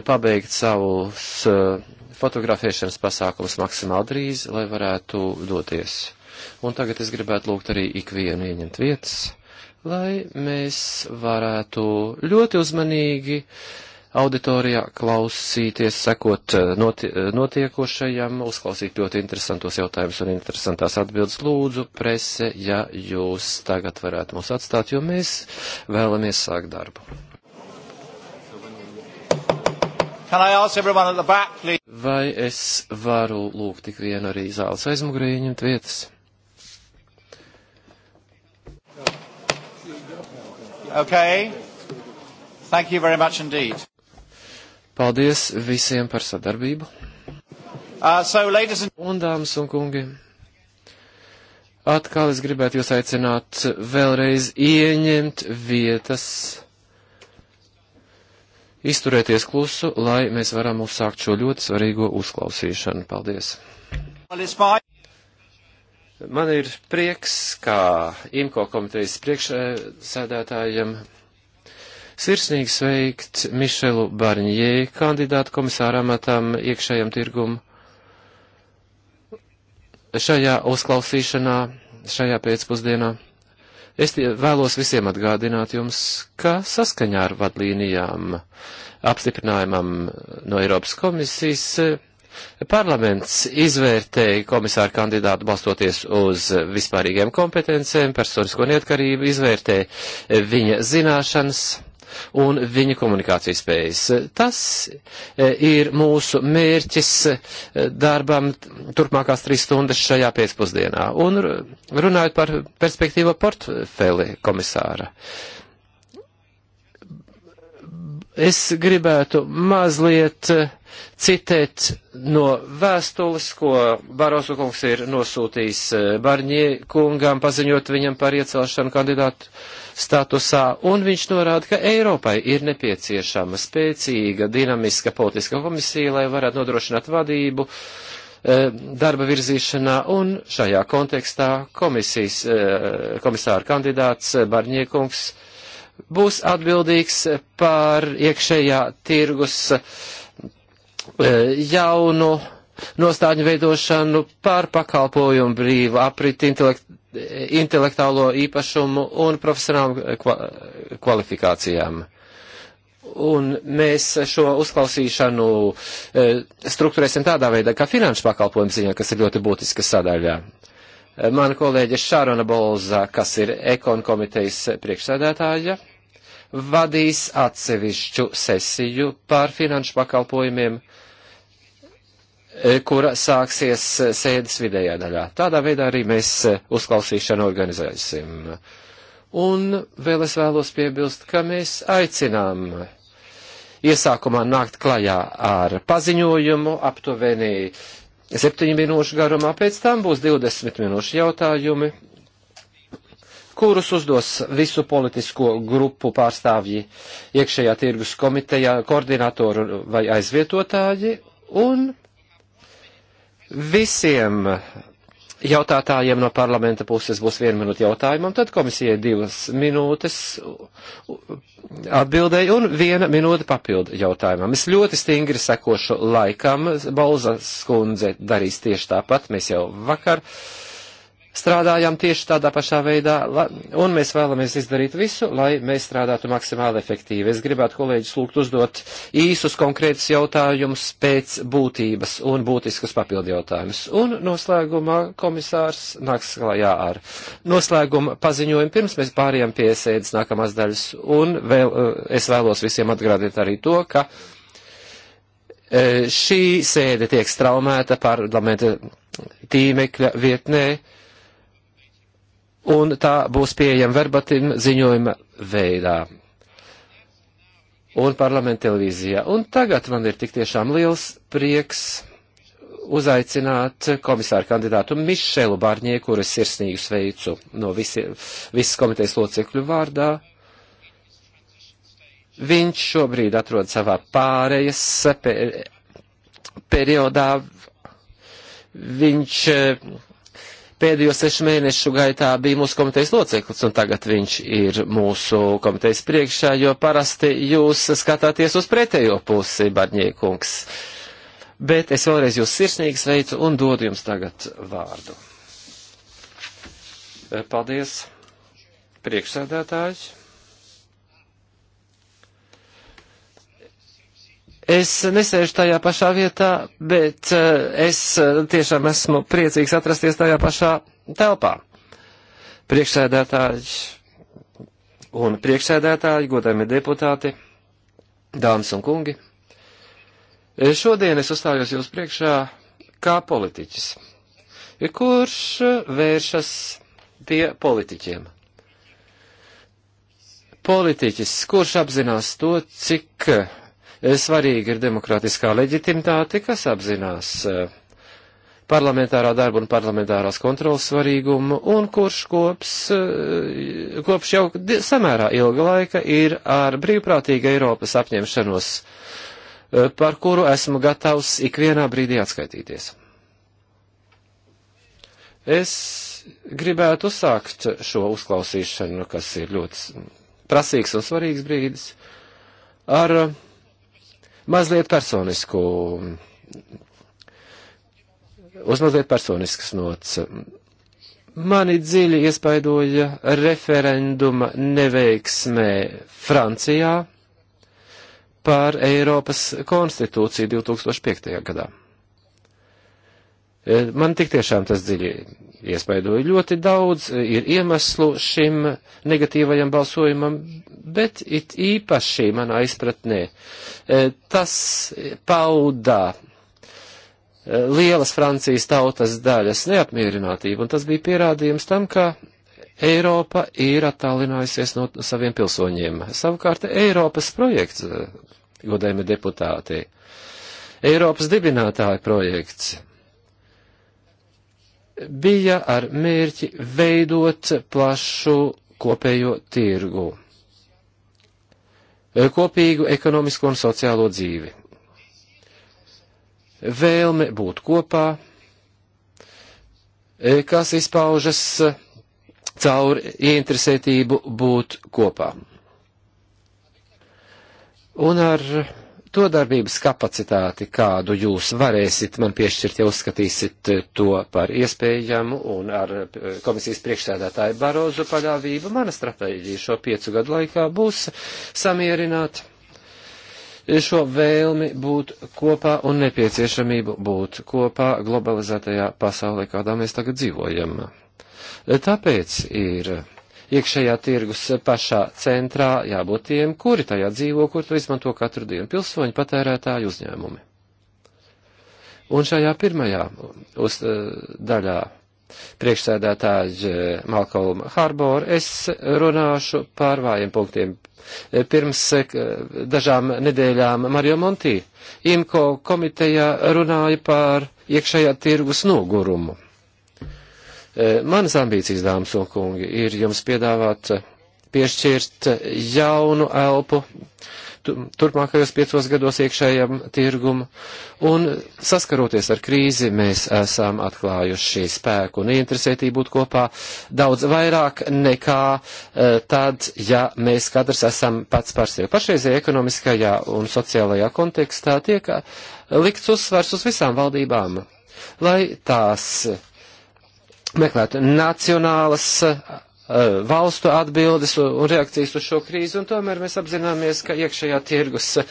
pabeigt savus fotografēšanas pasākumus maksimāli drīz, lai varētu doties. Un tagad es gribētu lūgt arī ikvienu ieņemt vietas, lai mēs varētu ļoti uzmanīgi auditorijā klausīties, sekot eh, noti eh, notiekošajam, uzklausīt ļoti interesantos jautājumus un interesantās atbildes. Lūdzu, prese, ja jūs tagad varētu mūs atstāt, jo mēs vēlamies sākt darbu. Back, Vai es varu lūgt tik vienu arī zāles aizmugurē ieņemt vietas? Okay. Thank you very much indeed. Paldies visiem par sadarbību. Uh, so, and... Un, dāmas un kungi, atkal es gribētu jūs aicināt vēlreiz ieņemt vietas izturēties klusu, lai mēs varam uzsākt šo ļoti svarīgo uzklausīšanu. Paldies! Man ir prieks, kā IMCO komitejas priekšsēdētājiem, sirsnīgi sveikt Mišelu Barņē, kandidātu komisāra amatam iekšējam tirgum. Šajā uzklausīšanā, šajā pēcpusdienā. Es vēlos visiem atgādināt jums, ka saskaņā ar vadlīnijām apstiprinājumam no Eiropas komisijas eh, Parlaments izvērtēja komisāru kandidātu balstoties uz vispārīgiem kompetencēm, personisko neatkarību, izvērtēja eh, viņa zināšanas, un viņa komunikācijas spējas. Tas e, ir mūsu mērķis e, darbam turpmākās trīs stundas šajā pēcpusdienā. Un runājot par perspektīvo portfeli komisāra. Es gribētu mazliet e, citēt no vēstules, ko Barosu kungs ir nosūtījis Barņie kungām, paziņot viņam par iecelšanu kandidātu statusā, un viņš norāda, ka Eiropai ir nepieciešama spēcīga, dinamiska politiska komisija, lai varētu nodrošināt vadību eh, darba virzīšanā, un šajā kontekstā komisijas, eh, komisāra kandidāts Barņiekungs būs atbildīgs par iekšējā tirgus eh, jaunu nostāļu veidošanu, par pakalpojumu brīvu apriti, intelektu intelektuālo īpašumu un profesionālu kva kvalifikācijām. Un mēs šo uzklausīšanu e, struktūrēsim tādā veidā, kā finanšu pakalpojumu ziņā, kas ir ļoti būtiska sadaļā. E, mana kolēģe Šārona Bolza, kas ir ekon komitejas priekšsēdētāja, vadīs atsevišķu sesiju par finanšu pakalpojumiem E, kura sāksies e, sēdes vidējā daļā. Tādā veidā arī mēs e, uzklausīšanu organizēsim. Un vēl es vēlos piebilst, ka mēs aicinām iesākumā nākt klajā ar paziņojumu aptuveni 7 minūšu garumā, pēc tam būs 20 minūšu jautājumi, kurus uzdos visu politisko grupu pārstāvji iekšējā tirgus komitejā, koordinatoru vai aizvietotāji, un Visiem jautātājiem no parlamenta puses būs viena minūte jautājumam, tad komisijai divas minūtes atbildēja un viena minūte papildu jautājumam. Es ļoti stingri sekošu laikam, Balzas kundze darīs tieši tāpat, mēs jau vakar. Uh, strādājam tieši tādā pašā veidā, un mēs vēlamies izdarīt visu, lai mēs strādātu maksimāli efektīvi. Es gribētu kolēģis lūgt uzdot īsus konkrētus jautājumus pēc būtības un būtiskus papildu jautājumus. Un noslēgumā komisārs nāks klajā ar noslēguma paziņojumu pirms mēs pārējām pie sēdes nākamās daļas, un vēl, eh, es vēlos visiem atgādīt arī to, ka eh, šī sēde tiek straumēta parlamenta tīmekļa vietnē, un tā būs pieejama verbatim ziņojuma veidā un parlamenta televīzijā. Un tagad man ir tik tiešām liels prieks uzaicināt komisāru kandidātu Mišelu Barņē, kuras sirsnīgu sveicu no visi, visas komitejas locekļu vārdā. Viņš šobrīd atrod savā pārējas per, periodā. Viņš eh, pēdējo sešu mēnešu gaitā bija mūsu komitejas loceklis, un tagad viņš ir mūsu komitejas priekšā, jo parasti jūs skatāties uz pretējo pusi, Barņiekungs. Bet es vēlreiz jūs sirsnīgi sveicu un dodu jums tagad vārdu. Paldies, priekšsēdētājs. Es nesēžu tajā pašā vietā, bet eh, es eh, tiešām esmu priecīgs atrasties tajā pašā telpā. Priekšsēdētāji un priekšsēdētāji, godājumie deputāti, dāmas un kungi. Eh, šodien es uzstājos jūs priekšā kā politiķis, kurš vēršas pie politiķiem politiķis, kurš apzinās to, cik Svarīga ir demokrātiskā leģitimitāte, kas apzinās eh, parlamentārā darba un parlamentārās kontrolas svarīgumu, un kurš kops, eh, kopš jau samērā ilga laika ir ar brīvprātīgu Eiropas apņemšanos, eh, par kuru esmu gatavs ikvienā brīdī atskaitīties. Es gribētu uzsākt šo uzklausīšanu, kas ir ļoti prasīgs un svarīgs brīdis, ar uh, mazliet personisku, uz mazliet personiskas nots. Mani dziļi iespaidoja referenduma neveiksmē Francijā par Eiropas konstitūciju 2005. gadā. Man tik tiešām tas dziļi iespaidoja ļoti daudz, e, ir iemeslu šim negatīvajam balsojumam, bet it īpaši manā izpratnē e, tas paudā e, lielas Francijas tautas daļas neapmierinātību, un tas bija pierādījums tam, ka Eiropa ir attālinājusies no saviem pilsoņiem. Savukārt Eiropas projekts, godējumi deputāti, Eiropas dibinātāja projekts bija ar mērķi veidot plašu kopējo tirgu, eh, kopīgu ekonomisko un sociālo dzīvi. Vēlme būt kopā, eh, kas izpaužas caur ieinteresētību būt kopā. Un ar to darbības kapacitāti, kādu jūs varēsiet man piešķirt, ja uzskatīsiet eh, to par iespējamu, un ar eh, komisijas priekšsēdētāju Barozu paļāvību mana stratēģija šo piecu gadu laikā būs samierināt šo vēlmi būt kopā un nepieciešamību būt kopā globalizētajā pasaulē, kādā mēs tagad dzīvojam. Tāpēc ir iekšējā tirgus pašā centrā jābūt tiem, kuri tajā dzīvo, kur to izmanto katru dienu - pilsoņi, patērētāji, uzņēmumi. Un šajā pirmajā uz, eh, daļā priekšsēdētāja eh, Malcolm Harbour, es runāšu par vājiem punktiem. Eh, pirms dažām nedēļām Mario Monti IMCO komitejā runāja par iekšējā tirgus nogurumu. Eh, manas ambīcijas, dāmas un kungi, ir jums piedāvāt eh, piešķirt eh, jaunu elpu turpmākajos piecos gados iekšējam tirgum, un saskaroties ar krīzi, mēs esam atklājuši spēku un interesētību būt kopā daudz vairāk nekā tad, ja mēs katrs esam pats par sevi. Pašreizajā ekonomiskajā un sociālajā kontekstā tiek likts uzsvars uz visām valdībām, lai tās meklētu nacionālas eh, valstu atbildes un reakcijas uz šo krīzi, un tomēr mēs apzināmies, ka iekšējā tirgus eh,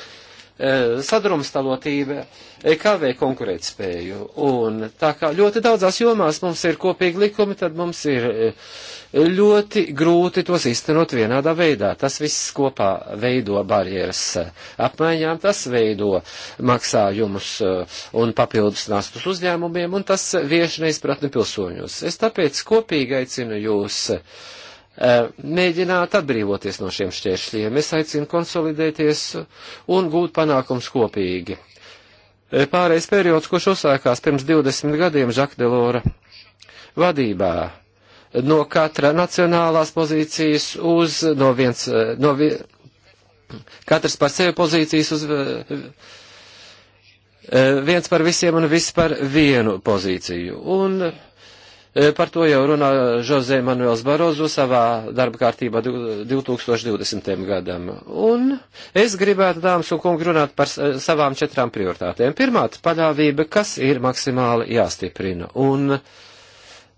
sadrumstalotība eh, kavē konkurētspēju. Un tā kā ļoti daudzās jomās mums ir kopīgi likumi, tad mums ir ļoti grūti tos iztenot vienādā veidā. Tas viss kopā veido barjeras apmaiņām, tas veido maksājumus eh, un papildus nastus uzņēmumiem, un tas vieš neizpratni pilsoņus. Es tāpēc kopīgi aicinu jūs eh, mēģināt atbrīvoties no šiem šķēršļiem. Es aicinu konsolidēties un gūt panākums kopīgi. Eh, pārējais periods, kurš uzsākās pirms 20 gadiem Žakdelora vadībā, no katra nacionālās pozīcijas uz no viens, eh, no vi, katrs par sevi pozīcijas uz eh, eh, viens par visiem un viss par vienu pozīciju. Un Par to jau runā Žozē Manuels Barozu savā darba kārtībā 2020. gadam. Un es gribētu, dāmas un kungi, runāt par savām četrām prioritātēm. Pirmā - paļāvība, kas ir maksimāli jāstiprina. Un uh,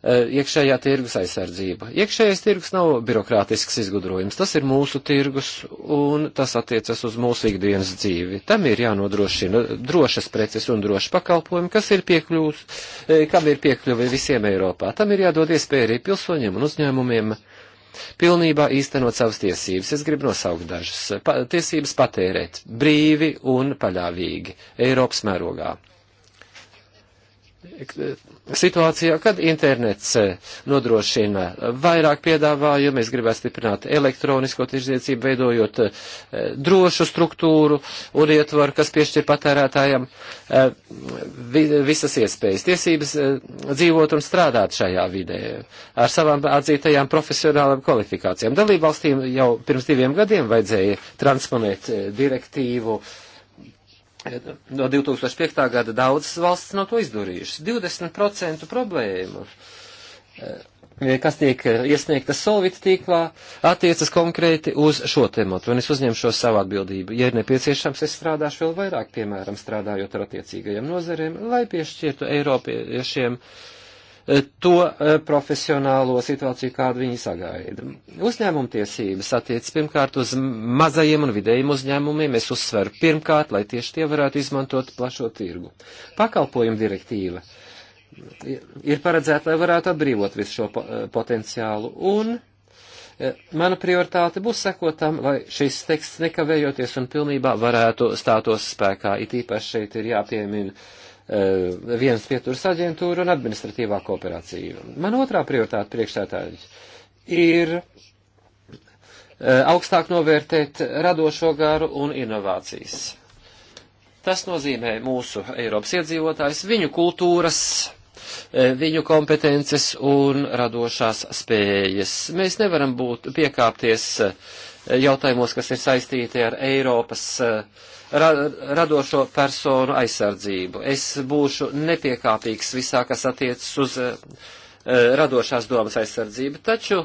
Eh, iekšējā tirgus aizsardzība. Iekšējais tirgus nav birokrātisks izgudrojums, tas ir mūsu tirgus un tas attiecas uz mūsu ikdienas dzīvi. Tam ir jānodrošina drošas preces un droši pakalpojumi, kas ir piekļūs, eh, kam ir piekļuvi visiem Eiropā. Tam ir jādod iespēja arī pilsoņiem un uzņēmumiem pilnībā īstenot savas tiesības. Es gribu nosaukt dažas. Pa, tiesības patērēt brīvi un paļāvīgi Eiropas mērogā situācijā, kad internets eh, nodrošina vairāk piedāvājumu, es gribētu stiprināt elektronisko tirdzniecību, veidojot eh, drošu struktūru un ietvaru, kas piešķir patērētājiem eh, visas iespējas, tiesības dzīvot un strādāt šajā vidē ar savām atzītajām profesionālām kvalifikācijām. Dalībvalstīm jau pirms diviem gadiem vajadzēja transponēt direktīvu uh, no 2005. gada daudzas valsts nav no to izdarījušas. 20% problēma, eh, kas tiek iesniegta solvit tīklā, attiecas konkrēti uz šo tematu, un es uzņemšos savu atbildību. Ja ir nepieciešams, es strādāšu vēl vairāk, piemēram, strādājot ar attiecīgajiem nozarēm, lai piešķirtu Eiropiešiem. Ja Eh, to eh, profesionālo situāciju, kādu viņi sagaida. Uzņēmuma tiesības attiec pirmkārt uz mazajiem un vidējiem uzņēmumiem. Es uzsveru pirmkārt, lai tieši tie varētu izmantot plašo tirgu. Pakalpojumu direktīva ir paredzēta, lai varētu atbrīvot visu šo eh, potenciālu. Un mana prioritāte būs sekotam, lai šis teksts nekavējoties un pilnībā varētu stātos spēkā. It īpaši šeit ir jāpiemina Eh, vienas pieturas aģentūra un administratīvā kooperācija. Man otrā prioritāte priekšsētāji ir eh, augstāk novērtēt radošo garu un inovācijas. Tas nozīmē mūsu Eiropas iedzīvotājs, viņu kultūras, Eh, viņu kompetences un radošās spējas. Mēs nevaram būt piekāpties eh, jautājumos, kas ir saistīti ar Eiropas eh, ra, radošo personu aizsardzību. Es būšu nepiekāpīgs visā, kas attiecas uz Eh, radošās domas aizsardzība, taču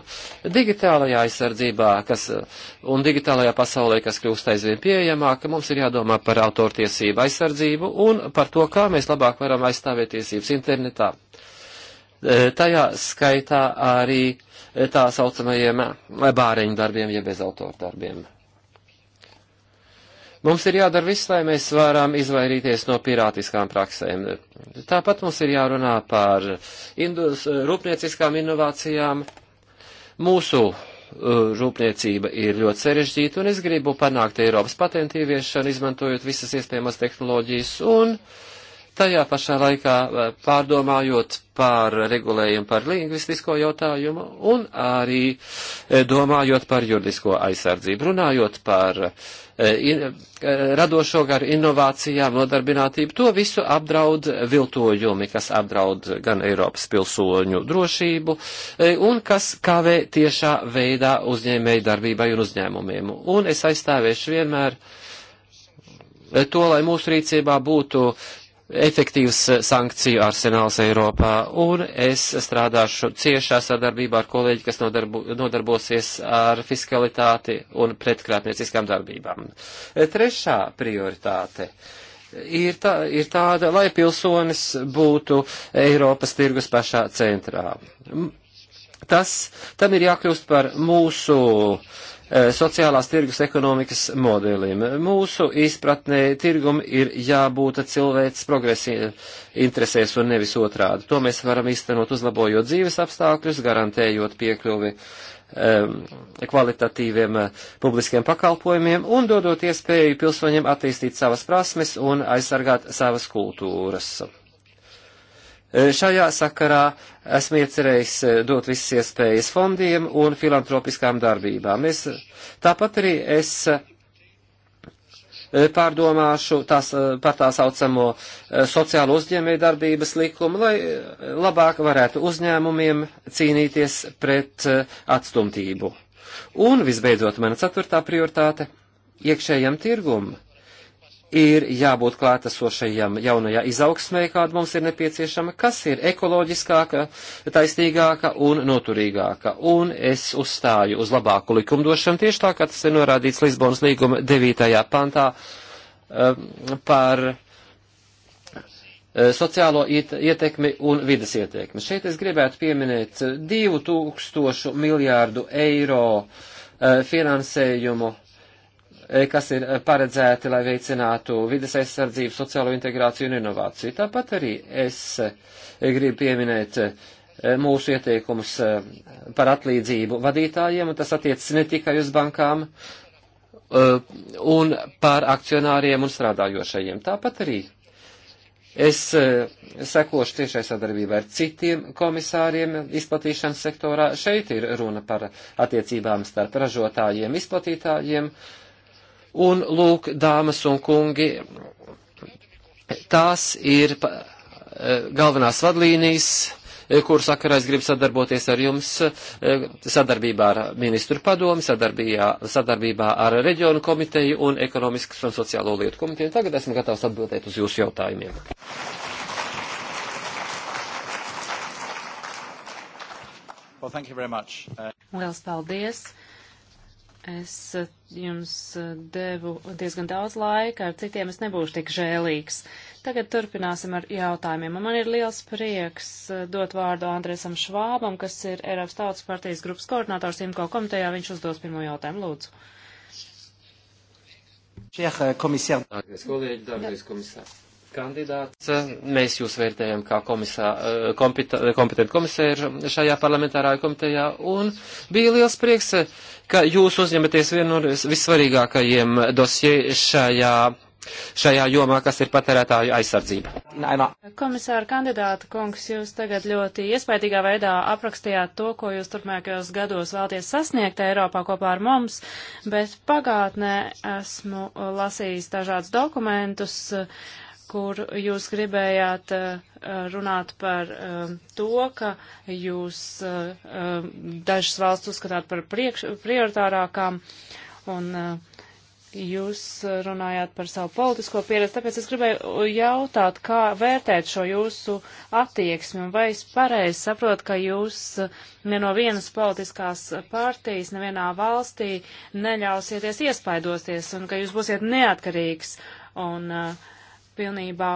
digitālajā aizsardzībā kas, eh, un digitālajā pasaulē, kas kļūst aizvien pieejamāka, mums ir jādomā par autortiesību aizsardzību un par to, kā mēs labāk varam aizstāvēt tiesības internetā. Eh, tajā skaitā arī tā saucamajiem bāreņu darbiem, ja bez autordarbiem. Mums ir jādara viss, lai mēs varam izvairīties no pirātiskām praksēm. Tāpat mums ir jārunā par indus, rūpnieciskām inovācijām. Mūsu uh, rūpniecība ir ļoti sarežģīta, un es gribu panākt Eiropas patentu ieviešanu, izmantojot visas iespējamās tehnoloģijas, un tajā pašā laikā uh, pārdomājot par regulējumu par lingvistisko jautājumu, un arī uh, domājot par juridisko aizsardzību, runājot par uh, Eh, eh, radošo garu, inovācijām, nodarbinātību. To visu apdraud viltojumi, kas apdraud gan Eiropas pilsoņu drošību eh, un kas kavē tiešā veidā uzņēmēju darbībai un uzņēmumiem. Un es aizstāvēšu vienmēr to, lai mūsu rīcībā būtu efektīvs eh, sankciju arsenāls Eiropā, un es strādāšu ciešā sadarbībā ar kolēģi, kas nodarbu, nodarbosies ar fiskalitāti un pretkrātnieciskām darbībām. Eh, trešā prioritāte. Ir, tā, ir tāda, lai pilsonis būtu Eiropas tirgus pašā centrā. Tas, tam ir jākļūst par mūsu uh, Eh, sociālās tirgus ekonomikas modelim. Mūsu izpratnē tirgum ir jābūt cilvēks progresa eh, interesēs un nevis otrādi. To mēs varam iztenot uzlabojot dzīves apstākļus, garantējot piekļuvi um, kvalitatīviem uh, publiskiem pakalpojumiem un dodot iespēju pilsoņiem attīstīt savas prasmes un aizsargāt savas kultūras. E, šajā sakarā esmu iecerējis e, dot visas iespējas fondiem un filantropiskām darbībām. Es, tāpat arī es e, pārdomāšu tās, par tā saucamo sociālo uzņēmēju darbības likumu, lai labāk varētu uzņēmumiem cīnīties pret atstumtību. Un visbeidzot, mana ceturtā prioritāte - iekšējam tirgumam ir jābūt klātesošajam jaunajā izaugsmē, kāda mums ir nepieciešama, kas ir ekoloģiskāka, taisnīgāka un noturīgāka. Un es uzstāju uz labāku likumdošanu tieši tā, kā tas ir norādīts Lisbonas līguma 9. pantā um, par uh, sociālo ietekmi un vidas ietekmi. Šeit es gribētu pieminēt 2000 miljārdu eiro uh, finansējumu E, kas ir e, paredzēti, lai veicinātu vides aizsardzību, sociālo integrāciju un inovāciju. Tāpat arī es e, gribu pieminēt mūsu ieteikumus par atlīdzību vadītājiem, un tas attiecas ne tikai uz bankām, un par akcionāriem un strādājošajiem. Tāpat arī es sekošu tiešai sadarbībā ar citiem komisāriem izplatīšanas sektorā. Šeit ir runa par attiecībām starp ražotājiem, izplatītājiem, uh, Un, lūk, dāmas un kungi, tās ir e, galvenās vadlīnijas, e, kuru sakarā es gribu sadarboties ar jums e, sadarbībā ar ministru padomu, sadarbībā ar reģionu komiteju un ekonomiskas un sociālo lietu komiteju. Tagad esmu gatavs atbildēt uz jūsu jautājumiem. Well, thank you very much. Uh... Liels paldies! Es eh, jums eh, devu diezgan daudz laika, ar citiem es nebūšu tik žēlīgs. Tagad turpināsim ar jautājumiem. Un man ir liels prieks eh, dot vārdu Andresam Švābam, kas ir Eiropas Tautas partijas grupas koordinātors IMKO komitejā. Viņš uzdos pirmo jautājumu, lūdzu. Šie komisāri. Dārgais kolēģi, dārgais komisāri kandidāts, mēs jūs vērtējam kā komisā, eh, kompetentu komisēru šajā parlamentārā komitejā, un bija liels prieks, eh, ka jūs uzņematies vienu no vissvarīgākajiem dosie šajā šajā jomā, kas ir patērētāju aizsardzība. Komisāra kandidāta kungs, jūs tagad ļoti iespaidīgā veidā aprakstījāt to, ko jūs turpmākajos gados vēlties sasniegt Eiropā kopā ar mums, bet pagātnē esmu lasījis dažādus dokumentus, uh, kur jūs gribējāt eh, runāt par eh, to, ka jūs eh, dažas valsts uzskatāt par priekš, prioritārākām, un jūs runājāt par savu politisko pieredzi, tāpēc es gribēju jautāt, kā vērtēt šo jūsu attieksmi, un vai es pareizi saprotu, ka jūs neno vienas politiskās partijas nevienā valstī neļausieties iespaidosties, un ka jūs būsiet neatkarīgs, un uh, pilnībā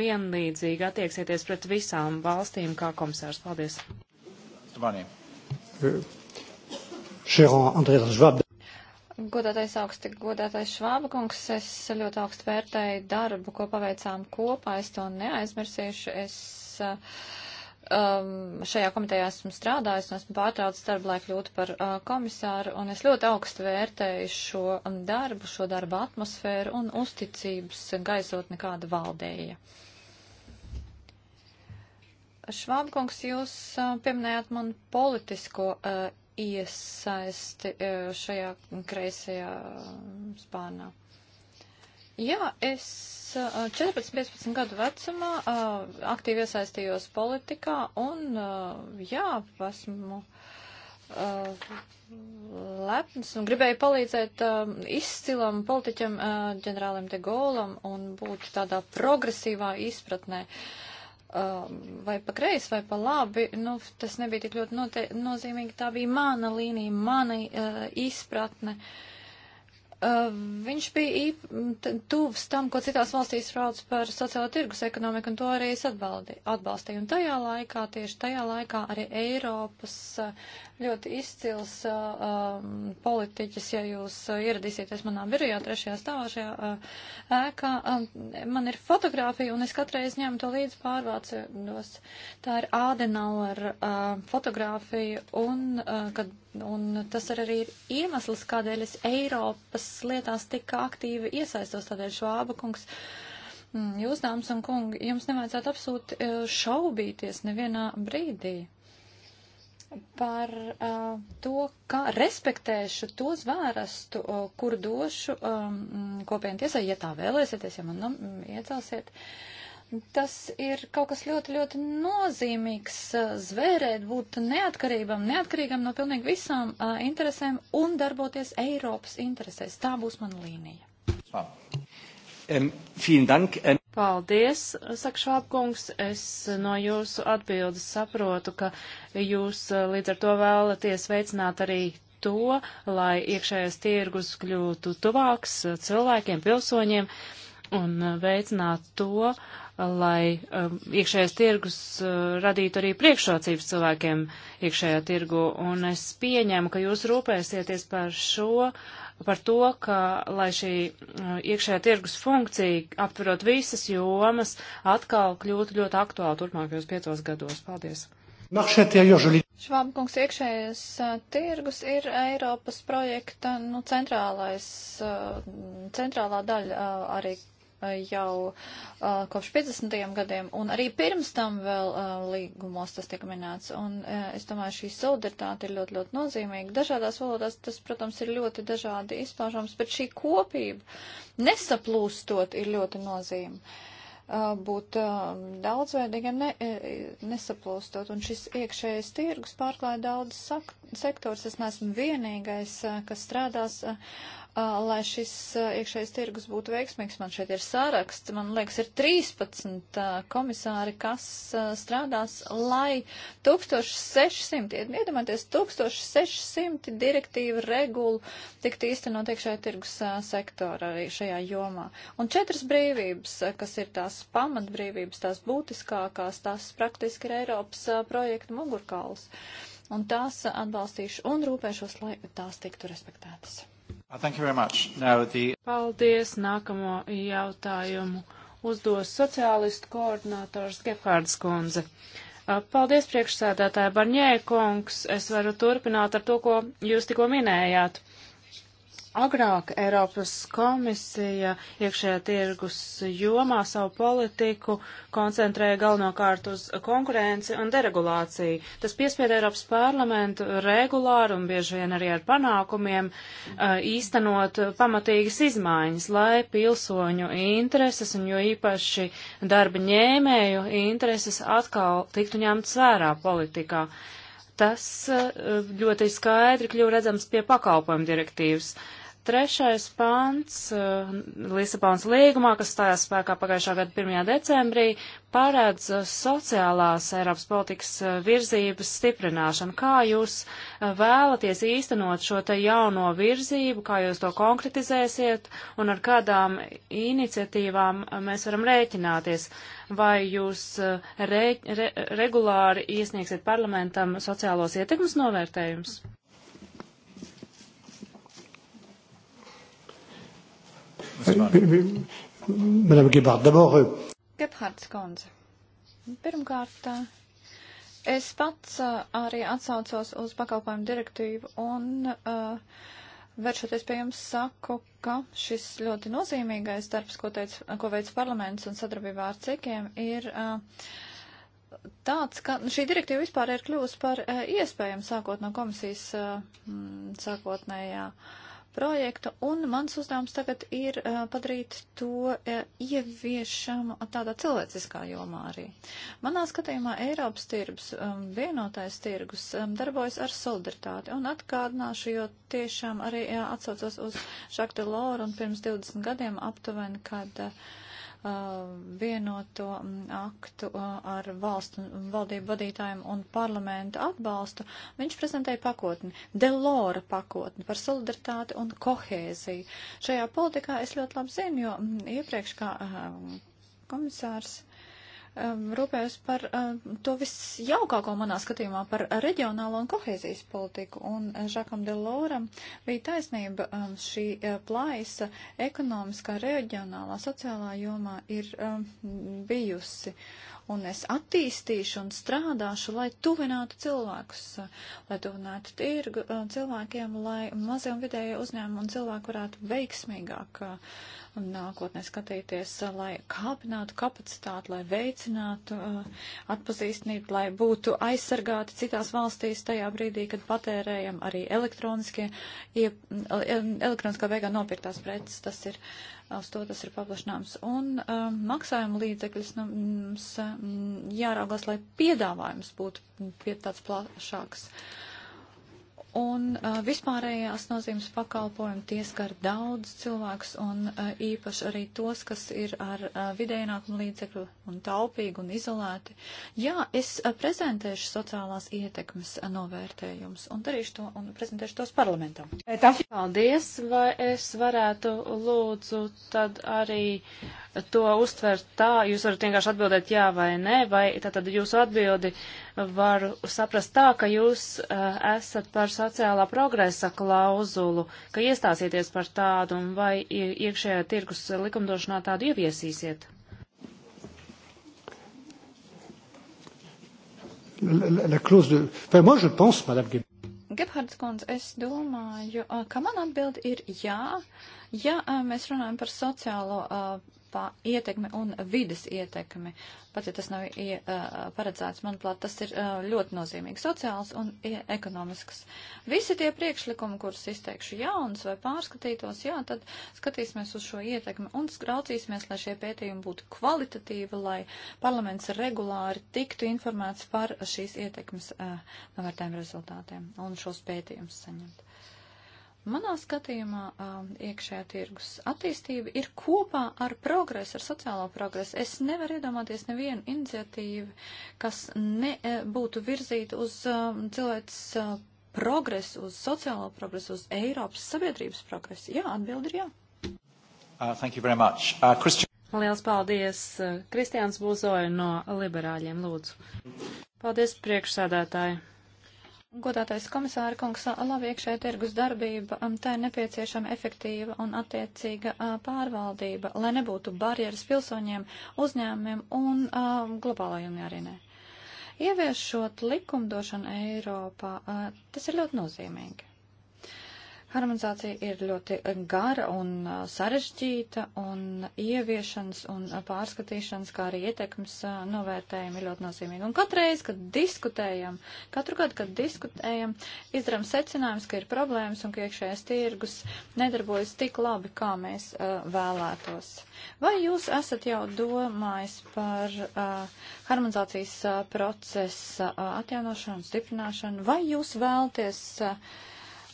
vienlīdzīgi attieksieties pret visām valstīm kā komisārs. Paldies. Godātais augsti, godātais Švāba kungs, es ļoti augstu vērtēju darbu, ko paveicām kopā, es to neaizmirsīšu. Es, uh, um, šajā komitejā esmu strādājis un esmu pārtraucis darbu, lai kļūtu par uh, komisāru, un es ļoti augstu vērtēju šo um, darbu, šo darba atmosfēru un uzticības gaisotni kāda valdēja. Švābkungs, jūs uh, pieminējāt man politisko uh, iesaisti uh, šajā kreisajā um, spārnā. Uh, Jā, es 14-15 gadu vecumā aktīvi iesaistījos politikā un, jā, esmu lepns un gribēju palīdzēt uh, izcilam politiķam uh, ģenerālim de Gaulam un būt tādā progresīvā izpratnē. Uh, vai pa kreisi, vai pa labi, nu, tas nebija tik ļoti note nozīmīgi. Tā bija mana līnija, mana uh, izpratne. Uh, Uh, viņš bija tuvs tam, ko citās valstīs rauc par sociālo tirgus ekonomiku, un to arī es atbaldi, atbalstīju. Un tajā laikā, tieši tajā laikā arī Eiropas uh, ļoti izcils uh, um, politiķis, ja jūs uh, ieradīsieties manā birojā, trešajā stāvā šajā uh, ēkā, um, man ir fotografija, un es katreiz ņemu to līdzi pārvācos. Tā ir Ādenauer uh, fotografija, un kad Un tas arī ir iemesls, kādēļ es Eiropas lietās tik aktīvi iesaistos. Tādēļ Švāba kungs, mm, jūs, dāmas un kungi, jums nevajadzētu absolūti e, šaubīties nevienā brīdī par uh, to, kā respektēšu to zvērstu, uh, e, kur došu um, kopienu tiesai, ja tā vēlēsieties, ja man um, iecelsiet. Uh, Tas ir kaut kas ļoti, ļoti nozīmīgs uh, zvērēt, būt neatkarībam, neatkarīgam no pilnīgi visām uh, interesēm un darboties Eiropas interesēs. Tā būs mana līnija. Ah. Um, dank, um. Paldies, saka Švābkungs. Es no jūsu atbildes saprotu, ka jūs uh, līdz ar to vēlaties veicināt arī to, lai iekšējais tirgus kļūtu tuvāks uh, cilvēkiem, pilsoņiem. Uh, un uh, veicināt to, uh, lai um, iekšējais tirgus uh, radītu arī priekšrocības cilvēkiem iekšējā tirgu. Un es pieņēmu, ka jūs rūpēsieties par šo, par to, ka, lai šī iekšējā tirgus funkcija, aptverot visas jomas, atkal kļūtu ļoti aktuāla turpmākajos piecos gados. Paldies! Švāba kungs iekšējais tirgus ir Eiropas projekta nu, centrālais, centrālā daļa arī jau kopš 50. gadiem, un arī pirms tam vēl līgumos tas tiek minēts. Un es domāju, šī solidaritāte ir ļoti, ļoti nozīmīga. Dažādās valodās tas, protams, ir ļoti dažādi izpaužams, bet šī kopība nesaplūstot ir ļoti nozīmīga būt uh, daudzveidīgiem, ne, nesaplūstot. Un šis iekšējais tirgus pārklāja daudz sektors. Es neesmu vienīgais, kas strādās uh, lai šis iekšējais tirgus būtu veiksmīgs. Man šeit ir saraksts, man liekas, ir 13 komisāri, kas strādās, lai 1600, iedomājieties, 1600 direktīvu regulu tiktu īstenot iekšējā tirgus sektora arī šajā jomā. Un četras brīvības, kas ir tās pamatbrīvības, tās būtiskākās, tās praktiski ir Eiropas projekta mugurkauls. Un tās atbalstīšu un rūpēšos, lai tās tiktu respektētas. Uh, the... Paldies. Nākamo jautājumu uzdos sociālistu koordinators Gefārds Kunze. Uh, paldies, priekšsēdētāja Barņē kungs. Es varu turpināt ar to, ko jūs tikko minējāt. Agrāk Eiropas komisija iekšējā tirgus jomā savu politiku koncentrēja galvenokārt uz konkurenci un deregulāciju. Tas piespieda Eiropas parlamentu regulāri un bieži vien arī ar panākumiem uh, īstenot pamatīgas izmaiņas, lai pilsoņu intereses un jo īpaši darba ņēmēju intereses atkal tiktu ņemts vērā politikā. Tas uh, ļoti skaidri kļūst redzams pie pakalpojumu direktīvas. Uh, Trešais pants eh, Lisabonas līgumā, kas stājās spēkā pagājušā gada 1. decembrī, pārēdz eh, sociālās Eiropas politikas eh, virzības stiprināšanu. Kā jūs vēlaties īstenot šo te jauno virzību, kā jūs to konkretizēsiet un ar kādām iniciatīvām mēs varam rēķināties? Vai jūs re, re, regulāri iesniegsiet parlamentam sociālos ietekmes novērtējumus? Madame Gebhardt, d'abord. Euh, Gebhardts kundze. Pirmkārt, eh, es pats eh, arī atsaucos uz pakalpojumu direktīvu un uh, vēršoties pie jums saku, ka šis ļoti nozīmīgais darbs, ko, teic, ko veids parlaments un sadarbībā ar cikiem, ir. Uh, tāds, ka šī direktīva vispār ir kļuvusi par uh, iespējamu sākot no komisijas uh, sākotnējā uh, projektu, un mans uzdevums tagad ir uh, padarīt to uh, eh, ieviešamu tādā cilvēciskā jomā arī. Manā skatījumā Eiropas tirgus, um, vienotais tirgus um, darbojas ar solidaritāti, un atgādināšu, jo tiešām arī uh, atsaucos uz Žakta Loru un pirms 20 gadiem aptuveni, kad. Uh, Uh, vienoto mm, aktu uh, ar valstu valdību vadītājiem un parlamentu atbalstu, viņš prezentēja pakotni, Delora pakotni par solidaritāti un kohēziju. Šajā politikā es ļoti labi zinu, jo mm, iepriekš kā uh, komisārs. Uh, um, rūpējos par um, to visjaukāko manā skatījumā, par reģionālo un kohēzijas politiku. Un uh, Žakam de Lauram bija taisnība, um, šī uh, plaisa ekonomiskā, reģionālā, sociālā jomā ir um, bijusi un es attīstīšu un strādāšu, lai tuvinātu cilvēkus, lai tuvinātu tirgu uh, cilvēkiem, lai mazie un vidēji uzņēmumi un cilvēki varētu veiksmīgāk uh, nākotnē skatīties, uh, lai kāpinātu kapacitāti, lai veicinātu atpazīstinību, lai būtu aizsargāti citās valstīs tajā brīdī, kad patērējam arī elektroniskie, elektroniskā veidā nopirktās preces. Tas ir uh, uz to tas ir paplašināms. Un um, maksājuma līdzekļus nu, mums mm, jāraugās, lai piedāvājums būtu pie tāds plašāks. Uh, Un uh, vispārējās nozīmes pakalpojumi tie skar daudz cilvēkus un uh, īpaši arī tos, kas ir ar uh, vidējākumu līdzekļu un taupīgi un izolēti. Jā, es uh, prezentēšu sociālās ietekmes uh, novērtējumus un darīšu to un prezentēšu tos parlamentam. Paldies, vai es varētu lūdzu tad arī to uztvert tā, jūs varat vienkārši atbildēt jā vai nē, vai tad, tad jūsu atbildi varu saprast tā, ka jūs uh, esat par savu sociālā progresa klauzulu, ka iestāsieties par tādu un vai iekšējā tirkus likumdošanā tādu ieviesīsiet? La, la, la clause de... Enfin, moi, je pense, Madame Gebhardt. Gebhards kundze, es domāju, ka man atbildi ir jā. Ja mēs runājam par sociālo uh, kopā ietekmi un vidas ietekmi. Pat ja tas nav ie, uh, paredzēts, manuprāt, tas ir uh, ļoti nozīmīgi sociāls un ekonomisks. Visi tie priekšlikumi, kurus izteikšu jauns vai pārskatītos, jā, tad skatīsimies uz šo ietekmi un skraucīsimies, lai šie pētījumi būtu kvalitatīvi, lai parlaments regulāri tiktu informēts par šīs ietekmes uh, novērtējumu rezultātiem un šos pētījumus saņemt. Manā skatījumā iekšējā tirgus attīstība ir kopā ar progresu, ar sociālo progresu. Es nevaru iedomāties nevienu iniciatīvu, kas ne, būtu virzīta uz cilvēks progresu, uz sociālo progresu, uz Eiropas sabiedrības progresu. Jā, atbildi ir jā. Uh, thank you very much. Uh, Christian... Liels paldies. Kristiāns Būzoja no liberāļiem, lūdzu. Paldies, priekšsādātāji. Godātais komisāra kungs, labi iekšē tirgus darbība, um, tā ir nepieciešama efektīva un attiecīga uh, pārvaldība, lai nebūtu barjeras pilsoņiem, uzņēmumiem un uh, globālajiem arīnē. Ieviešot likumdošanu Eiropā, uh, tas ir ļoti nozīmīgi. Harmonizācija ir ļoti gara un sarežģīta, un ieviešanas un pārskatīšanas, kā arī ietekmes novērtējumi ir ļoti nozīmīgi. Un katreiz, kad diskutējam, katru gadu, kad diskutējam, izdaram secinājumus, ka ir problēmas un ka iekšējais tirgus nedarbojas tik labi, kā mēs uh, vēlētos. Vai jūs esat jau domājis par uh, harmonizācijas uh, procesa uh, atjaunošanu, stiprināšanu, vai jūs vēlties uh,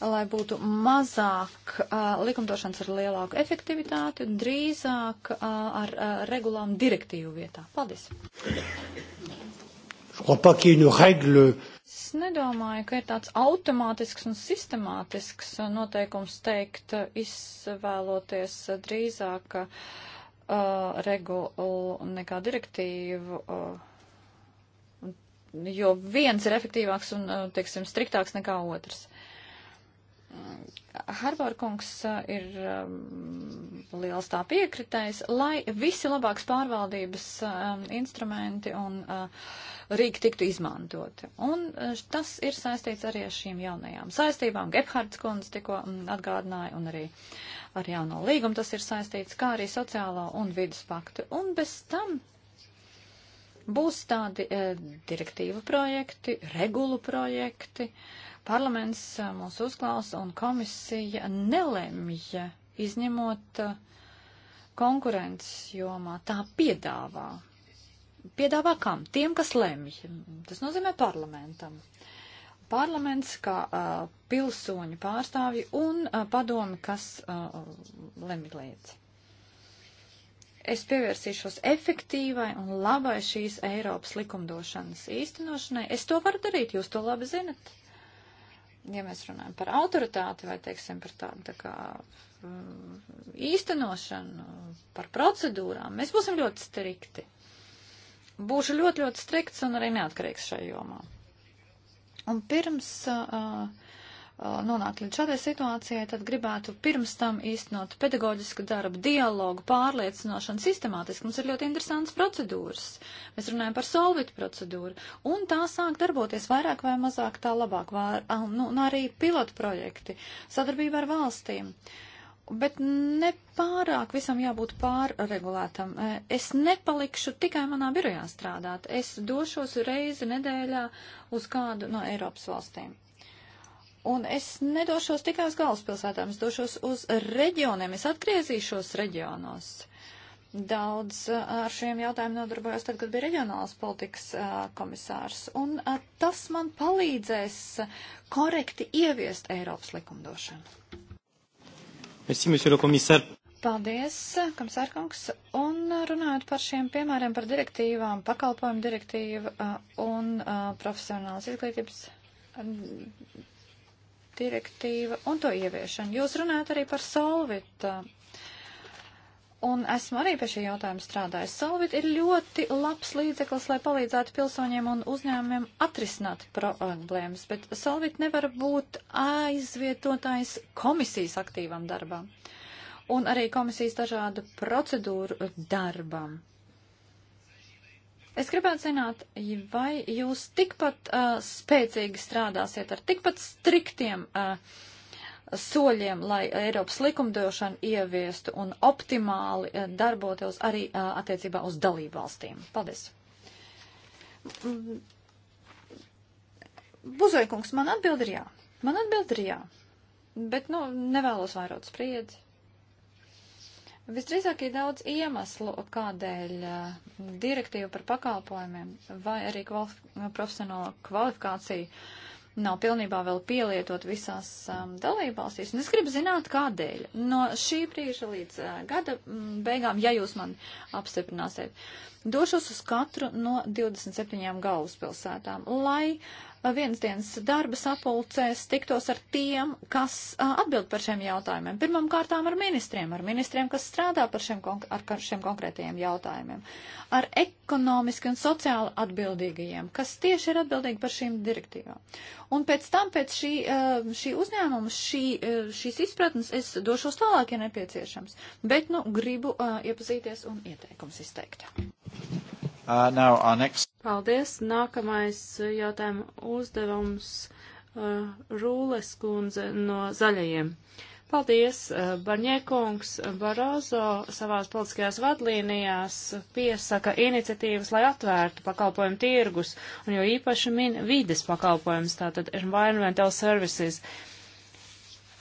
lai būtu mazāk uh, likumdošanas ar lielāku efektivitāti un drīzāk uh, ar uh, regulām direktīvu vietā. Paldies! Es nedomāju, ka ir tāds automātisks un sistemātisks noteikums teikt, izvēloties drīzāk uh, regulu nekā direktīvu. Uh, jo viens ir efektīvāks un, teiksim, striktāks nekā otrs. Harborkungs uh, ir um, liels tā piekritējs, lai visi labāks pārvaldības um, instrumenti un uh, rīki tiktu izmantoti. Un uh, tas ir saistīts arī ar šīm jaunajām saistībām. Gebhards kundze tikko um, atgādināja un arī ar jauno līgumu tas ir saistīts, kā arī sociālo un vidus paktu. Un bez tam būs tādi uh, direktīvu projekti, regulu projekti. Uh, Parlaments eh, mūs uzklausa un komisija nelemj izņemot eh, konkurences jomā, tā piedāvā. Piedāvā kam? Tiem, kas lemj. Tas nozīmē parlamentam. Parlaments kā uh, pilsoņu pārstāvji un uh, padomi, kas uh, lemj lietas. Es pievērsīšos efektīvai un labai šīs Eiropas likumdošanas īstenošanai. Es to varu darīt, jūs to labi zinat ja mēs runājam par autoritāti vai, teiksim, par tādu tā kā mm, īstenošanu, par procedūrām, mēs būsim ļoti strikti. Būšu ļoti, ļoti strikts un arī neatkarīgs šajā jomā. Un pirms uh, Uh, nonāk līdz šādai situācijai, tad gribētu pirms tam īstenot pedagoģisku darbu, dialogu, pārliecināšanu sistemātiski. Mums ir ļoti interesants procedūras. Mēs runājam par solvitu procedūru. Un tā sāk darboties vairāk vai mazāk tā labāk. Vār, uh, nu, un arī pilotu projekti, sadarbība ar valstīm. Bet nepārāk visam jābūt pārregulētam. Uh, es nepalikšu tikai manā birojā strādāt. Es došos reizi nedēļā uz kādu no Eiropas valstīm. Un es nedošos tikai uz galvaspilsētām, es došos uz reģioniem, es atgriezīšos reģionos. Daudz ar šiem jautājumiem nodarbojos tad, kad bija reģionāls politikas komisārs. Un tas man palīdzēs korekti ieviest Eiropas likumdošanu. Merci, monsieur le commissaire. Paldies, komisārkungs. Un runājot par šiem piemēriem, par direktīvām, pakalpojumu direktīvu un profesionālas izglītības direktīva un to ieviešana. Jūs runājat arī par Solvit. Uh, un esmu arī pie šī jautājuma strādājis. Solvit ir ļoti labs līdzeklis, lai palīdzētu pilsoņiem un uzņēmumiem atrisināt problēmas, bet Solvit nevar būt aizvietotājs komisijas aktīvam darbam un arī komisijas dažādu procedūru darbam. Es gribētu zināt, vai jūs tikpat uh, spēcīgi strādāsiet ar tikpat striktiem uh, soļiem, lai Eiropas likumdošanu ieviestu un optimāli uh, darbotos arī uh, attiecībā uz dalību valstīm. Paldies! Mm, Buzoikungs, man atbild ir jā. Man atbild ir jā. Bet, nu, nevēlos vairot spriedzi. Visdrīzāk ir daudz iemeslu, kādēļ direktīva par pakalpojumiem vai arī kvalif profesionālo kvalifikāciju nav pilnībā vēl pielietot visās um, dalībvalstīs. Un es gribu zināt, kādēļ. No šī brīža līdz uh, gada beigām, ja jūs man apstiprināsiet, došos uz katru no 27 galvaspilsētām, lai uh, viens dienas darba sapulcēs tiktos ar tiem, kas atbild par šiem jautājumiem. Pirmam kārtām ar ministriem, ar ministriem, kas strādā par šiem, ar šiem konkrētajiem jautājumiem, ar ekonomiski un sociāli atbildīgajiem, kas tieši ir atbildīgi par šīm direktīvām. Un pēc tam, pēc šī, šī uzņēmuma, šī, šīs izpratnes, es došos tālāk, ja nepieciešams. Bet, nu, gribu iepazīties un ieteikums izteikt. Uh, now our next... Paldies. Nākamais uh, jautājuma uzdevums uh, Rūles kundze no zaļajiem. Paldies, uh, Barņiekungs. Barozo savās politiskajās vadlīnijās piesaka iniciatīvas, lai atvērtu pakalpojumu tirgus, un jo īpaši min vides pakalpojums, tātad environmental services. Uh,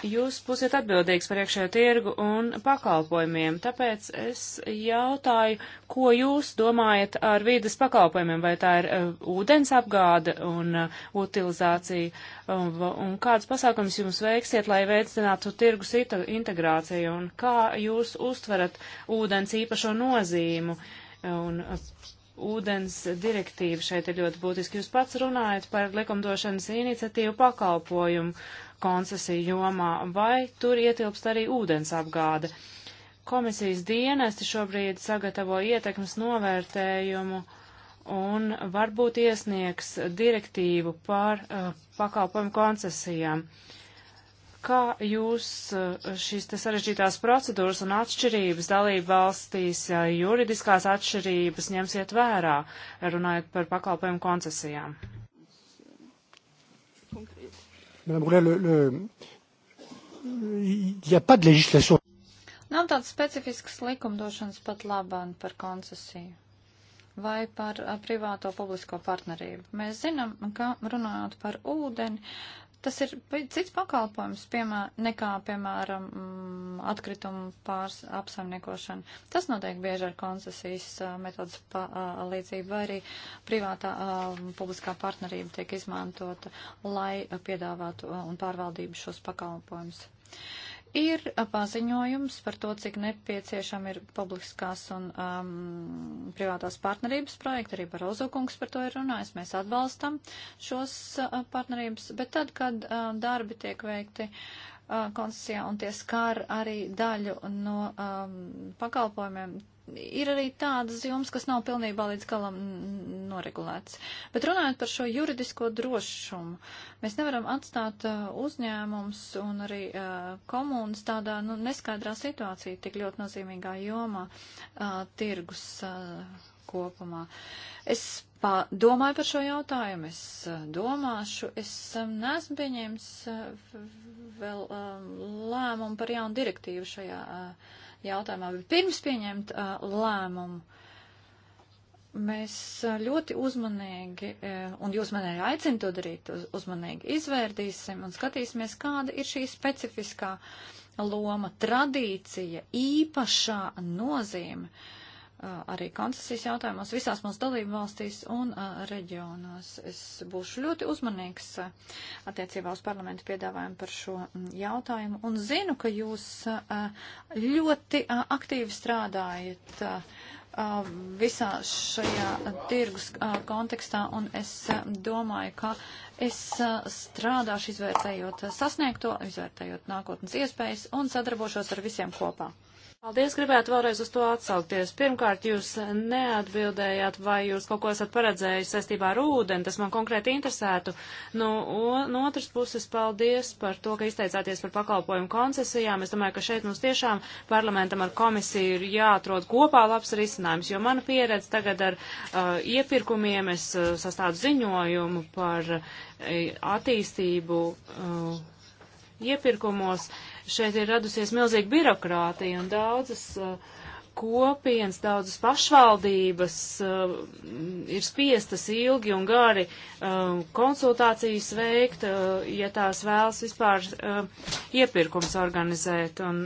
jūs būsiet atbildīgs par iekšējo tirgu un pakalpojumiem, tāpēc es jautāju, ko jūs domājat ar vīdes pakalpojumiem, vai tā ir uh, ūdens apgāde un uh, utilizācija, un, un kāds pasākums jums veiksiet, lai veicinātu tirgus integrāciju, un kā jūs uztverat ūdens īpašo nozīmu. Un, uh, ūdens direktīva šeit ir ļoti būtiski. Jūs pats runājat par likumdošanas iniciatīvu pakalpojumu koncesiju jomā, vai tur ietilpst arī ūdens apgāde. Komisijas dienesti šobrīd sagatavo ietekmes novērtējumu un varbūt iesniegs direktīvu par uh, pakalpojumu koncesijām. Kā jūs uh, šīs te sarežģītās procedūras un atšķirības dalību valstīs, uh, juridiskās atšķirības ņemsiet vērā, runājot par pakalpojumu koncesijām? Madame Roulet, le, le, il n'y a pas de législation. Nav tāds specifisks likumdošanas pat labāk par koncesiju vai par privāto publisko partnerību. Mēs zinām, ka runājot par ūdeni, Tas ir cits pakalpojums piemēr, nekā, piemēram, mm, atkritumu pārs apsaimniekošana. Tas notiek bieži ar koncesijas metodas palīdzību vai arī privātā publiskā partnerība tiek izmantota, lai piedāvātu un pārvaldību šos pakalpojumus. Ir paziņojums par to, cik nepieciešama ir publiskās un um, privātās partnerības projekta. Arī Barozo kungs par to ir runājis. Mēs atbalstam šos uh, partnerības, bet tad, kad uh, darbi tiek veikti uh, Uh, koncesijā un tie skar arī daļu no um, pakalpojumiem. Ir arī tādas jomas, kas nav pilnībā līdz galam noregulētas. Bet runājot par šo juridisko drošumu, mēs nevaram atstāt uh, uzņēmums un arī uh, komunas tādā nu, neskaidrā situācijā, tik ļoti nozīmīgā jomā uh, tirgus uh, kopumā. Es domāju par šo jautājumu, es eh, domāšu, es eh, neesmu pieņēmis eh, vēl lēmumu par jaunu direktīvu šajā jautājumā, bet pirms pieņemt lēmumu. Mēs ļoti uzmanīgi, un jūs man arī aicinu to darīt, uzmanīgi izvērtīsim un skatīsimies, kāda ir šī specifiskā loma, tradīcija, īpašā nozīme. Uh, arī koncesijas jautājumos visās mūsu dalību valstīs un a, reģionos. Es būšu ļoti uzmanīgs a, attiecībā uz parlamentu piedāvājumu par šo jautājumu un zinu, ka jūs a, ļoti aktīvi strādājat visā šajā tirgus kontekstā un es domāju, ka es strādāšu izvērtējot sasniegto, izvērtējot nākotnes iespējas un sadarbošos ar visiem kopā. Paldies, gribētu vēlreiz uz to atsaukties. Pirmkārt, jūs neatbildējāt, vai jūs kaut ko esat paredzējis saistībā ar ūdeni, tas man konkrēti interesētu. Nu, no otras puses, paldies par to, ka izteicāties par pakalpojumu koncesijām. Es domāju, ka šeit mums tiešām parlamentam ar komisiju ir jāatrod kopā labs risinājums, jo mana pieredze tagad ar uh, iepirkumiem, es uh, sastādu ziņojumu par uh, attīstību. Uh, iepirkumos, Šeit ir radusies milzīga birokrātija un daudzas uh, kopienas, daudzas pašvaldības uh, ir spiestas ilgi un gari uh, konsultācijas veikt, ja tās vēlas vispār iepirkums organizēt. Un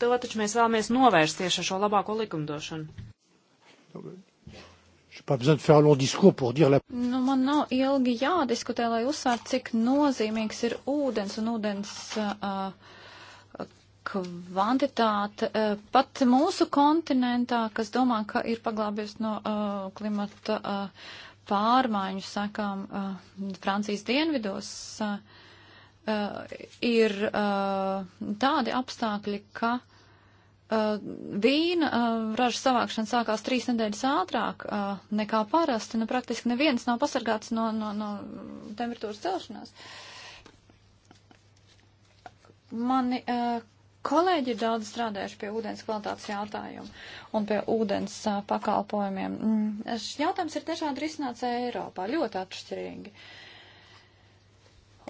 to taču mēs vēlamies novērst tieši ar šo labāko likumdošanu. Nu, man nav ilgi jādiskutē, lai uzsvērtu, cik nozīmīgs ir ūdens un ūdens uh, kvantitāte. Uh, pat mūsu kontinentā, kas domā, ka ir paglābies no uh, klimata uh, pārmaiņu sakām uh, Francijas dienvidos, uh, uh, ir uh, tādi apstākļi, ka uh, Uh, vīna uh, ražas savākšana sākās trīs nedēļas ātrāk uh, nekā parasti. Nu, praktiski neviens nav pasargāts no, no, no temperatūras celšanās. Mani uh, kolēģi ir daudz strādājuši pie ūdens kvalitātes jautājumu un pie ūdens uh, pakalpojumiem. Mm, jautājums ir dažādi risināts Eiropā, ļoti atšķirīgi. Uh,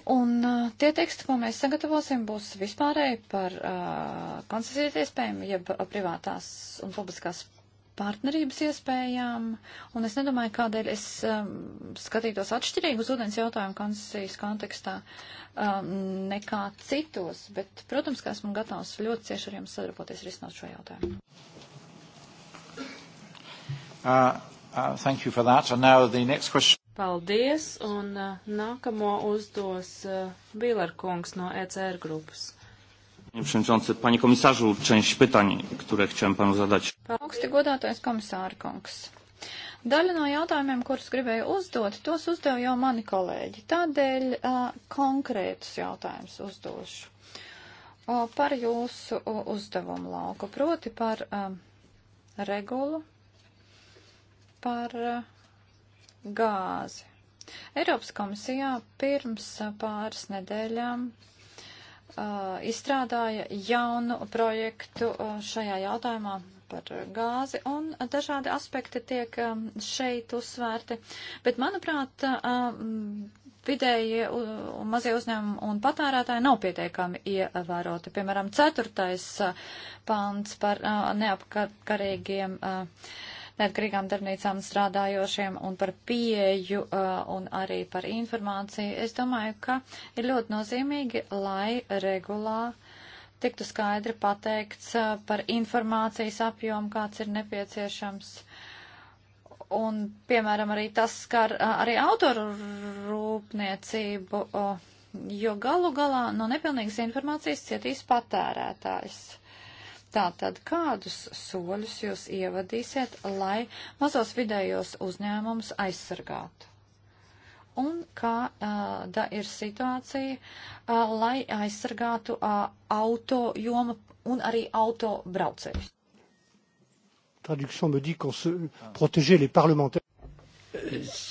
Un uh, tie teksti, ko mēs sagatavosim, būs vispārēji par uh, koncesijas iespējām, jeb privātās un publiskās partnerības iespējām. Un es nedomāju, kādēļ es um, skatītos atšķirīgi uz ūdens jautājumu koncesijas kontekstā um, nekā citos. Bet, protams, ka esmu gatavs ļoti cieši ar jums sadarboties risinot šo jautājumu. Uh, uh, thank you for that. And now the next question. Paldies, un uh, nākamo uzdos uh, Bilarkungs no ECR grupas. Panie Przewodniczący, Panie Komisarzu, część pytań, które chciałem Panu zadać. Augsti godātais komisārkungs. Daļa no jautājumiem, kurus gribēju uzdot, tos uzdev jau mani kolēģi. Tādēļ uh, konkrētus jautājumus uzdošu o, par jūsu uzdevumu lauku, proti par uh, regulu, par uh, gāzi. Eiropas komisijā pirms pāris nedēļām uh, izstrādāja jaunu projektu uh, šajā jautājumā par gāzi, un dažādi aspekti tiek um, šeit uzsvērti. Bet, manuprāt, um, vidēji uh, un mazie uzņēmumi un patērētāji nav pietiekami ievēroti. Piemēram, ceturtais uh, pants par neapkarīgiem neatkarīgām darbnīcām strādājošiem un par pieeju uh, un arī par informāciju. Es domāju, ka ir ļoti nozīmīgi, lai regulā tiktu skaidri pateikts uh, par informācijas apjomu, kāds ir nepieciešams. Un, piemēram, arī tas skar uh, arī autoru rūpniecību, jo galu galā no nepilnīgas informācijas cietīs patērētājs. Uh, Tātad, kādus soļus jūs ievadīsiet, lai mazos vidējos uzņēmumus aizsargātu? Un kāda uh, ir situācija, uh, lai aizsargātu uh, auto jomu un arī auto braucējus? Traduction me dit qu'on se protégeait les parlementaires.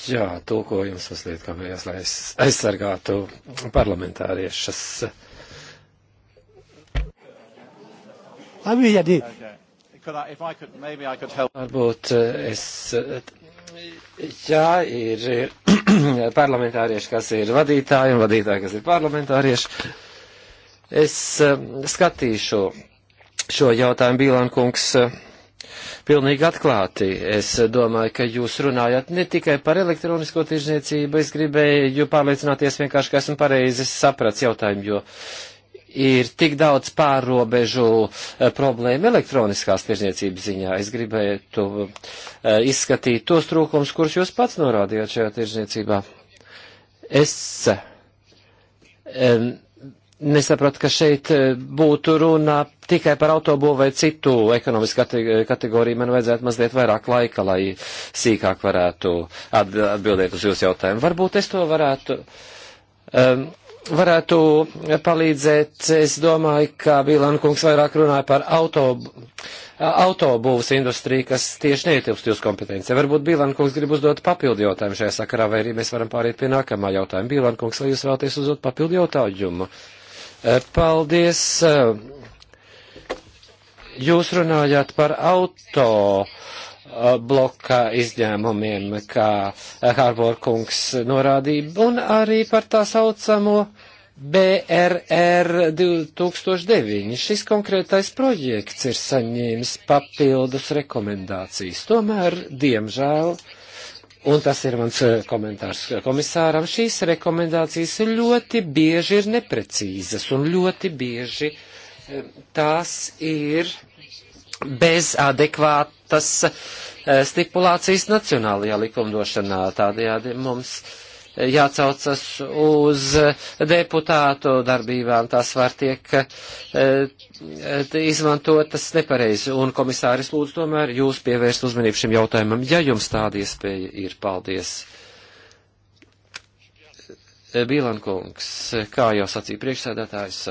Jā, tulkojums mazliet kavējās, lai aizsargātu parlamentāriešas. Uh, Ah oui, il y a des. Okay. Varbūt eh, es, eh, jā, ir eh, parlamentārieši, kas ir vadītāji un vadītāji, kas ir parlamentārieši. Es skatīšu šo jautājumu, Bīlāna kungs, pilnīgi atklāti. Es domāju, ka jūs runājat ne tikai par elektronisko tirzniecību, es gribēju pārliecināties vienkārši, ka esmu pareizi saprats jautājumu, jo ir tik daudz pārrobežu eh, problēmu elektroniskās tirzniecības ziņā. Es gribētu eh, izskatīt tos trūkums, kurus jūs pats norādījāt šajā tirzniecībā. Es nesapratu, ka šeit eh, būtu runa tikai par autobūvu vai citu ekonomisku kategoriju. Man vajadzētu mazliet vairāk laika, lai sīkāk varētu atbildēt uz jūsu jautājumu. Varbūt es to varētu. Um, varētu palīdzēt. Es domāju, ka Bīlāna kungs vairāk runāja par autobu, autobūvas industriju, kas tieši neietilpst jūsu kompetenci. Varbūt Bīlāna kungs grib uzdot papildu jautājumu šajā sakarā, vai arī mēs varam pāriet pie nākamā jautājuma. Bīlāna kungs, vai jūs vēlaties uzdot papildu jautājumu? E, paldies! E, jūs runājāt par auto bloka izņēmumiem, kā Harbor kungs norādīja, un arī par tā saucamo BRR 2009. Šis konkrētais projekts ir saņēmis papildus rekomendācijas. Tomēr, diemžēl, un tas ir mans eh, komentārs komisāram, šīs rekomendācijas ļoti bieži ir neprecīzas un ļoti bieži eh, tās ir bez adekvātas uh, Eh, stipulācijas nacionālajā likumdošanā. Tādējādi mums eh, jācaucas uz eh, deputātu darbībām, tās var tiek izmantotas nepareizi. Un komisāris lūdzu tomēr jūs pievērst uzmanību šim jautājumam, ja jums tāda iespēja ir. Paldies! Bīlankungs, kā jau sacīja priekšsēdētājs.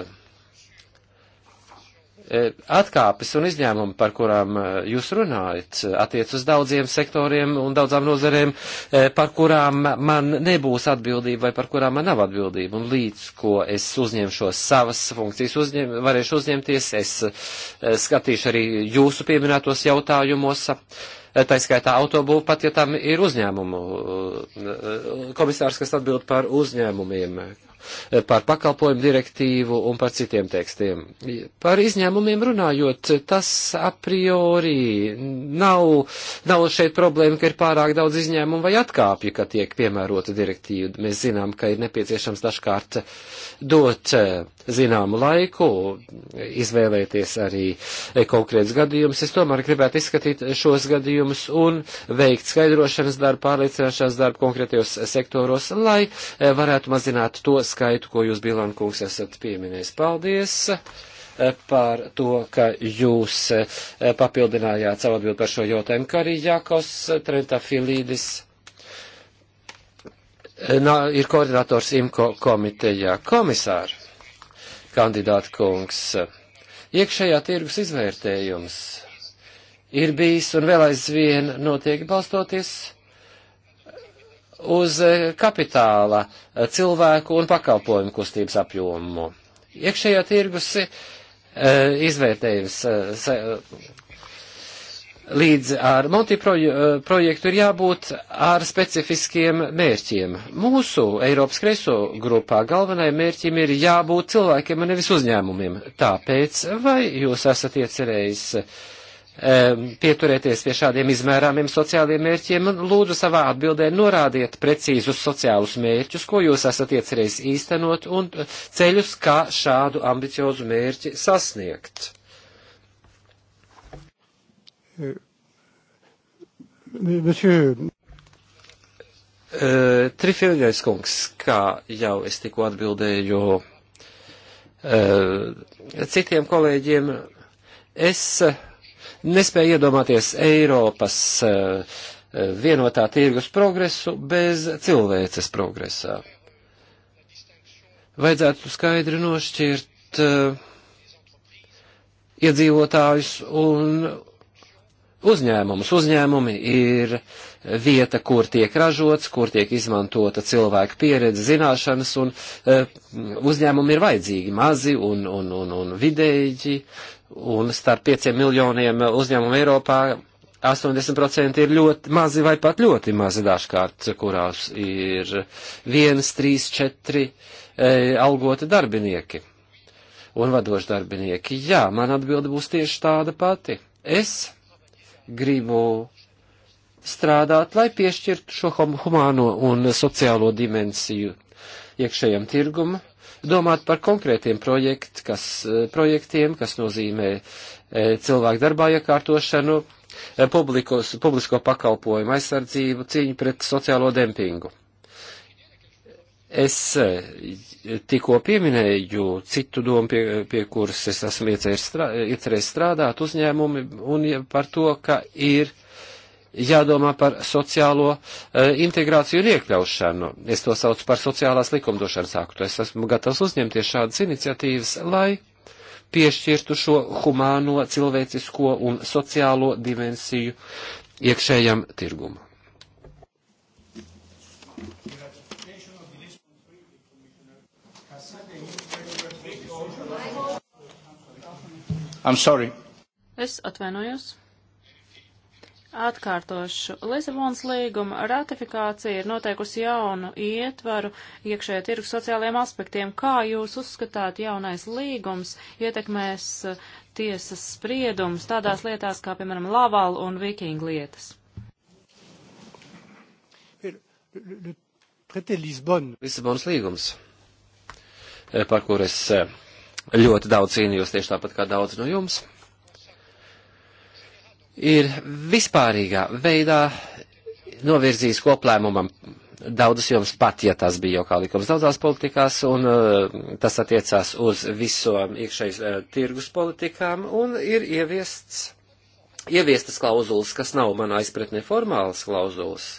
E, atkāpes un izņēmumi, par kurām e, jūs runājat, e, attiec uz daudziem sektoriem un daudzām nozarēm, par kurām man nebūs atbildība vai par kurām man nav atbildība. Un līdz ko es uzņemšos savas funkcijas, uzņem, varēšu uzņemties, es skatīšu arī jūsu pieminētos jautājumos. Tā skaitā autobūva, pat ja tam ir uzņēmumu komisārs, kas atbild par uzņēmumiem par pakalpojumu direktīvu un par citiem tekstiem. Par izņēmumiem runājot, tas a priori nav, nav šeit problēma, ka ir pārāk daudz izņēmumu vai atkāpju, ka tiek piemērota direktīva. Mēs zinām, ka ir nepieciešams dažkārt dot zināmu laiku, izvēlēties arī e, konkrēts gadījumus. Es tomēr gribētu izskatīt šos gadījumus un veikt skaidrošanas darbu, pārliecināšanas darbu konkrētajos sektoros, lai e, varētu mazināt to skaitu, ko jūs, Bilankungs, esat pieminējis. Paldies! E, par to, ka jūs papildinājāt savu atbildi par šo jautājumu, kā arī Jākos Trenta Filīdis ir koordinators IMKO komitejā. Komisāri! kandidāta kungs. Iekšējā tirgus izvērtējums ir bijis un vēl aizvien notiek balstoties uz eh, kapitāla, eh, cilvēku un pakalpojumu kustības apjomu. Iekšējā tirgus eh, izvērtējums līdz ar multiprojektu ir jābūt ar specifiskiem mērķiem. Mūsu Eiropas kreiso grupā galvenajiem mērķiem ir jābūt cilvēkiem un nevis uzņēmumiem. Tāpēc vai jūs esat iecerējis um, pieturēties pie šādiem izmērāmiem sociāliem mērķiem un lūdzu savā atbildē norādiet precīzus sociālus mērķus, ko jūs esat iecerējis īstenot un ceļus, kā šādu ambiciozu mērķi sasniegt. Monsieur. Uh, Trifilgais kungs, kā jau es tikko atbildēju uh, citiem kolēģiem, es nespēju iedomāties Eiropas uh, vienotā tirgus progresu bez cilvēces progresā. Vajadzētu skaidri nošķirt uh, iedzīvotājus un uzņēmumus. Uzņēmumi ir vieta, kur tiek ražots, kur tiek izmantota cilvēka pieredze, zināšanas, un uh, uzņēmumi ir vajadzīgi mazi un, un, un, un vidēji, un starp pieciem miljoniem uzņēmumu Eiropā 80% ir ļoti mazi vai pat ļoti mazi dažkārt, kurās ir viens, trīs, četri e, eh, algoti darbinieki un vadoši darbinieki. Jā, man atbilde būs tieši tāda pati. Es gribu strādāt, lai piešķirtu šo humāno un sociālo dimensiju iekšējam tirgumam, domāt par konkrētiem projekt, kas, eh, projektiem, kas nozīmē eh, cilvēku darbā iekārtošanu, eh, publikos, publisko pakalpojumu aizsardzību, cīņu pret sociālo dempingu. Es eh, tikko pieminēju citu domu, pie, pie kuras es esmu iecerējis strādāt uzņēmumi, un par to, ka ir jādomā par sociālo eh, integrāciju un iekļaušanu. Es to saucu par sociālās likumdošanas aktu. Es esmu gatavs uzņemties šādas iniciatīvas, lai piešķirtu šo humāno, cilvēcisko un sociālo dimensiju iekšējam tirgumam. I'm sorry. Es atvainojos. Atkārtošu. Lisabonas līguma ratifikācija ir noteikusi jaunu ietvaru iekšējā tirgus sociālajiem aspektiem. Kā jūs uzskatāt, jaunais līgums ietekmēs uh, tiesas spriedums tādās lietās kā, piemēram, Laval un Viking lietas? Lisabonas līgums, eh, par kur es eh, ļoti daudz cīnījos tieši tāpat kā daudz no jums, ir vispārīgā veidā novirzījis koplēmumam daudzas jums pat, ja tas bija jau kā likums daudzās politikās, un uh, tas attiecās uz visām iekšējas uh, eh, tirgus politikām, un ir ieviests, ieviestas klauzulas, kas nav manā izpratnē formālas klauzulas,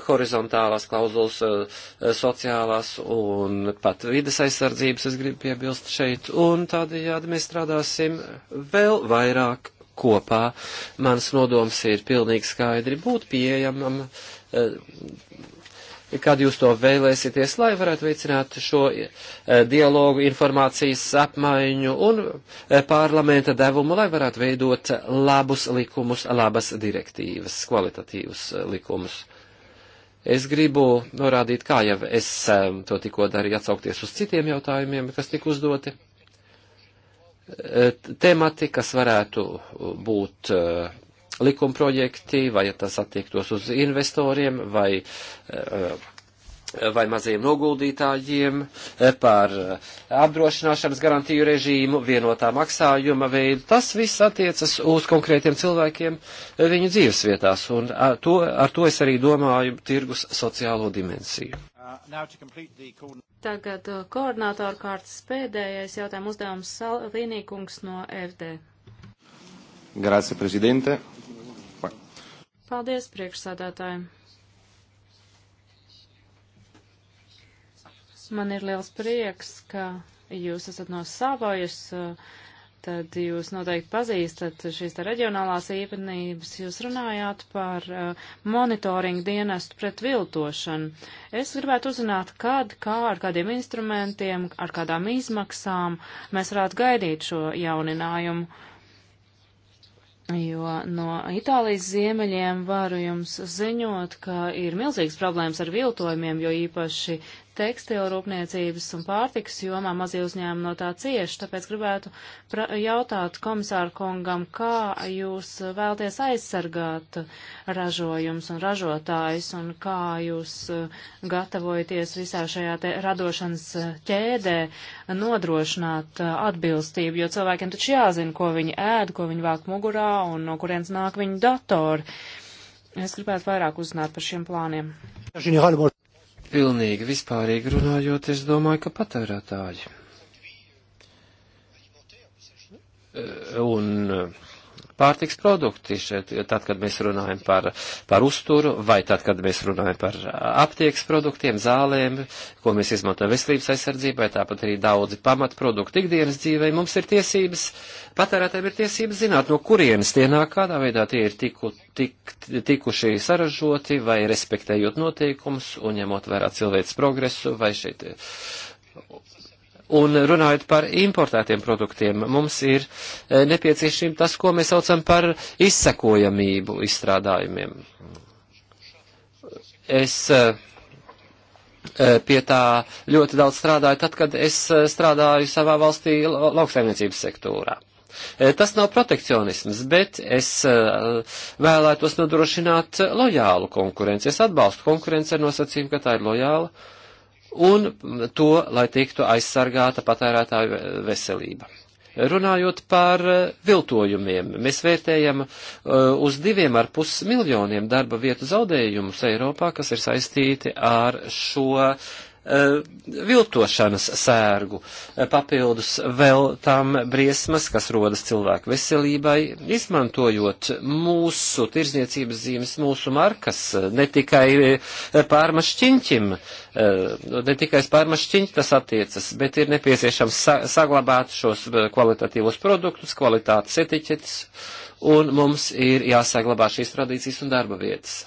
horizontālās klauzulas, eh, eh, sociālās un pat vides aizsardzības, es gribu piebilst šeit, un tādējādi mēs strādāsim vēl vairāk kopā. Mans nodoms ir pilnīgi skaidri būt pieejamam eh, kad jūs to vēlēsieties, lai varētu veicināt šo dialogu, informācijas apmaiņu un parlamenta devumu, lai varētu veidot labus likumus, labas direktīvas, kvalitatīvus likumus. Es gribu norādīt, kā jau es um, to tikko darīju, atsaukties uz citiem jautājumiem, kas tika uzdoti. Eh, temati, kas varētu būt eh, likumprojekti, vai ja tas attiektos uz investoriem, vai uh, vai mazajiem noguldītājiem, eh, par eh, apdrošināšanas garantiju režīmu, vienotā maksājuma veidu. Tas viss attiecas uz konkrētiem cilvēkiem eh, viņu dzīves vietās, un ar to, ar to es arī domāju tirgus sociālo dimensiju. Tagad koordinātoru kārtas pēdējais jautājums uzdevums Salvinīkungs no FD. Grācija prezidente. Paldies priekšsādātājiem. Man ir liels prieks, ka jūs esat no Savojas, eh, tad jūs noteikti pazīstat šīs te reģionālās īpatnības. Jūs runājāt par eh, monitoringu dienestu pret viltošanu. Es gribētu uzzināt, kad, kā, ar kādiem instrumentiem, ar kādām izmaksām mēs varētu gaidīt šo jauninājumu. Jo no Itālijas ziemeļiem varu jums ziņot, ka ir milzīgas problēmas ar viltojumiem, jo īpaši tekstilrūpniecības un pārtikas jomā mazie uzņēmumi no tā cieši, tāpēc gribētu jautāt komisāru kungam, kā jūs vēlties aizsargāt ražojums un ražotājs un kā jūs eh, gatavojaties visā šajā radošanas eh, ķēdē nodrošināt eh, atbilstību, jo cilvēkiem taču jāzina, ko viņi ēd, ko viņi vāk mugurā un no kurienes nāk viņu datori. Es gribētu vairāk uzzināt par šiem plāniem. Ģenerāli, pilnīgi vispārīgi runājot, es domāju, ka patērētāji. Eh, un pārtiks produkti šeit, tad, kad mēs runājam par, par uzturu, vai tad, kad mēs runājam par aptieks produktiem, zālēm, ko mēs izmantojam veselības aizsardzībai, tāpat arī daudzi pamatprodukti ikdienas dzīvē, mums ir tiesības, patērētājiem ir tiesības zināt, no kurienes tie nāk, kādā veidā tie ir tiku, tik, tikuši saražoti, vai respektējot noteikumus un ņemot vērā cilvēks progresu, vai šeit Un runājot par importētiem produktiem, mums ir e, nepieciešams tas, ko mēs saucam par izsekojamību izstrādājumiem. Es e, e, pie tā ļoti daudz strādāju tad, kad es strādāju savā valstī lauksaimniecības sektorā. Tas nav protekcionisms, bet es vēlētos nodrošināt lojālu konkurenci. Es atbalstu konkurenci ar nosacījumu, ka tā ir lojāla un to, lai tiktu aizsargāta patērētāju veselība. Runājot par eh, viltojumiem, mēs vērtējam eh, uz diviem ar pus miljoniem darba vietu zaudējumus Eiropā, kas ir saistīti ar šo uh, Eh, viltošanas sērgu, eh, papildus vēl tām briesmas, kas rodas cilvēku veselībai, izmantojot mūsu tirzniecības zīmes, mūsu markas, eh, ne tikai pārmašķiņķim, ne tikai pārmašķiņķi tas attiecas, bet ir nepieciešams saglabāt šos kvalitatīvos produktus, kvalitātes etiķetes, un mums ir jāsaglabā šīs tradīcijas un darba vietas.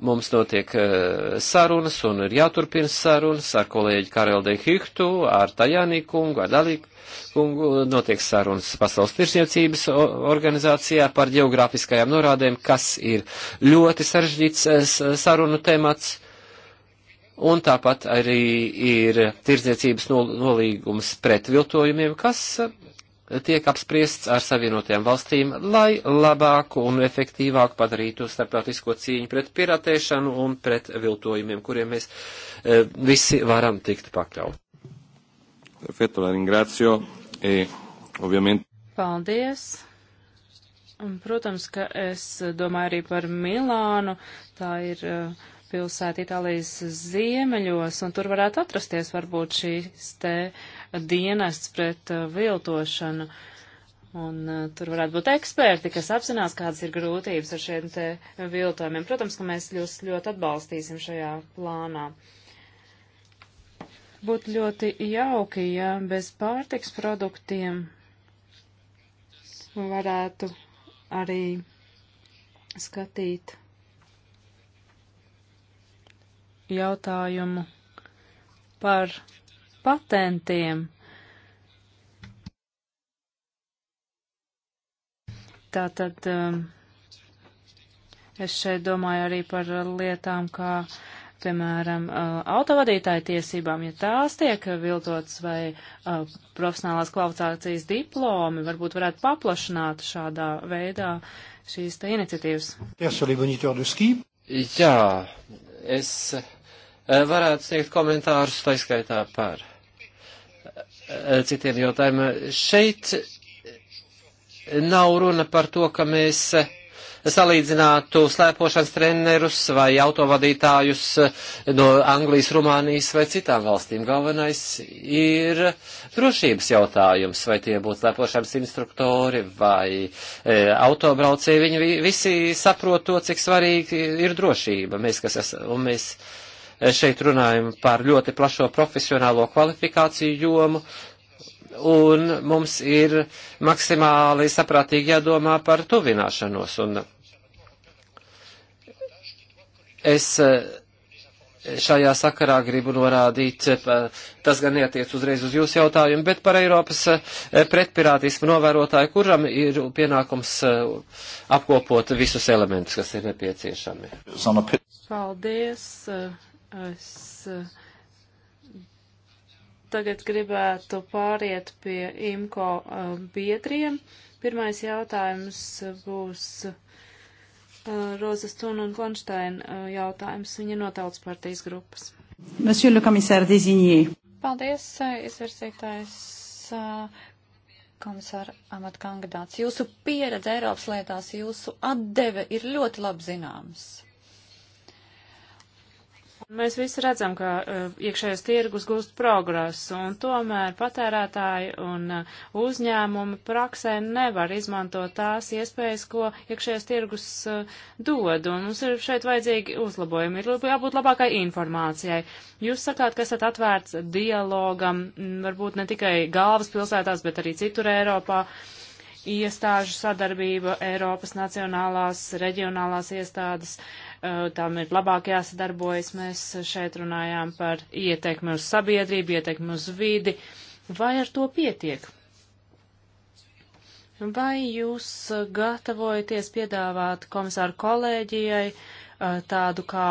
Mums notiek eh, sarunas un ir jāturpina sarunas ar kolēģi Kareldei Hihtu, ar Tajānī kungu, ar Dalīku kungu. Notiek sarunas Pasaules tirsniecības organizācijā par geogrāfiskajām norādēm, kas ir ļoti sarežģīts eh, sarunu temats. Un tāpat arī ir tirdzniecības nolīgums pret viltojumiem, kas tiek apspriests ar savienotajām valstīm, lai labāku un efektīvāku padarītu starptautisko cīņu pret piratēšanu un pret viltojumiem, kuriem mēs e, visi varam tikt pakļaut. Perfetto, la ringrazio e ovviamente. Paldies. Un, protams, ka es domāju arī par Milānu. Tā ir uh, pilsēta Itālijas ziemeļos, un tur varētu atrasties varbūt šīs te uh, dienests pret uh, viltošanu. Un uh, tur varētu būt eksperti, kas apzinās, kādas ir grūtības ar šiem te viltojumiem. Protams, ka mēs jūs ļoti atbalstīsim šajā plānā. Būtu ļoti jauki, ja bez pārtiks produktiem varētu arī skatīt jautājumu par patentiem. Tātad um, es šeit domāju arī par lietām, kā, piemēram, uh, autovadītāju tiesībām, ja tās tiek viltotas vai uh, profesionālās kvalifikācijas diplomi, varbūt varētu paplašināt šādā veidā šīs te iniciatīvas. Jā, es eh, varētu sniegt komentārus taiskaitā par Eh, citiem jautājumiem. Šeit nav runa par to, ka mēs salīdzinātu slēpošanas trenerus vai autovadītājus no Anglijas, Rumānijas vai citām valstīm. Galvenais ir drošības jautājums, vai tie būtu slēpošanas instruktori vai e, autobraucēji. Viņi visi saprot to, cik svarīgi ir drošība. Mēs, kas esam, un mēs šeit runājam par ļoti plašo profesionālo kvalifikāciju jomu, un mums ir maksimāli saprātīgi jādomā par tuvināšanos. Un es e, šajā sakarā gribu norādīt, e, tas gan neatiec uzreiz uz jūsu jautājumu, bet par Eiropas e, pretpirātismu novērotāju, kuram ir pienākums apkopot visus elementus, kas ir nepieciešami. Paldies! Es eh, tagad gribētu pāriet pie IMCO eh, biedriem. Pirmais jautājums būs eh, Rozes Tun un Konšteina jautājums. Viņa no tautas partijas grupas. Monsieur le commissaire désigné. Paldies, izvirzītājs komisāra amata kandidāts. Jūsu pieredze Eiropas lietās, jūsu atdeve ir ļoti labi zināms. Mēs visi redzam, ka uh, iekšējais tirgus gūst progresu, un tomēr patērētāji un uh, uzņēmumi praksē nevar izmantot tās iespējas, ko iekšējais tirgus uh, dod, un mums ir šeit vajadzīgi uzlabojumi, ir jābūt labākai informācijai. Jūs sakāt, ka esat atvērts dialogam, varbūt ne tikai galvas pilsētās, bet arī citur Eiropā. Uh, iestāžu sadarbību, Eiropas nacionālās, reģionālās iestādes, uh, tām ir labāk jāsadarbojas. Mēs šeit runājām par ietekmi uz sabiedrību, ietekmi uz vidi. Vai ar to pietiek? Vai jūs gatavojaties piedāvāt komisāru kolēģijai uh, tādu kā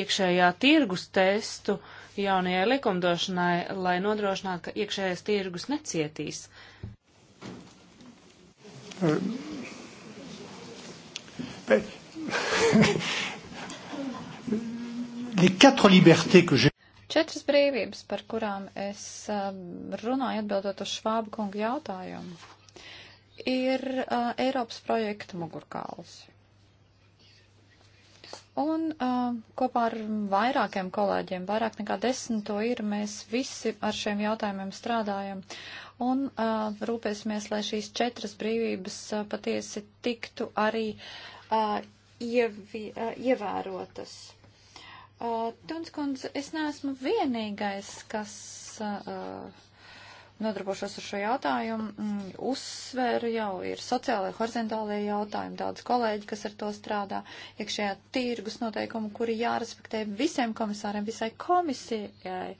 iekšējā tirgus testu jaunajai likumdošanai, lai nodrošinātu, ka iekšējais tirgus necietīs? Ben, euh, les quatre libertés que j'ai. Četras brīvības, par kurām es um, runāju atbildot uz Švābu kungu jautājumu, ir uh, Eiropas projekta mugurkauls. Un uh, kopā ar vairākiem kolēģiem, vairāk nekā desmit to ir, mēs visi ar šiem jautājumiem strādājam un uh, rūpēsimies, lai šīs četras brīvības uh, patiesi tiktu arī uh, ievi, uh, ievērotas. Uh, Tunskundze, es neesmu vienīgais, kas. Uh, nodarbošos ar šo jautājumu. Mm, uzsveru jau ir sociālai, horizontālai jautājumi, daudz kolēģi, kas ar to strādā, iekšējā tirgus noteikumu, kuri jārespektē visiem komisāriem, visai komisijai.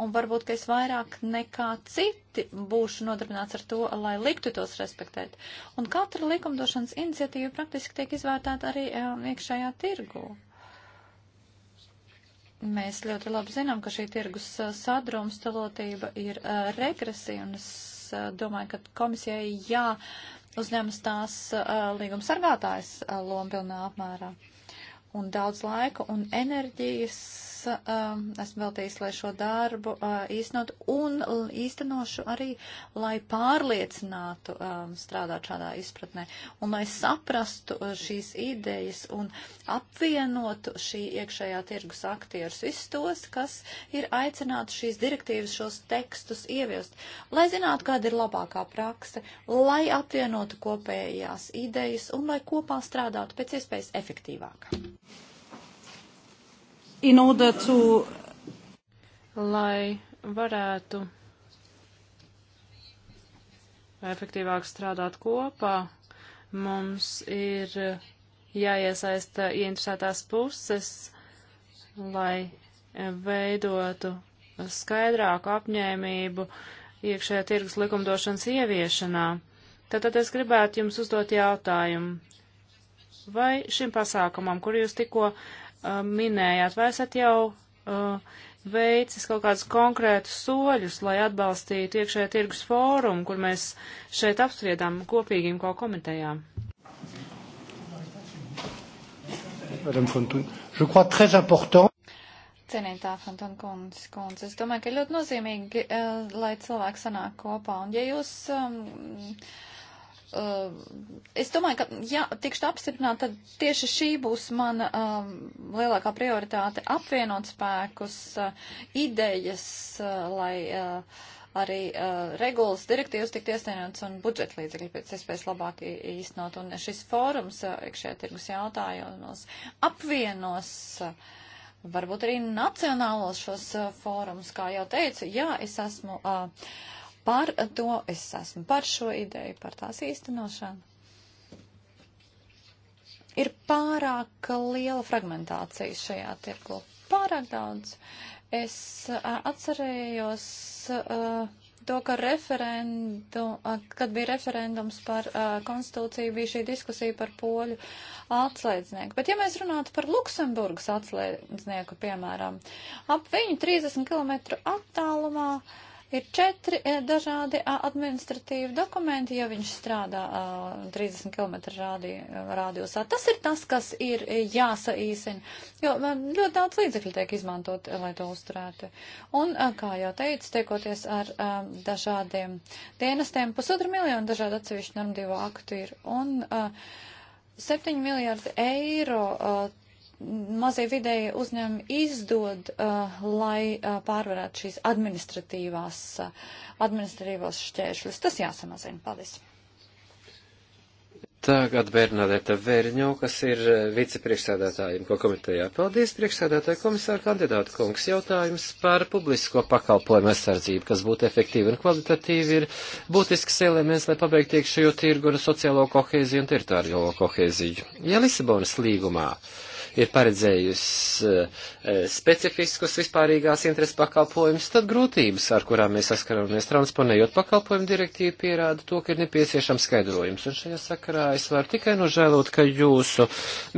Un varbūt, ka es vairāk nekā citi būšu nodarbināts ar to, lai liktu tos respektēt. Un katra likumdošanas iniciatīva praktiski tiek izvērtēta arī um, iekšējā tirgū. Mēs ļoti labi zinām, ka šī tirgus sadrumstalotība ir uh, regresija, un es uh, domāju, ka komisijai jāuzņemas tās uh, līguma sargātājs lompilnā apmērā un daudz laika un enerģijas um, esmu veltījis, lai šo darbu uh, īstenot un īstenošu arī, lai pārliecinātu um, strādāt šādā izpratnē un lai saprastu uh, šīs idejas un apvienotu šī iekšējā tirgus aktierus visus tos, kas ir aicināti šīs direktīvas šos tekstus ieviest, lai zinātu, kāda ir labākā prakse, lai apvienotu kopējās idejas un lai kopā strādātu pēc iespējas efektīvāk in order to lai varētu efektīvāk strādāt kopā, mums ir jāiesaista ieinteresētās puses, lai veidotu skaidrāku apņēmību iekšējā tirgus likumdošanas ieviešanā. Tātad es gribētu jums uzdot jautājumu. Vai šim pasākumam, kur jūs tikko minējāt, vai esat jau uh, veicis kaut kādus konkrētus soļus, lai atbalstītu iekšējā tirgus fórumu, kur mēs šeit apspriedām kopīgiem ko komitejām? Cienītā Fantona kundze, kundze, es domāju, ka ļoti nozīmīgi, uh, lai cilvēki sanāk kopā. Un ja jūs um, Uh, es domāju, ka, ja tikšu apstiprināt, tad tieši šī būs mana uh, lielākā prioritāte - apvienot spēkus, uh, idejas, uh, lai uh, arī uh, regulas direktīvas tikt iestienots un budžeta līdzekļi pēc iespējas labāk īstenot. Un šis fórums iekšējā tirgus jautājumos apvienos varbūt arī nacionālos šos fórums, kā jau teicu. Jā, es esmu. Uh, Par to es esmu par šo ideju, par tās īstenošanu. Ir pārāk liela fragmentācija šajā tirgu. Pārāk daudz. Es atcerējos uh, to, ka referendu, kad bija referendums par uh, konstitūciju, bija šī diskusija par poļu atslēdznieku. Bet ja mēs runātu par Luksemburgas atslēdznieku, piemēram, ap viņu 30 km attālumā uh, Ir četri e, dažādi administratīvi dokumenti, ja viņš strādā 30 km rādi, rādījusā. Tas ir tas, kas ir e, jāsaīsina, jo e, ļoti daudz līdzekļu tiek izmantot, lai to uzturētu. Un, kā jau teicu, tiekoties ar dažādiem dienestiem, pusotru miljonu dažādu atsevišķu normatīvu aktu ir. Un, 7 miljārdi eiro mazie vidēji uzņēmumi izdod, uh, lai uh, pārvarētu šīs administratīvās, uh, administratīvos šķēršļus. Tas jāsamazina. Paldies. Tagad Bernadeta Vērņo, kas ir uh, vicepriekšsēdētājiem ko komitejā. Paldies, priekšsēdētāji komisāra kandidāta kungs. Jautājums par publisko pakalpojumu aizsardzību, kas būtu efektīvi un kvalitatīvi, ir būtisks elements, lai pabeigtu iekšējo tirgu un sociālo kohēziju un teritoriālo kohēziju. Ja Lisabonas līgumā ir paredzējusi eh, eh, specifiskus vispārīgās intereses pakalpojumus, tad grūtības, ar kurām mēs saskaramies transponējot pakalpojumu direktīvu, pierāda to, ka ir nepieciešams skaidrojums. Un šajā sakarā es varu tikai nožēlot, ka jūsu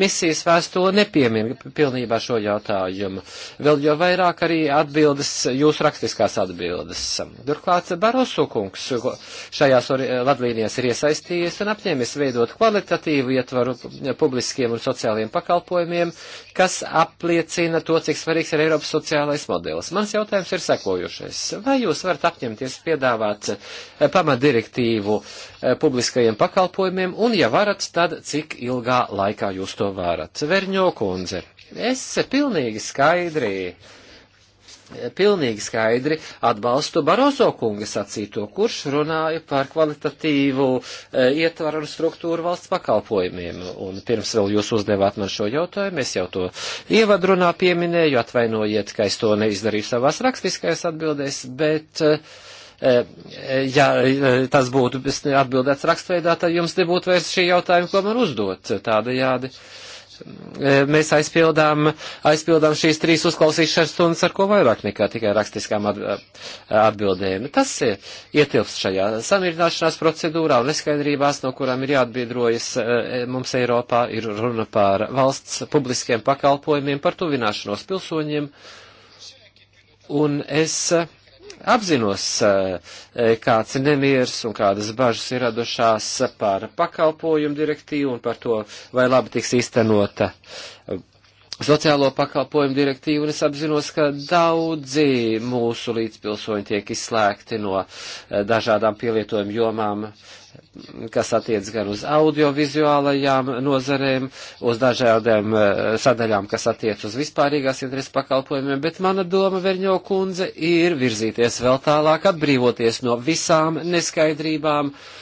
misijas vēstule nepiemina pilnībā šo jautājumu. Vēl jau vairāk arī atbildes, jūsu rakstiskās atbildes. Turklāt Barosu kungs šajās vadlīnijās ir iesaistījies un apņēmies veidot kvalitatīvu ietvaru publiskiem un sociālajiem pakalpojumiem jautājumiem, kas apliecina to, cik svarīgs ir Eiropas sociālais modelis. Mans jautājums ir sekojošais. Vai jūs varat apņemties piedāvāt eh, pamatdirektīvu eh, publiskajiem pakalpojumiem, un ja varat, tad cik ilgā laikā jūs to varat? Verņo kundze, es pilnīgi skaidrīgi pilnīgi skaidri atbalstu Baroso kunga sacīto, kurš runāja par kvalitatīvu e, ietvaru un struktūru valsts pakalpojumiem. Un pirms vēl jūs uzdevāt man šo jautājumu, es jau to ievadrunā pieminēju, atvainojiet, ka es to neizdarīju savās rakstiskajās atbildēs, bet. E, e, ja tas būtu atbildēts rakstveidā, tad jums nebūtu vairs šī jautājuma, ko man uzdot tādajādi. Uh, mēs aizpildām, aizpildām šīs trīs uzklausīšanas stundas ar ko vairāk nekā tikai rakstiskām atbildēm. Tas ietilpst šajā samierināšanās procedūrā un neskaidrībās, no kurām ir jāatbiedrojas e, mums Eiropā, ir runa par valsts publiskiem pakalpojumiem, par tuvināšanos pilsoņiem. Un es apzinos, eh, eh, kāds nemieris un kādas bažas ir radušās par pakalpojumu direktīvu un par to, vai labi tiks īstenota sociālo pakalpojumu direktīvu, un es apzinos, ka daudzi mūsu līdzpilsoņi tiek izslēgti no eh, dažādām pielietojumu jomām, kas attiec gan uz audiovizuālajām nozarēm, uz dažādām eh, sadaļām, kas attiec uz vispārīgās interesu pakalpojumiem, bet mana doma, Verņo kundze, ir virzīties vēl tālāk, atbrīvoties no visām neskaidrībām, uh,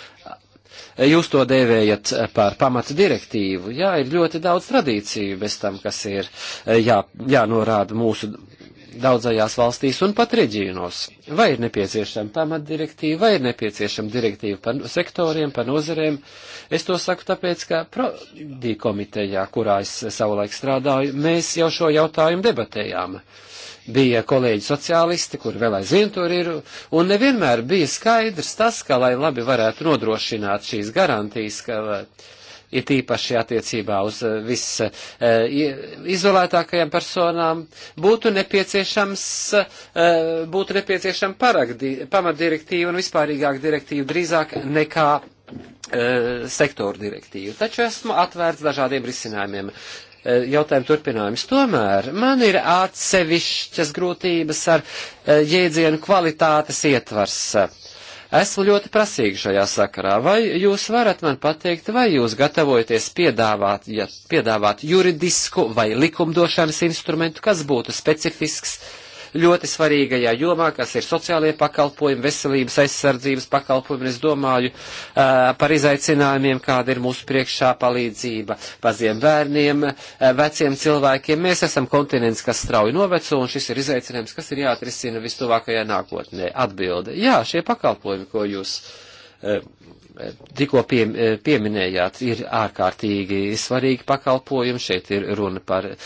Jūs to dēvējat par pamata direktīvu. Jā, ir ļoti daudz tradīciju bez tam, kas ir eh, jā, jānorāda mūsu daudzajās valstīs un pat reģionos. Vai ir nepieciešama pamatdirektīva, vai ir nepieciešama direktīva par sektoriem, par nozerēm. Es to saku tāpēc, ka prodī komitejā, kurā es savulaik strādāju, mēs jau šo jautājumu debatējām. Uh, bija kolēģi sociālisti, kuri vēl aizvien tur ir, un nevienmēr bija skaidrs tas, ka, lai labi varētu nodrošināt šīs garantijas, ka eh, ir tīpaši attiecībā uz eh, viss eh, izolētākajām personām, būtu nepieciešams, būtu nepieciešama pamatdirektīva un vispārīgāka direktīva drīzāk nekā sektoru direktīvu. Taču esmu atvērts dažādiem risinājumiem. Uh, Eh, jautājumu turpinājums. Tomēr man ir atsevišķas grūtības ar eh, jēdzienu kvalitātes ietvars. Esmu ļoti prasīgi šajā sakarā. Vai jūs varat man pateikt, vai jūs gatavojaties piedāvāt, ja, piedāvāt juridisku vai likumdošanas instrumentu, kas būtu specifisks uh, ļoti svarīgajā jomā, kas ir sociālie pakalpojumi, veselības aizsardzības pakalpojumi. Es domāju par izaicinājumiem, kāda ir mūsu priekšā palīdzība maziem bērniem, veciem cilvēkiem. Mēs esam kontinents, kas strauji noveco, un šis ir izaicinājums, kas ir jāatrisina vistuvākajā nākotnē. Atbilde. Jā, šie pakalpojumi, ko jūs tikko pie, e, pieminējāt, ir ārkārtīgi svarīgi pakalpojumi. Šeit ir runa par e,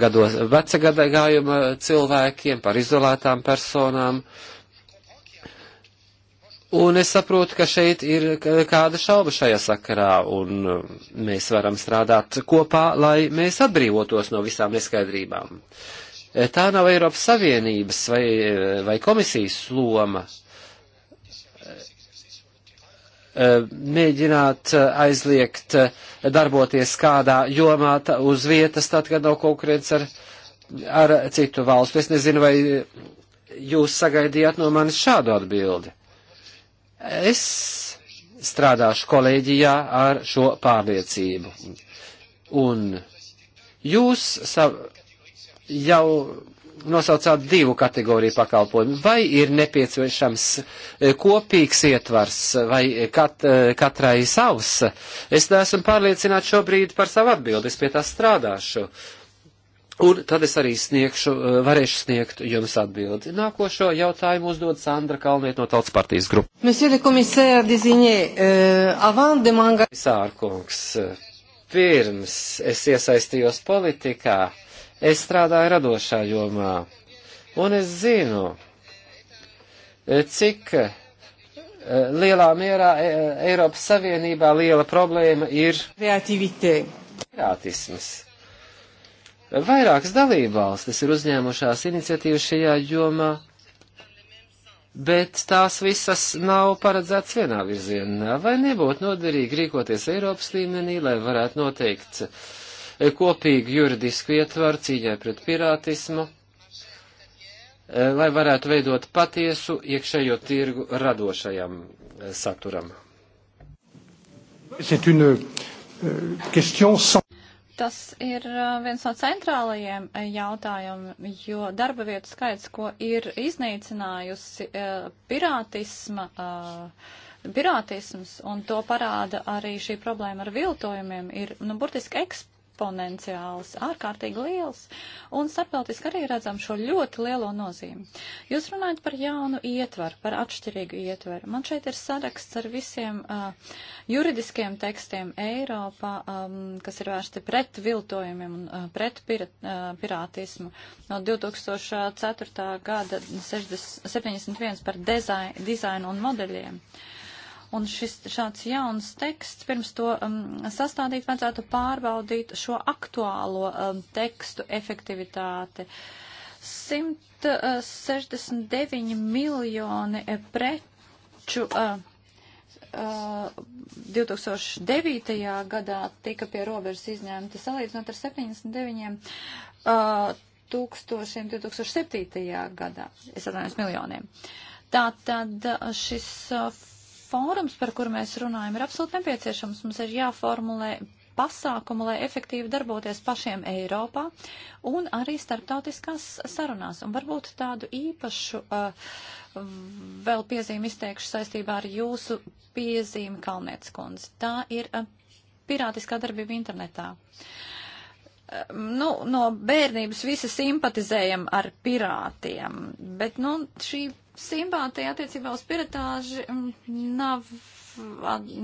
gados vecagadagājuma cilvēkiem, par izolētām personām. Un es saprotu, ka šeit ir kāda šauba šajā sakarā, un mēs varam strādāt kopā, lai mēs atbrīvotos no visām neskaidrībām. E, tā nav Eiropas Savienības vai, vai komisijas loma Eh, mēģināt eh, aizliegt eh, darboties kādā jomā uz vietas, tad, kad nav konkurence ar, ar citu valstu. Es nezinu, vai jūs sagaidījāt no manis šādu atbildi. Es strādāšu kolēģijā ar šo pārliecību. Un jūs sav, jau nosaucāt divu kategoriju pakalpojumu. Vai ir nepieciešams eh, kopīgs ietvars vai kat, eh, katrai savs? Es neesmu pārliecināts šobrīd par savu atbildi, es pie tā strādāšu. Un tad es arī sniegšu, eh, varēšu sniegt jums atbildi. Nākošo jautājumu uzdod Sandra Kalniet no Tautas partijas grupas. Monsieur le commissaire désigné, euh, avant de manga... Sārkungs, pirms es iesaistījos politikā, Es strādāju radošā jomā, un es zinu, e, cik e, lielā mierā e, Eiropas Savienībā liela problēma ir kreativitē. Pirātisms. Vairākas dalībvalstis ir uzņēmušās iniciatīvas šajā jomā, bet tās visas nav paredzētas vienā virzienā. Vai nebūtu noderīgi rīkoties Eiropas līmenī, lai varētu noteikt uh, kopīgu juridisku ietvaru cīņai pret pirātismu, eh, lai varētu veidot patiesu iekšējo tirgu radošajam eh, saturam. Euh, Tas ir eh, viens no centrālajiem jautājumiem, jo darba vietu skaits, ko ir iznīcinājusi pirātisma, pirātisms, un to parāda arī šī problēma ar viltojumiem, ir, nu, burtiski eksp eksponenciāls, ārkārtīgi liels, un starptautiski arī redzam šo ļoti lielo nozīmi. Jūs runājat par jaunu ietvaru, par atšķirīgu ietvaru. Man šeit ir saraksts ar visiem uh, juridiskiem tekstiem Eiropā, um, kas ir vērsti pret viltojumiem un uh, pret pir uh, pirātismu. No 2004. gada 60, 71 par dizainu un modeļiem. Uh, Un šis šāds jauns teksts, pirms to um, sastādīt, vajadzētu pārbaudīt šo aktuālo um, tekstu efektivitāti. 169 miljoni eh, preču. Uh, eh, 2009. Eh, gadā tika pie robežas izņemta salīdzinot ar 79 uh, tūkstošiem 2007. gadā, es atvainojos miljoniem. Tātad šis fórums, par kuru mēs runājam, ir absolūti nepieciešams. Mums ir jāformulē pasākumu, lai efektīvi darboties pašiem Eiropā un arī starptautiskās sarunās. Un varbūt tādu īpašu uh, vēl piezīmi izteikšu saistībā ar jūsu piezīmi Kalnietes kundze. Tā ir uh, pirātiskā darbība internetā. Uh, nu, no bērnības visi simpatizējam ar pirātiem, bet, nu, šī simpātija attiecībā uz piratāži nav,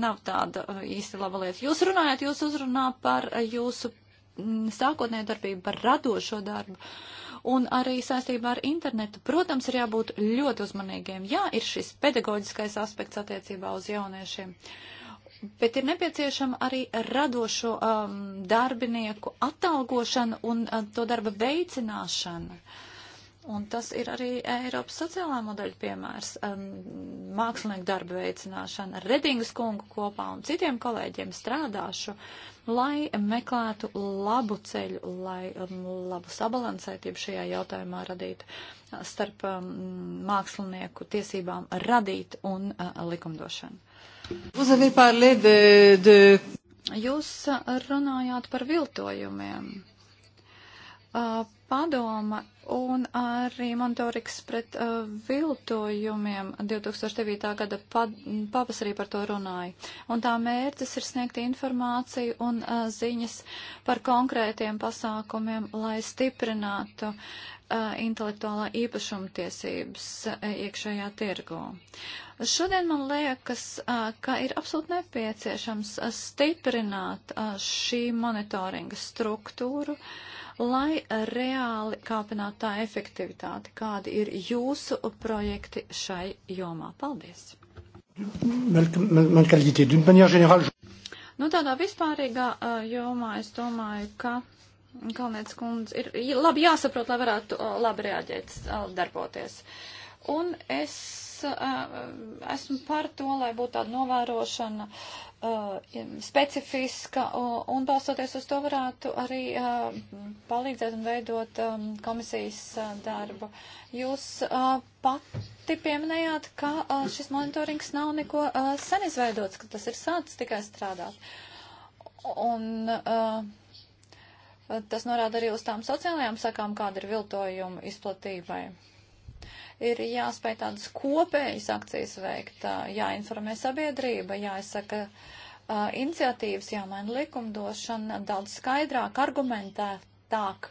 nav tāda īsti laba lieta. Jūs runājat, jūs uzrunā par jūsu mm, sākotnēju darbību, par radošo darbu. Un arī saistībā ar internetu, protams, ir jābūt ļoti uzmanīgiem. Jā, ir šis pedagoģiskais aspekts attiecībā uz jauniešiem. Bet ir nepieciešama arī radošo um, darbinieku atalgošana un uh, to darba veicināšana. Uh, Un tas ir arī Eiropas sociālā modeļa piemērs. Um, mākslinieku darba veicināšana ar Redingas kungu kopā un citiem kolēģiem strādāšu, lai meklētu labu ceļu, lai um, labu sabalansētību šajā jautājumā radītu uh, starp um, mākslinieku tiesībām radīt un uh, likumdošanu. Jūs uh, runājāt par viltojumiem Uh, padoma un arī monitorings pret uh, viltojumiem 2009. gada pad, pavasarī par to runāja. Un tā mērķis ir sniegt informāciju un uh, ziņas par konkrētiem pasākumiem, lai stiprinātu uh, intelektuālā īpašuma tiesības uh, iekšējā tirgū. Šodien man liekas, uh, ka ir absolūti nepieciešams uh, stiprināt uh, šī monitoringa struktūru. Uh, lai reāli kāpinātu tā efektivitāti, kādi ir jūsu projekti šai jomā. Paldies! Nu, tādā vispārīgā jomā es domāju, ka Kalnietis kundze ir labi jāsaprot, lai varētu labi reaģēt, darboties. Un es esmu par to, lai būtu tāda novērošana uh, Uh, specifiska, un balstoties uz to varētu arī uh, palīdzēt un veidot um, komisijas uh, darbu. Jūs pati pieminējāt, ka šis monitorings nav neko sen izveidots, ka tas ir sācis tikai strādāt. Un uh, tas norāda arī uz tām sociālajām sakām, kāda ir viltojuma izplatībai. Ir jāspēj tādas kopējas akcijas veikt, jāinformē sabiedrība, jāizsaka uh, uh, iniciatīvas, jāmaina likumdošana daudz skaidrāk, argumentētāk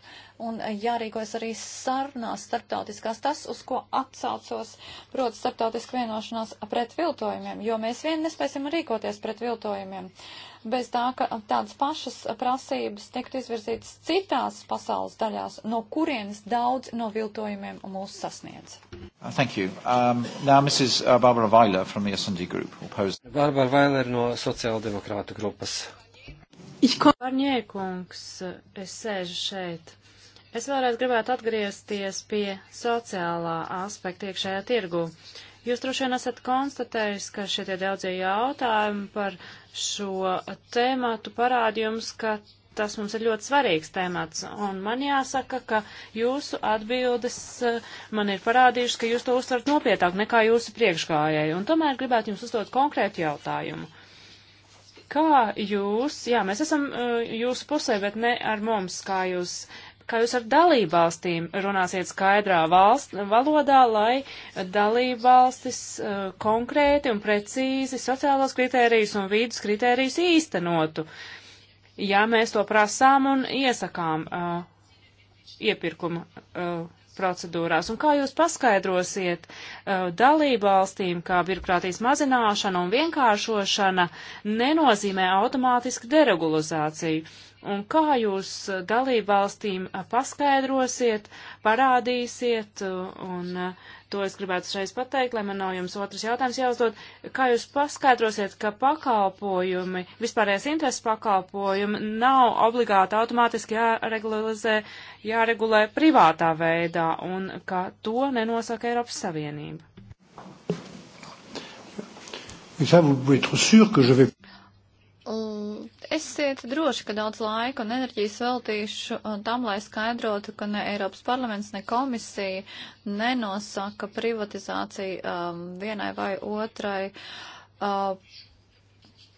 un uh, jārīkojas arī sarunās starptautiskās tas, uz ko atsaucos, proti starptautiska vienošanās pret viltojumiem, jo mēs vien nespēsim rīkoties pret viltojumiem. Uh, bez tā, ka tādas pašas prasības tiktu izvirzītas citās pasaules daļās, no kurienes daudz no viltojumiem mūs sasniedz. Uh, thank you. Um, now Mrs. Uh, Barbara Weiler from the S&D Group. Opposed. Barbara Weiler no Sociāldemokrātu grupas. Varņēkungs, uh, es sēžu šeit. Es vēlreiz gribētu atgriezties pie sociālā aspekta iekšējā tirgu. Uh, Jūs droši vien esat konstatējis, ka šie daudzie jautājumi par šo tēmatu parāda jums, ka tas mums ir ļoti svarīgs temats. Un man jāsaka, ka jūsu atbildes eh, man ir parādījušas, ka jūs to uztverat nopietāk nekā jūsu priekšgājēji. Un tomēr gribētu jums uzdot konkrētu jautājumu. Kā jūs, jā, mēs esam eh, jūsu pusē, bet ne ar mums, kā jūs uh, kā jūs ar dalībvalstīm runāsiet skaidrā valst, valodā, lai dalībvalstis uh, konkrēti un precīzi sociālos kritērijus un vīdus kritērijus īstenotu, ja mēs to prasām un iesakām uh, iepirkuma uh, procedūrās, un kā jūs paskaidrosiet uh, dalībvalstīm, kā birokrātijas mazināšana un vienkāršošana nenozīmē automātiski deregulizāciju. Un kā jūs uh, dalībvalstīm uh, paskaidrosiet, parādīsiet, uh, un to es gribētu šreiz pateikt, lai man nav jums otrs jautājums jāuzdod, kā jūs paskaidrosiet, ka pakalpojumi, vispārējais intereses pakalpojumi nav obligāti automātiski jāregulē, jāregulē privātā veidā, un ka to nenosaka Eiropas Savienība? Et ça, vous pouvez être sûr que je vais mm, Esiet droši, ka daudz laika un enerģijas veltīšu uh, tam, lai skaidrotu, ka ne Eiropas parlaments, ne komisija nenosaka privatizāciju um, vienai vai otrai uh,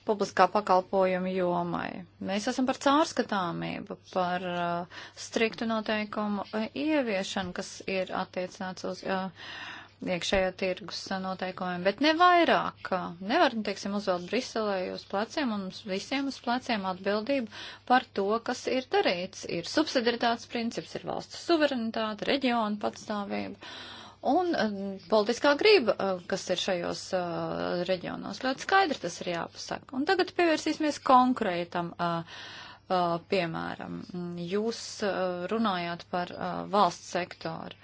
publiskā pakalpojuma jomai. Mēs esam par caurskatāmību, par uh, striktu noteikumu uh, ieviešanu, kas ir attiecināts uz. Uh, iekšējā tirgus noteikumiem, bet ne vairāk. Nevar, nu, teiksim, uzvelt Briselē uz pleciem un mums visiem uz pleciem atbildību par to, kas ir darīts. Ir subsidiaritātes princips, ir valsts suverenitāte, reģiona patstāvība. Un um, politiskā grība, um, kas ir šajos uh, reģionos, ļoti skaidri tas ir jāpasaka. Un tagad pievērsīsimies konkrētam uh, uh, piemēram. Jūs uh, runājāt par uh, valsts sektoru.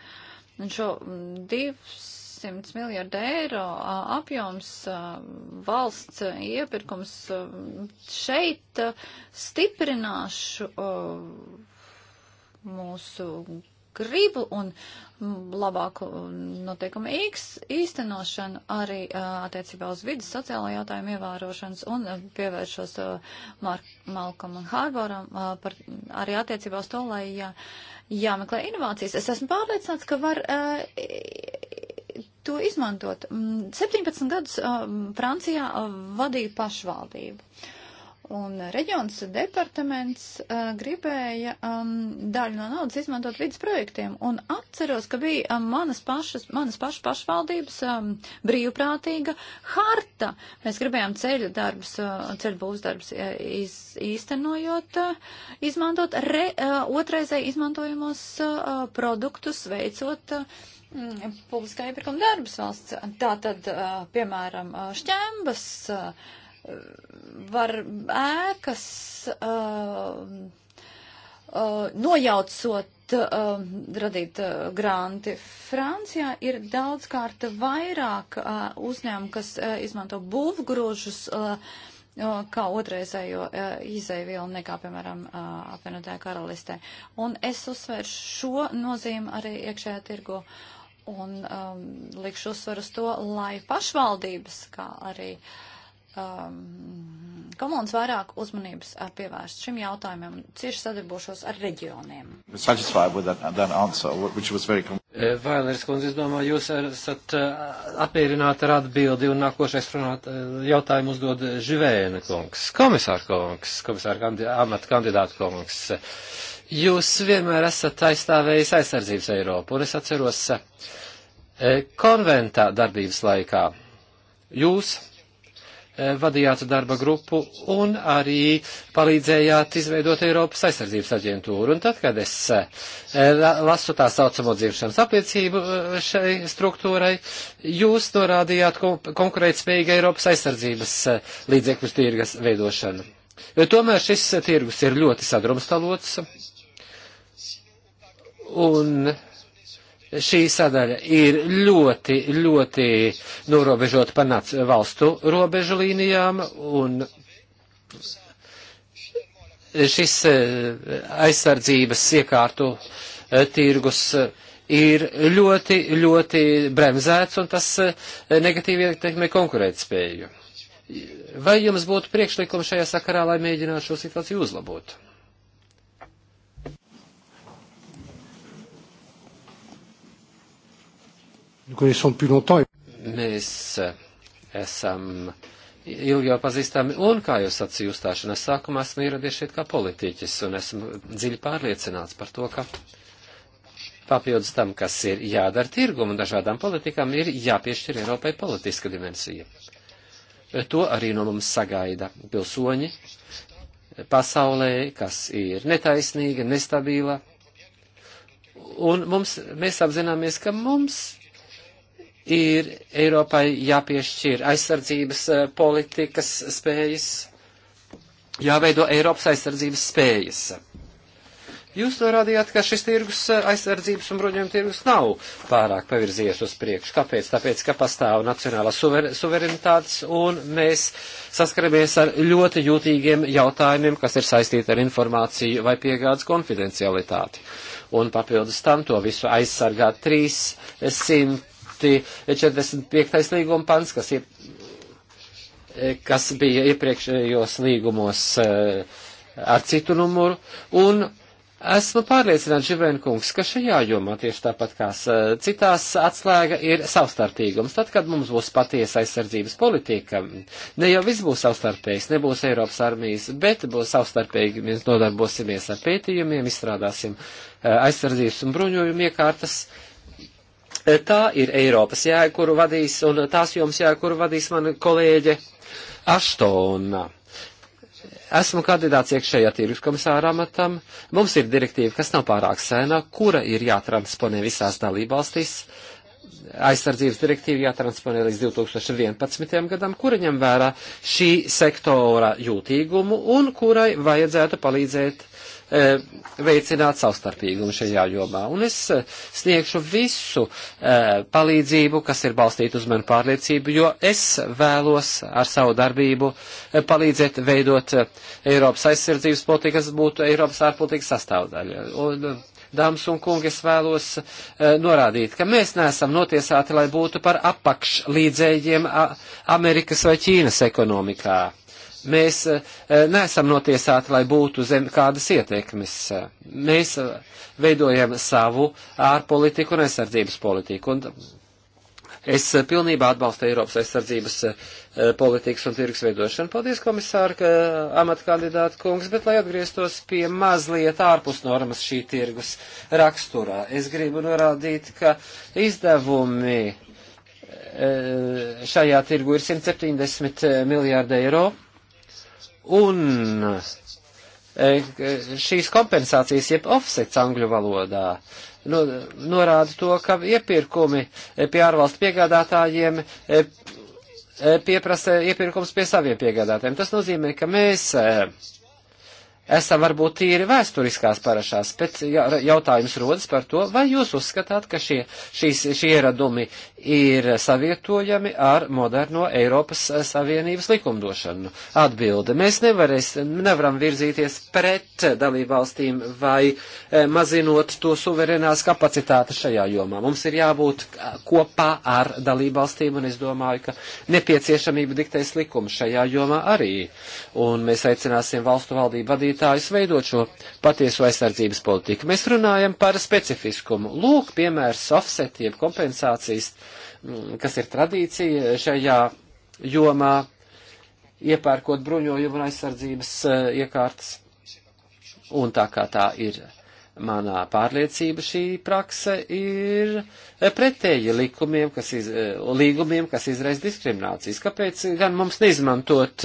Un šo 200 mm, miljardu eiro apjoms valsts iepirkums šeit stiprināšu mūsu gribu un labāku noteikumu īstenošanu arī attiecībā uz vidas sociālo jautājumu ievērošanas un pievēršos Malkam un Hārboram par, arī attiecībā uz to, lai jā, jāmeklē inovācijas. Es esmu pārliecināts, ka var to izmantot. 17 mm, gadus Francijā vadīja pašvaldību. Un reģions departaments uh, gribēja um, daļu no naudas izmantot vidas projektiem. Un atceros, ka bija um, manas pašas, manas pašas pašvaldības um, brīvprātīga harta. Mēs gribējām ceļu darbus, uh, ceļu būs darbus uh, iz, īstenojot, uh, izmantot re, uh, otraizai izmantojamos uh, produktus, veicot. Uh, Publiskā iepirkuma darbas valsts. Tā tad, piemēram, šķembas, var ēkas uh, uh, nojaucot, uh, radīt uh, granti. Francijā ir daudzkārt vairāk uh, uzņēmumu, kas uh, izmanto būvgrožus. Uh, uh, kā otrreizējo uh, izēvielu nekā, piemēram, uh, apvienotajā karalistē. Un es uzsvēršu šo nozīmi arī iekšējā tirgu un um, likšu uzsvaru uz to, lai pašvaldības, kā arī uh, um, komandas vairāk uzmanības uh, pievērst šim jautājumam, cieši sadarbošos ar reģioniem. Eh, Vainers kundze, es domāju, jūs esat eh, apmierināti ar atbildi un nākošais runāt, eh, jautājumu uzdod Živēna kungs, komisāra kungs, komisāra kandi, amata kandidāta kungs. Jūs vienmēr esat aizstāvējis aizsardzības Eiropu, un es atceros konventā darbības laikā. Jūs Eh, vadījāt darba grupu un arī palīdzējāt izveidot Eiropas aizsardzības aģentūru. Un tad, kad es eh, lasu tā saucamo dzimšanas apliecību eh, šai struktūrai, jūs norādījāt konkurētspējīgu Eiropas aizsardzības līdzekļu tirgas veidošanu. Jo tomēr šis tirgus ir ļoti sadrumstalots. Un šī sadaļa ir ļoti, ļoti norobežota pa nac valstu robežu līnijām, un šis eh, aizsardzības iekārtu eh, tirgus eh, ir ļoti, ļoti bremzēts, un tas negatīvi ietekmē konkurētspēju. Vai jums būtu priekšlikumi šajā sakarā, lai mēģinātu šo situāciju uzlabot? Mēs eh, esam ilgi jau pazīstami, un, kā jūs sacīju uzstāšanās sākumā, esmu ieradies šeit kā politiķis, un esmu dziļi pārliecināts par to, ka papildus tam, kas ir jādara tirgumu un dažādām politikām, ir jāpiešķir Eiropai politiska dimensija. To arī no mums sagaida pilsoņi pasaulē, kas ir netaisnīga, nestabila, un mums, mēs apzināmies, ka mums ir Eiropai jāpiešķir aizsardzības eh, politikas spējas, jāveido Eiropas aizsardzības spējas. Jūs to radījāt, ka šis tirgus eh, aizsardzības un bruņojuma tirgus nav pārāk pavirzies uz priekšu. Kāpēc? Tāpēc, ka pastāv nacionālā suver suverenitātes un mēs saskaramies ar ļoti jūtīgiem jautājumiem, kas ir saistīti ar informāciju vai piegādes konfidencialitāti. Un papildus tam to visu aizsargā 300 proti 45. līguma pants, kas, ie, kas bija iepriekšējos līgumos eh, ar citu numuru, un esmu pārliecināts, Živenkungs, ka šajā jomā tieši tāpat kā eh, citās atslēga ir savstartīgums. Tad, kad mums būs patiesa aizsardzības politika, ne jau viss būs savstarpējs, nebūs Eiropas armijas, bet būs savstarpīgi, mēs nodarbosimies ar pētījumiem, izstrādāsim eh, aizsardzības un bruņojumu iekārtas. Uh, Tā ir Eiropas jēga, kuru vadīs, un tās jums jēga, kuru vadīs mana kolēģe Aštona. Esmu kandidāts iekšējā tirgus komisāra amatam. Mums ir direktīva, kas nav pārāk sēna, kura ir jātransponē visās dalībvalstīs aizsardzības direktīva jātransponē līdz 2011. gadam, kura ņem vērā šī sektora jūtīgumu un kurai vajadzētu palīdzēt E, veicināt savstarpīgumu šajā jomā. Un es e, sniegšu visu e, palīdzību, kas ir balstīta uz manu pārliecību, jo es vēlos ar savu darbību palīdzēt veidot Eiropas aizsardzības politiku, kas būtu Eiropas ārpolitikas sastāvdaļa. Un, Dāmas un kungi, es vēlos e, norādīt, ka mēs neesam notiesāti, lai būtu par apakšlīdzējiem Amerikas vai Ķīnas ekonomikā. E, Mēs eh, eh, neesam notiesāti, lai būtu zem kādas ietekmes. Mēs eh, veidojam savu ārpolitiku un aizsardzības politiku. Un es pilnībā atbalstu Eiropas aizsardzības politikas un tirgus veidošanu. Paldies, komisāra, ka amatkandidāta kungs, bet lai atgrieztos pie mazliet ārpus normas šī tirgus raksturā, es gribu norādīt, ka izdevumi šajā tirgu ir 170 miljārdi eiro Un e, šīs kompensācijas, jeb offsets angļu valodā, no, nu, norāda to, ka iepirkumi e, pie ārvalstu piegādātājiem e, pieprasa iepirkums pie saviem piegādātājiem. Tas nozīmē, ka mēs esam varbūt tīri vēsturiskās parašās, bet jautājums rodas par to, vai jūs uzskatāt, ka šie, šīs, šie ieradumi ir savietojami ar moderno Eiropas Savienības likumdošanu. Atbilde. Mēs nevarēs, nevaram virzīties pret dalībvalstīm vai eh, mazinot to suverenās kapacitātes šajā jomā. Mums ir jābūt kopā ar dalībvalstīm, un es domāju, ka nepieciešamība diktēs likumu šajā jomā arī. Un mēs aicināsim valstu valdību vadītājus veidot šo patieso aizsardzības politiku. Mēs runājam par specifiskumu. Lūk, piemērs offset, jeb kompensācijas Mm, kas ir tradīcija šajā jomā, iepērkot bruņojumu un aizsardzības eh, iekārtas. Un tā kā tā ir manā pārliecība, šī prakse ir eh, pretēji likumiem, kas iz, eh, līgumiem, kas izraisa diskriminācijas. Kāpēc gan mums neizmantot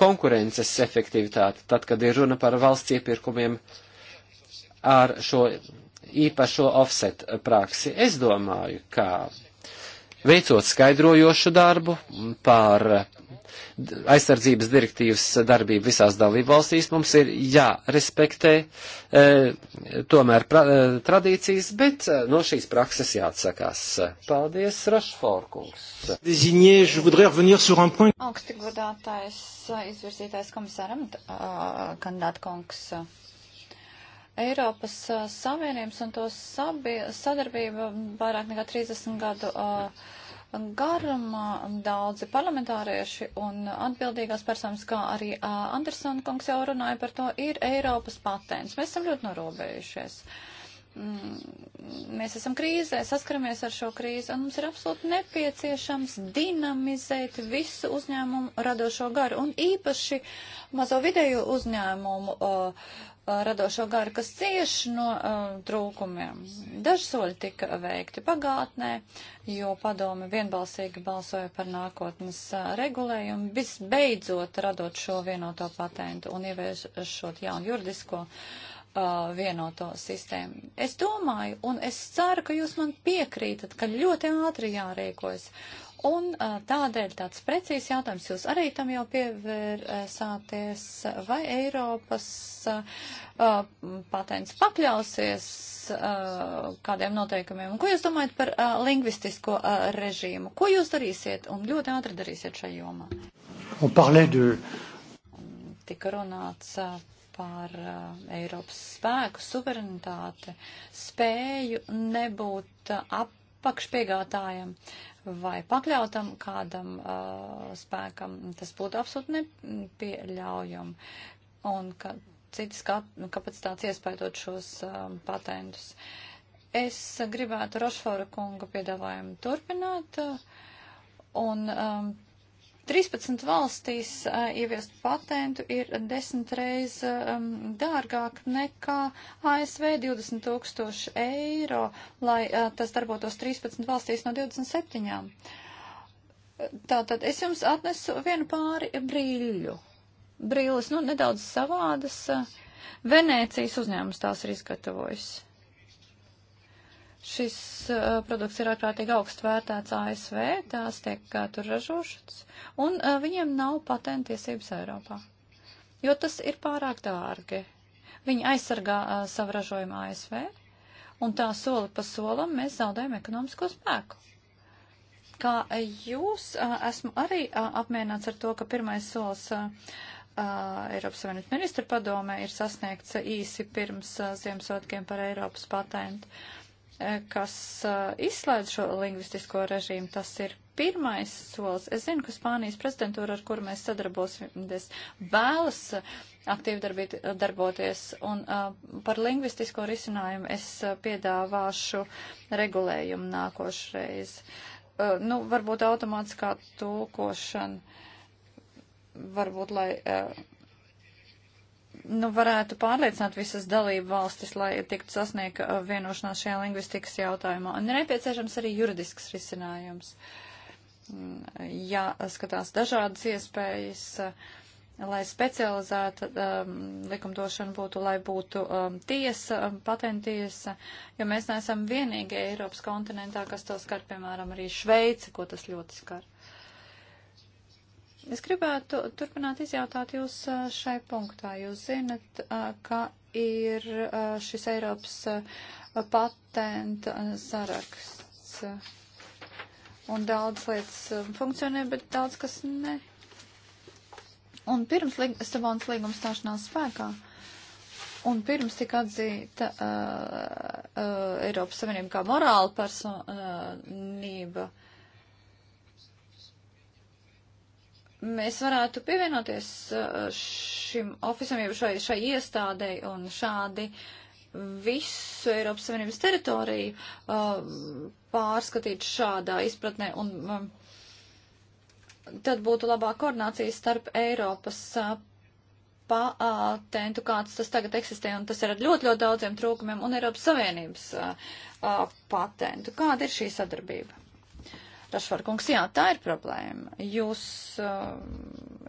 konkurences efektivitāti, tad, kad ir runa par valsts iepirkumiem ar šo īpašo offset praksi? Es domāju, ka veicot skaidrojošu darbu par aizsardzības direktīvas darbību visās dalībvalstīs, mums ir jārespektē e, tomēr pra, e, tradīcijas, bet e, no šīs prakses jāatsakās. Paldies, Rašforkungs. Augsti godātais e, izvirzītais komisāram, kandidāta kungs. Eiropas uh, Savienības un to sabi, sadarbība vairāk nekā 30 gadu uh, garumā daudzi parlamentārieši un atbildīgās personas, kā arī uh, Andersona kungs jau runāja par to, ir Eiropas patents. Mēs esam ļoti norobējušies. Mm, mēs esam krīzē, saskaramies ar šo krīzi, un mums ir absolūti nepieciešams dinamizēt visu uzņēmumu radošo garu, un īpaši mazo vidēju uzņēmumu uh, radošo garu, kas cieši no uh, trūkumiem. Daži soļi tika veikti pagātnē, jo padome vienbalsīgi balsoja par nākotnes uh, regulējumu, visbeidzot radot šo vienoto patentu un ieviešot jaunu juridisko uh, vienoto sistēmu. Es domāju, un es ceru, ka jūs man piekrītat, ka ļoti ātri jārīkojas. Un tādēļ tāds precīzs jautājums, jūs arī tam jau pievērsāties, vai Eiropas uh, patents pakļausies uh, kādiem noteikumiem? Un ko jūs domājat par uh, lingvistisko režīmu? Ko jūs darīsiet un ļoti ātri darīsiet šajā jomā? De... Tika runāts par uh, Eiropas spēku, suverenitāti, spēju nebūt uh, apakšpiegātājiem vai pakļautam kādam uh, spēkam, tas būtu absolūti nepieļaujami. Un ka citas kā, kapacitātes iespējot šos um, patentus. Es gribētu Rošfora kunga piedāvājumu turpināt. Uh, un um, 13 valstīs uh, ieviest patentu ir desmit reiz um, dārgāk nekā ASV 20 tūkstoši eiro, lai uh, tas darbotos 13 valstīs no 27. Tātad es jums atnesu vienu pāri brīļu. Brīlis, nu, nedaudz savādas. Eh, Venēcijas uzņēmums tās ir izgatavojis. Šis uh, produkts ir ārkārtīgi augstu vērtēts ASV, tās tiek uh, tur ražošas, un uh, viņiem nav patentiesības Eiropā, jo tas ir pārāk dārgi. Viņi aizsargā uh, savu ražojumu ASV, un tā soli pa solam mēs zaudējam ekonomisko spēku. Kā jūs, uh, esmu arī uh, apmierināts ar to, ka pirmais solis. Uh, Uh, Eiropas Savienības ministra padomē ir sasniegts uh, īsi pirms uh, Ziemassvētkiem par Eiropas patentu. Uh, kas eh, izslēdz šo lingvistisko režīmu. Tas ir pirmais solis. Es zinu, ka Spānijas prezidentūra, ar kuru mēs sadarbosimies, vēlas eh, aktīvi darbīt, eh, darboties, un uh, par lingvistisko risinājumu es uh, piedāvāšu regulējumu nākošreiz. Uh, nu, varbūt automātiskā tulkošana, varbūt, lai. Uh, nu, varētu pārliecināt visas dalību valstis, lai tiktu sasniegta uh, vienošanās šajā lingvistikas jautājumā. Un ir nepieciešams arī juridisks risinājums. Mm, Jā, skatās dažādas iespējas, uh, lai specializēta um, likumdošana būtu, lai būtu um, tiesa, um, patentiesa, jo mēs neesam vienīgie Eiropas kontinentā, kas to skar, piemēram, arī Šveici, ko tas ļoti skar. Es gribētu turpināt izjautāt jūs šai punktā. Jūs zinat, ka ir šis Eiropas patenta saraksts. Un daudz lietas funkcionē, bet daudz kas ne. Un pirms Lisabonas līguma stāšanās spēkā. Un pirms tika atzīta uh, uh, Eiropas Savienība kā morāla personība. Uh, nība, uh mēs varētu pievienoties uh, šim ofisam, jau šai, šai iestādei un šādi visu Eiropas Savienības teritoriju uh, pārskatīt šādā izpratnē un um, tad būtu labā koordinācija starp Eiropas uh, patentu, uh, kāds tas tagad eksistē, un tas ir ar ļoti, ļoti daudziem trūkumiem, un Eiropas Savienības uh, uh patentu. Kāda ir šī sadarbība? Rašvarkungs, jā, tā ir problēma. Jūs, uh,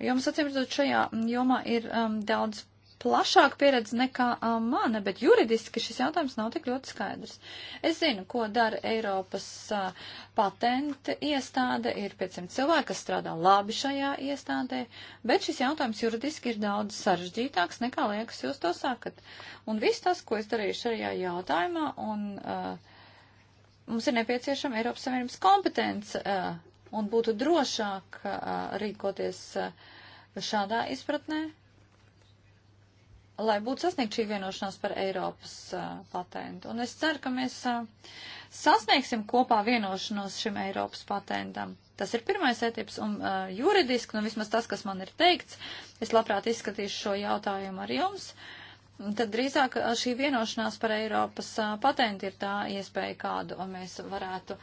jums atsimtot šajā jomā ir um, daudz plašāka pieredze nekā um, mana, bet juridiski šis jautājums nav tik ļoti skaidrs. Es zinu, ko dara Eiropas uh, patenta iestāde, ir 500 cilvēki, kas strādā labi šajā iestādē, bet šis jautājums juridiski ir daudz sarežģītāks nekā liekas jūs to sakat. Un viss tas, ko es darīju šajā jautājumā, un uh, Mums ir nepieciešama Eiropas Savienības kompetence uh, un būtu drošāk uh, rīkoties uh, šādā izpratnē, lai būtu sasniegt šī vienošanās par Eiropas uh, patentu. Un es ceru, ka mēs uh, sasniegsim kopā vienošanos šim Eiropas patentam. Tas ir pirmais etips un uh, juridiski, nu vismaz tas, kas man ir teikts, es labprāt izskatīšu šo jautājumu ar jums. Uh, tad drīzāk šī vienošanās par Eiropas patentu ir tā iespēja, kādu mēs varētu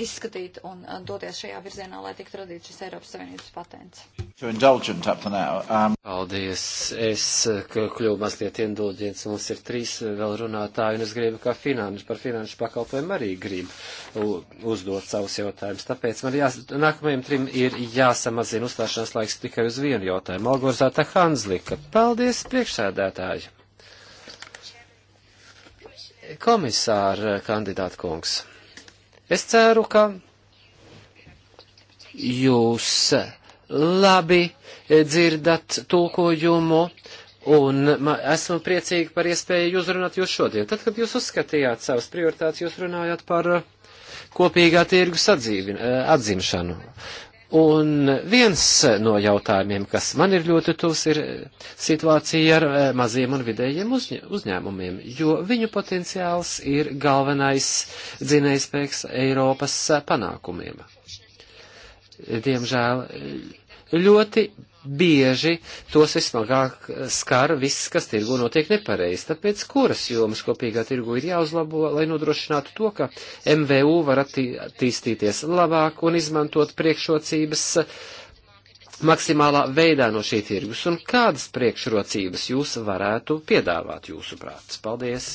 izskatīt un doties šajā virzienā, lai tiktu radīts šis Eiropas Savienības patents. Um, paldies, es kļuvu mazliet indulģents, mums ir trīs vēl runātāji, un es gribu kā finanšu, par finanšu pakalpojumu arī gribu uzdot savus jautājumus. Tāpēc man jās, nākamajiem trim ir jāsamazina uzstāšanās laiks tikai uz vienu jautājumu. Algorzāta Hanzlika, paldies! priekšsēdētāji. Komisāra kandidāta kungs, es ceru, ka jūs labi dzirdat tulkojumu Un esmu priecīgi par iespēju uzrunāt jūs šodien. Tad, kad jūs uzskatījāt savas prioritātes, jūs runājāt par kopīgā tirgus atzīvi, atzimšanu. Un viens no jautājumiem, kas man ir ļoti tuvs, ir situācija ar eh, maziem un vidējiem uzņēmumiem, jo viņu potenciāls ir galvenais dzinējspēks Eiropas eh, panākumiem. Diemžēl eh, ļoti bieži tos vismagāk skar viss, kas tirgu notiek nepareizi. Tāpēc kuras jomas kopīgā tirgu ir jāuzlabo, lai nodrošinātu to, ka MVU var attīstīties labāk un izmantot priekšrocības maksimālā veidā no šī tirgus, un kādas priekšrocības jūs varētu piedāvāt jūsu prāts? Paldies!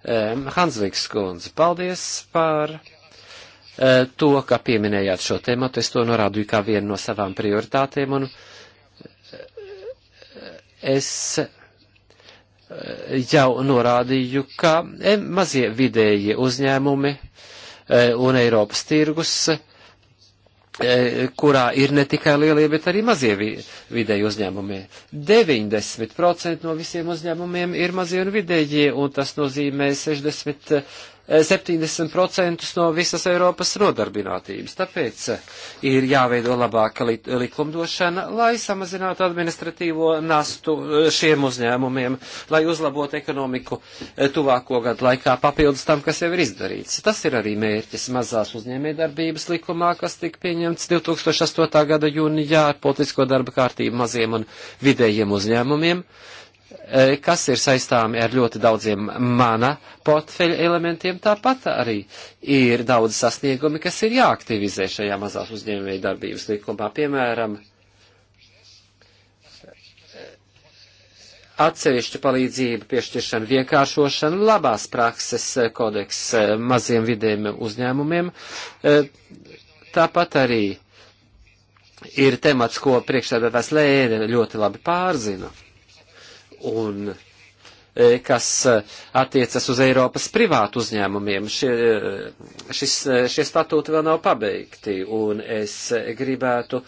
Hansviks kundze, paldies par eh, to, ka pieminējāt šo tematu. Es to norādīju kā vienu no savām prioritātēm, un uh, es eh, jau norādīju, ka eh, mazie vidējie uzņēmumi eh, un Eiropas tirgus, kurā ir ne tikai lielie, bet arī mazie vidēji uzņēmumi. 90% no visiem uzņēmumiem ir mazie un vidējie, un tas nozīmē 60 70% no visas Eiropas nodarbinātības. Tāpēc eh, ir jāveido labāka likumdošana, lai samazinātu administratīvo nastu eh, šiem uzņēmumiem, lai uzlabotu ekonomiku eh, tuvāko gadu laikā papildus tam, kas jau ir izdarīts. Tas ir arī mērķis mazās uzņēmējdarbības likumā, kas tika pieņemts 2008. gada jūnijā ar politisko darba kārtību maziem un vidējiem uzņēmumiem. Uh, E, kas ir saistāmi ar ļoti daudziem mana portfeļa elementiem, tāpat arī ir daudz sasniegumi, kas ir jāaktivizē šajā mazās uzņēmēja darbības likumā. Piemēram, atsevišķu palīdzību piešķiršana, vienkāršošana, labās prakses kodeks e, maziem vidiem uzņēmumiem. E, tāpat arī ir temats, ko priekšsēdētājs Lēne ļoti labi pārzina un e, kas e, attiecas uz Eiropas privātu uzņēmumiem. Šie, e, šis, šie statūti vēl nav pabeigti, un es gribētu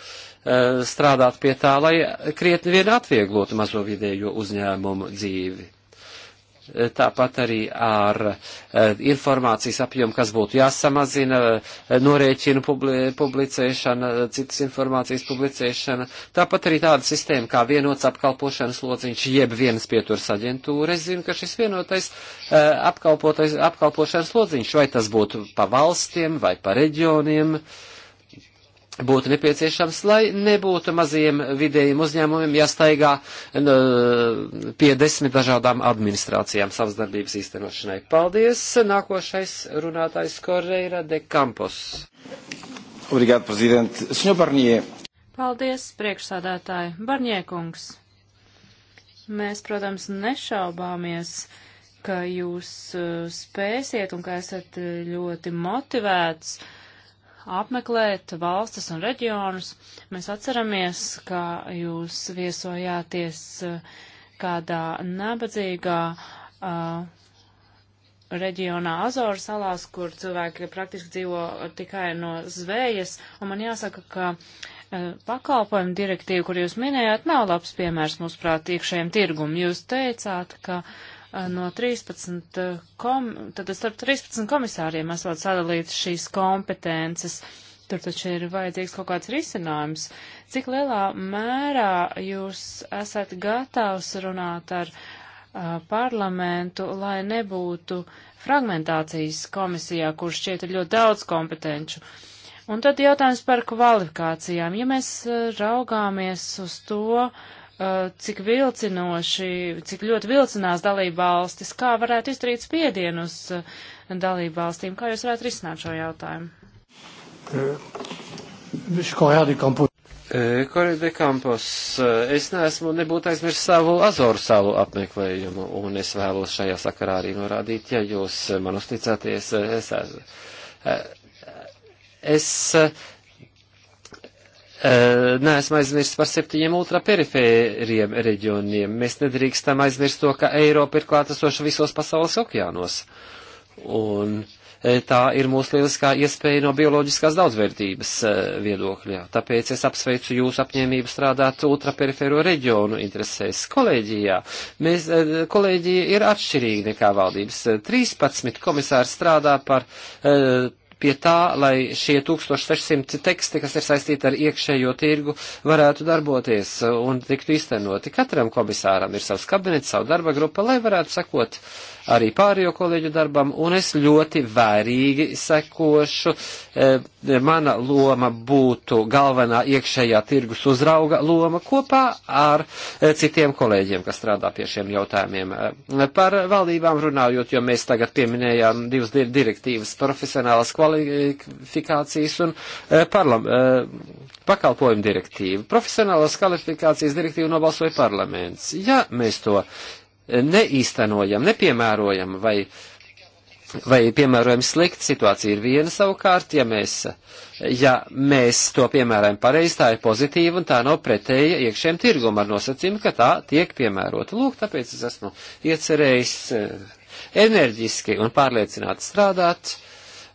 strādāt pie tā, lai krietni vien atvieglotu mazo vidējo uzņēmumu dzīvi tāpat arī ar eh, informācijas apjomu, kas būtu jāsamazina, eh, norēķinu publicēšana, eh, citas informācijas publicēšana, tāpat arī tāda sistēma kā vienots apkalpošanas lodziņš, jeb vienas pieturas aģentūra. Es zinu, ka šis vienotais apkalpošanas lodziņš, vai tas būtu pa valstiem vai pa reģioniem, uh, būtu nepieciešams, lai nebūtu maziem vidējiem uzņēmumiem jāstaigā pie desmit dažādām administrācijām savas darbības īstenošanai. Paldies! Nākošais runātājs Korreira de Campos. Obrigāt, prezident. Senjor Barnie. Paldies, priekšsādātāji. Barnie kungs. Mēs, protams, nešaubāmies, ka jūs uh, spēsiet un ka esat uh, ļoti motivēts. Uh, apmeklēt valstis un reģionus. Mēs atceramies, ka jūs viesojāties eh, kādā nabadzīgā uh, reģionā Azoru salās, kur cilvēki praktiski dzīvo tikai no zvējas, un man jāsaka, ka uh, pakalpojumu direktīva, kur jūs minējāt, nav labs piemērs, mūsuprāt, iekšējiem tirgumam. Jūs teicāt, ka uh, Eh, no 13, eh, kom, tad starp 13 komisāriem esot sadalīts šīs kompetences. Tur taču ir vajadzīgs kaut kāds risinājums. Cik lielā mērā jūs esat gatavs runāt ar uh, parlamentu, lai nebūtu fragmentācijas komisijā, kur šķiet ir ļoti daudz kompetenču? Un tad jautājums par kvalifikācijām. Ja mēs raugāmies uz to, uh, Eh, cik vilcinoši, cik ļoti vilcinās dalībvalstis, kā varētu izdarīt spiedienu uz eh, dalībvalstīm, kā jūs varētu risināt šo jautājumu? Korē eh, de Kampos, es neesmu nebūtu aizmirst savu Azoru salu apmeklējumu, un es vēlos šajā sakarā arī norādīt, ja jūs man uzticāties, es esmu. Es Eh, neesmu aizmirst par septiņiem ultraperifēriem reģioniem. Mēs nedrīkstam aizmirst to, ka Eiropa ir klātesoša visos pasaules okeānos. Un eh, tā ir mūsu lieliskā iespēja no bioloģiskās daudzvērtības eh, viedokļa. Tāpēc es apsveicu jūsu apņēmību strādāt ultraperifēro reģionu interesēs kolēģijā. Mēs, kolēģija ir atšķirīga nekā valdības. 13 komisāri strādā par pie tā, lai šie 1600 teksti, kas ir saistīti ar iekšējo tirgu, varētu darboties un tiktu īstenoti. Katram komisāram ir savs kabinets, savu darba grupa, lai varētu sakot uh, arī pārējo kolēģu darbam, un es ļoti vērīgi sekošu. E, mana loma būtu galvenā iekšējā tirgus uzrauga loma kopā ar e, citiem kolēģiem, kas strādā pie šiem jautājumiem. E, par valdībām runājot, jo mēs tagad pieminējām divas di direktīvas - profesionālas kvalifikācijas un e, parlam, e, pakalpojumu direktīvu. Profesionālas kvalifikācijas direktīvu nobalsoja parlaments. Ja mēs to neīstenojam, nepiemērojam vai, vai piemērojam slikti. Situācija ir viena savukārt, ja mēs, ja mēs to piemērojam pareizi, tā ir pozitīva un tā nav pretēja iekšējiem tirgumam ar nosacījumu, ka tā tiek piemērota. Lūk, tāpēc es esmu iecerējis eh, enerģiski un pārliecināti strādāt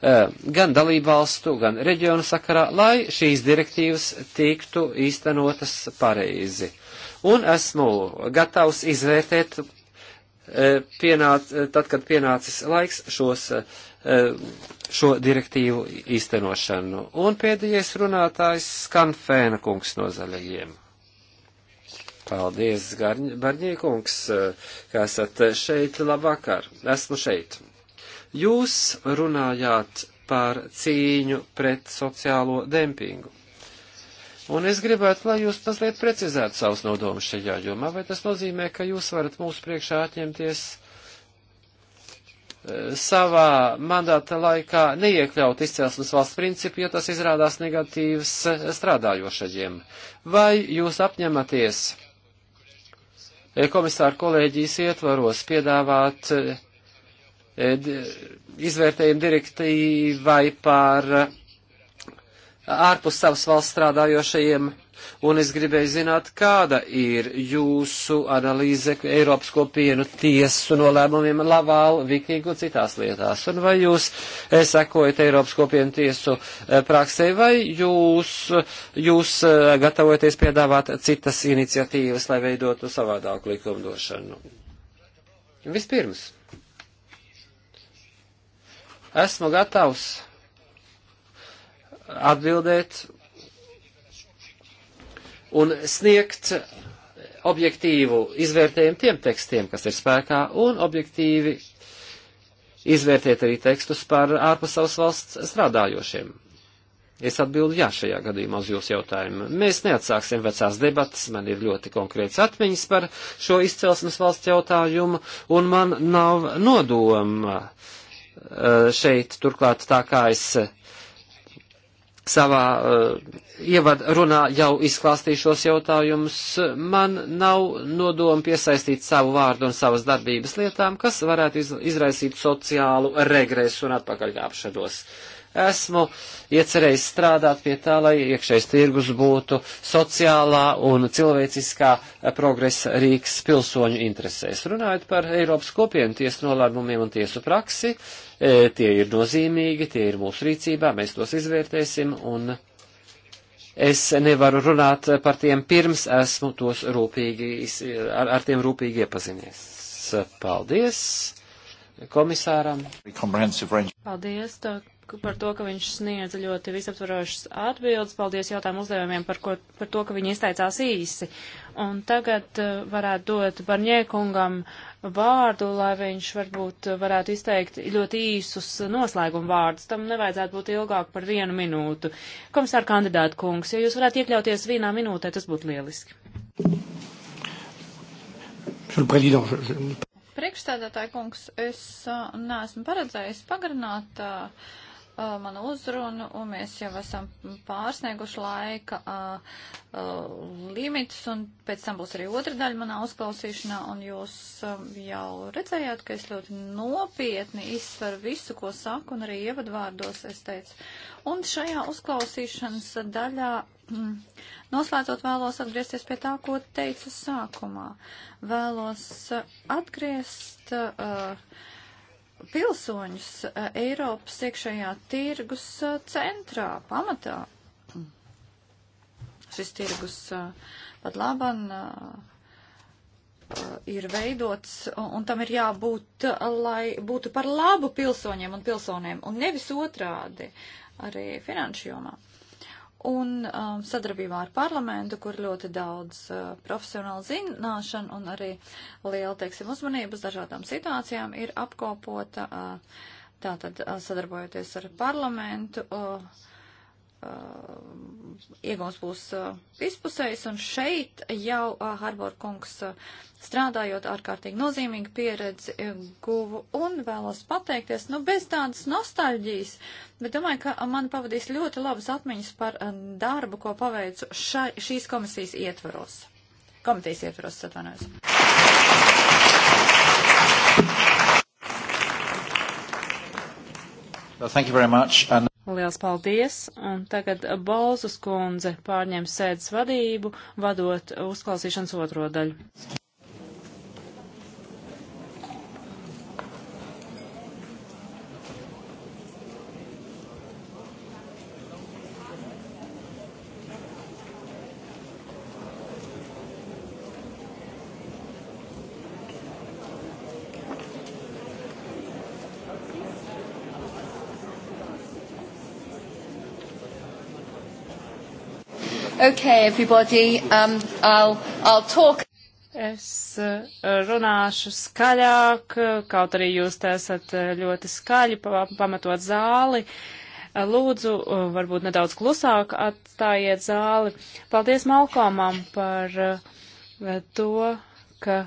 eh, gan dalībvalstu, gan reģionu sakarā, lai šīs direktīvas tiktu īstenotas pareizi. Un esmu gatavs izvērtēt Eh, pienāc, eh, tad, kad pienācis laiks šos, eh, šo direktīvu īstenošanu. Un pēdējais runātājs skan Fēna kungs no zaļajiem. Paldies, Barņiekungs, ka esat šeit. Labvakar, esmu šeit. Jūs runājāt par cīņu pret sociālo dempingu. Un es gribētu, lai jūs mazliet precizētu savus nodomus šajā jomā, vai tas nozīmē, ka jūs varat mūsu priekšā atņemties eh, savā mandāta laikā neiekļaut izcelsmes valsts principu, jo tas izrādās negatīvs eh, strādājošajiem. Vai jūs apņematies eh, komisāru kolēģijas ietvaros piedāvāt izvērtējumu direktīvai par ārpus savas valsts strādājošajiem, un es gribēju zināt, kāda ir jūsu analīze Eiropas kopienu tiesu nolēmumiem Lavāla, Vikingu un citās lietās, un vai jūs eh, sekojat Eiropas kopienu tiesu eh, praksē, vai jūs, jūs eh, gatavojaties piedāvāt citas iniciatīvas, lai veidotu savādāku likumdošanu? Vispirms. Esmu gatavs atbildēt un sniegt objektīvu izvērtējumu tiem tekstiem, kas ir spēkā, un objektīvi izvērtēt arī tekstus par ārpus savas valsts strādājošiem. Es atbildu jā šajā gadījumā uz jūsu jautājumu. Mēs neatsāksim vecās debatas, man ir ļoti konkrēts atmiņas par šo izcelsmes valsts jautājumu, un man nav nodoma eh, šeit, turklāt tā kā es savā uh, eh, ievadrunā jau izklāstīšos jautājumus. Man nav nodoma piesaistīt savu vārdu un savas darbības lietām, kas varētu iz, izraisīt sociālu regresu un atpakaļkāpšanos. Esmu iecerējis strādāt pie tā, lai iekšējais tirgus būtu sociālā un cilvēciskā eh, progresa rīks pilsoņu interesēs. Runājot par Eiropas kopienu tiesu nolēmumiem un tiesu praksi, uh, E, tie ir nozīmīgi, tie ir mūsu rīcībā, mēs tos izvērtēsim, un es nevaru runāt par tiem pirms esmu tos rūpīgi, ar, ar tiem rūpīgi iepazinies. Paldies komisāram. Paldies tā, par to, ka viņš sniedza ļoti visaptvarošas atbildes. Paldies jautājumu uzdevumiem par, ko, par to, ka viņi izteicās īsi. Un tagad eh, varētu dot Barņēkungam vārdu, lai viņš varbūt varētu izteikt ļoti īsus noslēguma vārdus. Tam nevajadzētu būt ilgāk par vienu minūtu. Komisāra kandidāta kungs, ja jūs varētu iekļauties vienā minūtē, tas būtu lieliski. Priekšstādātāja kungs, es eh, neesmu paredzējis pagarināt. Uh, uh, manu uzrunu, un mēs jau esam pārsnieguši laika uh, uh, limitus, un pēc tam būs arī otra daļa manā uzklausīšanā, un jūs uh, jau redzējāt, ka es ļoti nopietni izsveru visu, ko saku, un arī ievadvārdos es teicu. Un šajā uzklausīšanas daļā mm, noslēdzot vēlos atgriezties pie tā, ko teicu sākumā. Vēlos uh, atgriezt. Uh, pilsoņus eh, Eiropas iekšējā tirgus eh, centrā, pamatā. Šis tirgus eh, pat laban ir veidots, un tam ir jābūt, lai būtu par labu pilsoņiem un pilsoniem, un nevis otrādi arī finanšu jomā un um, sadarbībā ar parlamentu, kur ļoti daudz uh, profesionālu zināšanu un arī liela, teiksim, uzmanības dažādām situācijām ir apkopota, uh, tātad uh, sadarbojoties ar parlamentu, uh, Uh, iegums būs vispusējs, uh, un šeit jau uh, Harbor kungs strādājot ārkārtīgi nozīmīgi pieredzi guvu un vēlos pateikties, nu, bez tādas nostalģijas, bet domāju, ka man pavadīs ļoti labas atmiņas par darbu, ko paveicu šai, šīs komisijas ietvaros. Komitejas ietvaros, atvainojos. Well, thank you very much. And... Liels paldies! Un tagad Bolzas kundze pārņem sēdes vadību, vadot uzklausīšanas otro daļu. Okay, everybody, um, I'll, I'll talk. Es uh, runāšu skaļāk, kaut arī jūs te esat uh, ļoti skaļi pamatot zāli. Uh, lūdzu, varbūt nedaudz klusāk atstājiet zāli. Paldies Malkomam par to, ka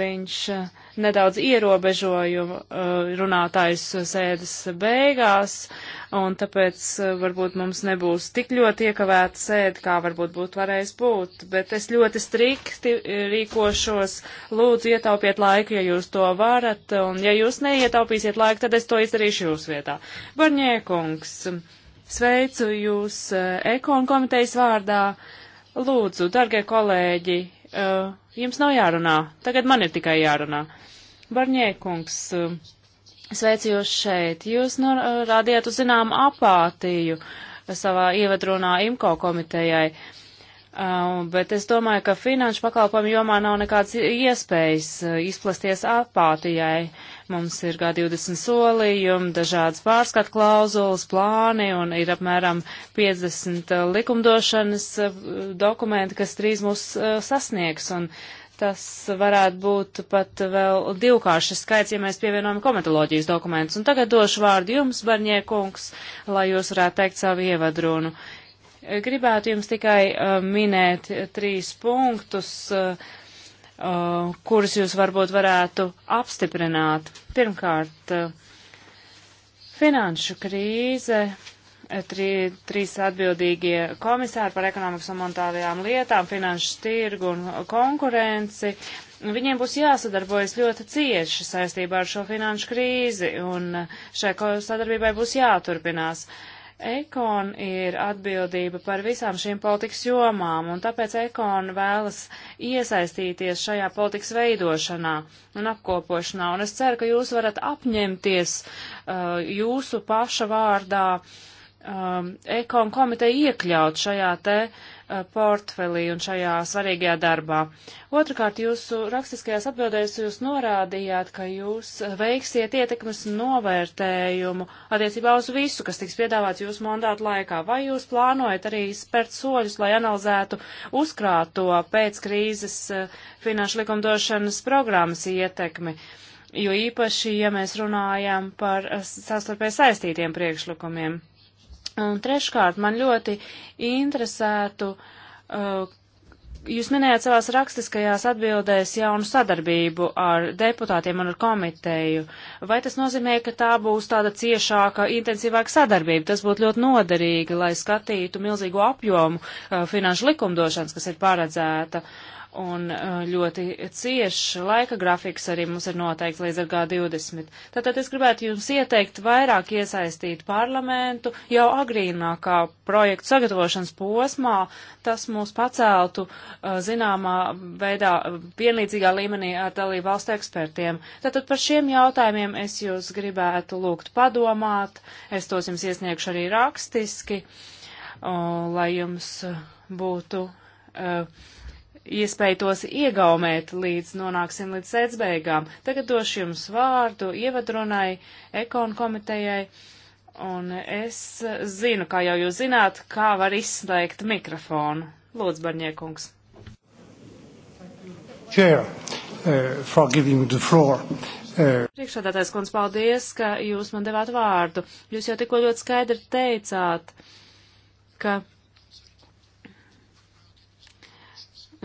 viņš nedaudz ierobežojumu eh, runātājs sēdes beigās, un tāpēc eh, varbūt mums nebūs tik ļoti iekavēta sēde, kā varbūt būtu varējis būt. Bet es ļoti strikti rīkošos, lūdzu ietaupiet laiku, ja jūs to varat, un ja jūs neietaupīsiet laiku, tad es to izdarīšu jūsu vietā. Barņēkungs, sveicu jūs eh, ekonu komitejas vārdā. Lūdzu, dargie kolēģi, uh, jums nav jārunā. Tagad man ir tikai jārunā. Barņēkungs, uh, eh, sveicu jūs šeit. Jūs nu, rādījāt uz zinām apātiju savā ievadrunā IMKO komitejai. Uh, Uh, bet es domāju, ka finanšu pakalpojumu jomā nav nekādas iespējas uh, izplasties apātijai. Mums ir G20 solījumi, dažādas pārskatu klauzulas, plāni un ir apmēram 50 uh, likumdošanas uh, dokumenti, kas drīz mūs uh, sasniegs. Un tas varētu būt pat vēl divkāršs skaits, ja mēs pievienojam komentoloģijas dokumentus. Un tagad došu vārdu jums, Barņē kungs, lai jūs varētu teikt savu ievadrunu. Uh, Gribētu jums tikai uh, minēt trīs punktus, uh, uh, kurus jūs varbūt varētu apstiprināt. Pirmkārt, uh, finanšu krīze. Uh, tri, trīs atbildīgie komisāri par ekonomikas un monetārajām lietām, finanšu tirgu un konkurenci. Viņiem būs jāsadarbojas ļoti cieši saistībā ar šo finanšu krīzi, un uh, šai sadarbībai būs jāturpinās. Uh, Ekon ir atbildība par visām šīm politikas jomām, un tāpēc Ekon vēlas iesaistīties šajā politikas veidošanā un apkopošanā. Un es ceru, ka jūs varat apņemties uh, jūsu paša vārdā um, Ekon komiteju iekļaut šajā te uh, Uh, portfelī un šajā svarīgajā darbā. Otrakārt, jūsu rakstiskajās atbildēs jūs norādījāt, ka jūs veiksiet ietekmes novērtējumu attiecībā uz visu, kas tiks piedāvāts jūsu mandātu laikā. Vai jūs plānojat arī spērt soļus, lai analizētu uzkrāto pēc krīzes uh, finanšu likumdošanas programmas ietekmi? Jo īpaši, ja mēs runājam par uh, sastarpēji saistītiem priekšlikumiem. Un treškārt, man ļoti interesētu, uh, jūs minējāt savās rakstiskajās atbildēs jaunu sadarbību ar deputātiem un ar komiteju. Vai tas nozīmē, ka tā būs tāda ciešāka, intensīvāka sadarbība? Tas būtu ļoti noderīgi, lai skatītu milzīgo apjomu uh, finanšu likumdošanas, kas ir paredzēta. Uh, un uh, ļoti cieši laika grafiks arī mums ir noteikts līdz ar G20. Tātad es gribētu jums ieteikt vairāk iesaistīt parlamentu jau agrīnākā projektu sagatavošanas posmā. Tas mūs paceltu uh, zināmā veidā vienlīdzīgā līmenī ar dalību valstu ekspertiem. Tātad par šiem jautājumiem es jūs gribētu lūgt padomāt. Es tos jums iesniegšu arī rakstiski, uh, lai jums būtu. Uh, iespēju tos iegaumēt, līdz nonāksim līdz sēdzbeigām. Tagad došu jums vārdu ievadrunai, ekonu komitejai, un es zinu, kā jau jūs zināt, kā var izslēgt mikrofonu. Lūdzu, Barņiekungs. Chair, uh, for giving the floor. Uh, Priekšādātais kundz, paldies, ka jūs man devāt vārdu. Jūs jau tikko ļoti skaidri teicāt, ka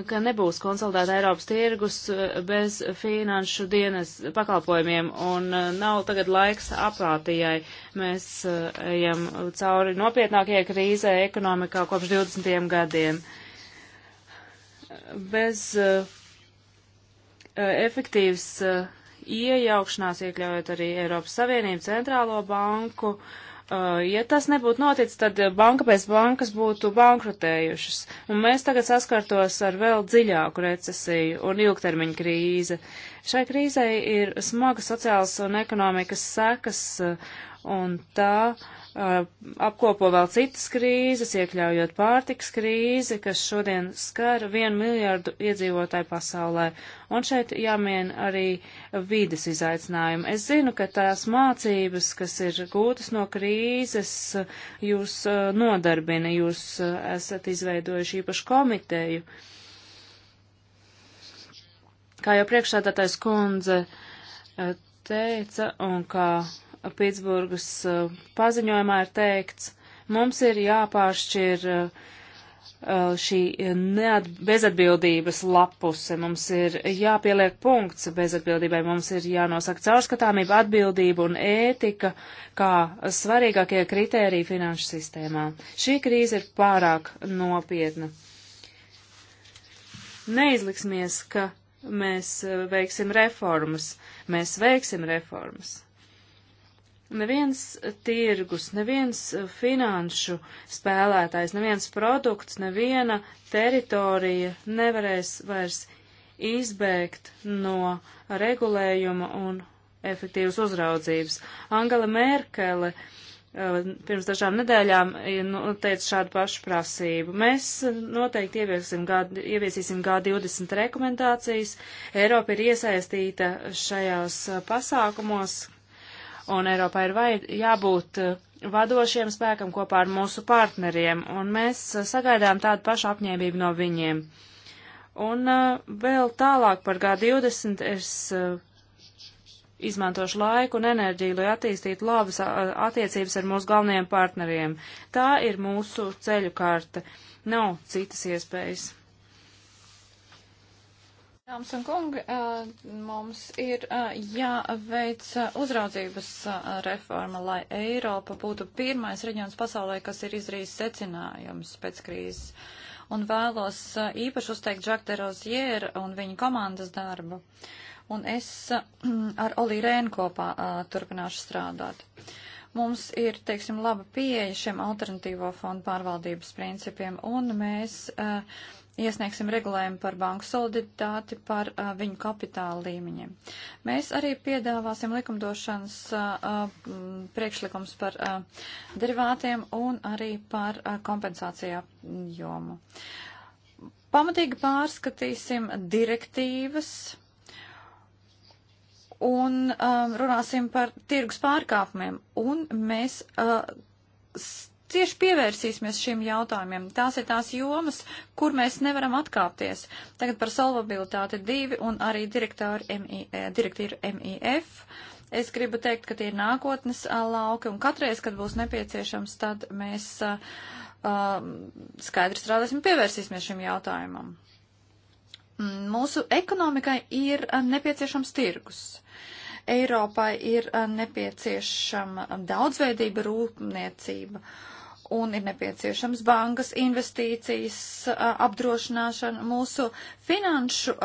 ka nebūs konsolidēta Eiropas tirgus eh, bez finanšu dienas pakalpojumiem un eh, nav tagad laiks apātijai. Mēs eh, ejam cauri nopietnākajai krīzē ekonomikā kopš 20 gadiem. Bez efektīvas iejaukšanās, iekļaujot arī Eiropas Savienību centrālo banku, uh, Uh, ja tas nebūtu noticis, tad banka pēc bankas būtu bankrotējušas. Un mēs tagad saskartos ar vēl dziļāku recesiju un ilgtermiņu krīzi. Šai krīzei ir smaga sociālas un ekonomikas sekas, uh, un tā uh, Uh, apkopo vēl citas krīzes, iekļaujot pārtiks krīzi, kas šodien skar vienu miljardu iedzīvotāju pasaulē. Un šeit jāmien arī vīdes izaicinājumi. Es zinu, ka tās mācības, kas ir gūtas no krīzes, jūs uh, nodarbina, jūs uh, esat izveidojuši īpašu komiteju. Kā jau priekšsādātais kundze teica, un kā Pitsburgas uh, paziņojumā ir teikts, mums ir jāpāršķir uh, uh, šī neat, bezatbildības lapuse, mums ir jāpieliek punkts bezatbildībai, mums ir jānosaka caurskatāmība, atbildība un ētika kā svarīgākie kritēriji finanšu sistēmā. Šī krīze ir pārāk nopietna. Neizliksimies, ka mēs veiksim reformas. Mēs veiksim reformas. Neviens tirgus, neviens eh, finanšu spēlētājs, neviens produkts, neviena teritorija nevarēs vairs izbēgt no regulējuma un efektīvas uzraudzības. Angela Merkele eh, pirms dažām nedēļām eh, nu, teica šādu pašu prasību. Mēs noteikti G, ieviesīsim G20 rekomendācijas. Eiropa ir iesaistīta šajās pasākumos, un Eiropā ir vai, jābūt eh, vadošiem spēkam kopā ar mūsu partneriem, un mēs eh, sagaidām tādu pašu apņēmību no viņiem. Un eh, vēl tālāk par G20 es izmantošu laiku un enerģiju, lai attīstītu labas attiecības ar mūsu galvenajiem partneriem. Tā ir mūsu ceļu karta. Nav citas iespējas. Dāmas un kungi, mums ir jāveic uzraudzības reforma, lai Eiropa būtu pirmais reģions pasaulē, kas ir izrījis secinājums pēc krīzes. Un vēlos īpaši uzteikt Žakte Rozjēra un viņa komandas darbu. Un es ar Olī Rēnu kopā turpināšu strādāt mums ir, teiksim, laba pieeja šiem alternatīvo fondu pārvaldības principiem, un mēs uh, iesniegsim regulējumu par banku soliditāti, par uh, viņu kapitāla līmeņiem. Mēs arī piedāvāsim likumdošanas uh, priekšlikums par uh, derivātiem un arī par uh, kompensāciju apjomu. Pamatīgi pārskatīsim direktīvas un um, runāsim par tirgus pārkāpumiem. Un mēs uh, cieši pievērsīsimies šiem jautājumiem. Tās ir tās jomas, kur mēs nevaram atkāpties. Tagad par solvabilitāti divi un arī MI, eh, direktīru MIF. Es gribu teikt, ka tie ir nākotnes eh, lauki, un katreiz, kad būs nepieciešams, tad mēs uh, skaidri strādāsim, pievērsīsimies šim jautājumam. Mm, mūsu ekonomikai ir nepieciešams tirgus. Eiropai ir nepieciešama daudzveidība rūpniecība. Uh, un ir nepieciešams bankas investīcijas apdrošināšana. Mūsu finanšu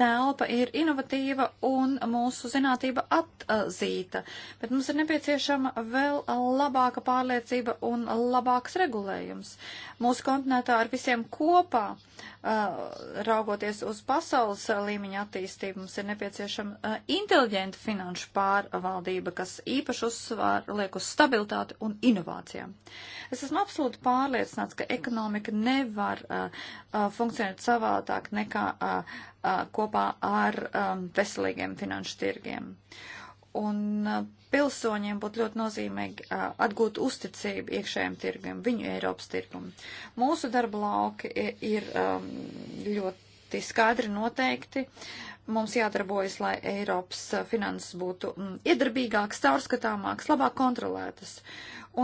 telpa ir inovatīva un mūsu zinātība atzīta, bet mums ir nepieciešama vēl labāka pārliecība un labāks regulējums mūsu kontinentā ar visiem kopā. Raugoties uz pasaules līmeņa attīstību, mums ir nepieciešama inteliģenta finanšu pārvaldība, kas īpaši uzsvar liek uz stabilitāti un inovācijām. Es esmu absolūti pārliecināts, ka ekonomika nevar funkcionēt savādāk nekā kopā ar veselīgiem finanšu tirgiem. Uh, Un pilsoņiem būtu ļoti nozīmīgi atgūt uzticību iekšējiem tirgiem, viņu Eiropas tirgumu. Mūsu darba lauki ir ļoti skaidri noteikti. Mums jādarbojas, lai Eiropas finanses būtu iedarbīgākas, caurskatāmākas, labāk kontrolētas.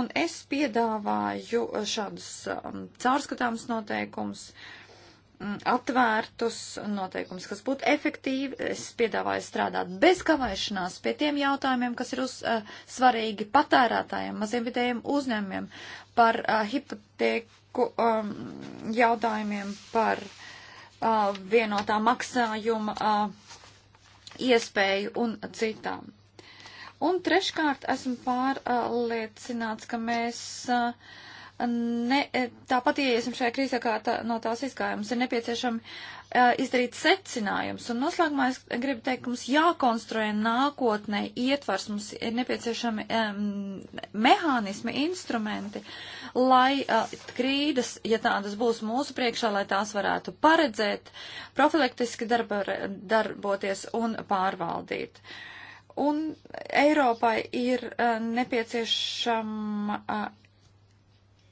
Un es piedāvāju šādus caurskatāmus noteikumus. Uh, Mm, atvērtus noteikumus, kas būtu efektīvi. Es piedāvāju strādāt bez kavēšanās pie tiem jautājumiem, kas ir uz, uh, svarīgi patērētājiem, maziem vidējiem uzņēmumiem, par uh, hipoteku um, jautājumiem, par uh, vienotā maksājuma uh, iespēju un citām. Un treškārt esmu pārliecināts, ka mēs. Uh, ne, tāpat ieiesim šajā krīzē, kā tā, no tās izgājums. Ir nepieciešami uh, izdarīt secinājumus. Un noslēgumā es gribu teikt, ka mums jākonstruē nākotnē ietvars, mums ir nepieciešami um, mehānismi, instrumenti, lai uh, krīdas, ja tādas būs mūsu priekšā, lai tās varētu paredzēt, profilaktiski darba, darboties un pārvaldīt. Uh, Un Eiropai ir uh, nepieciešama uh,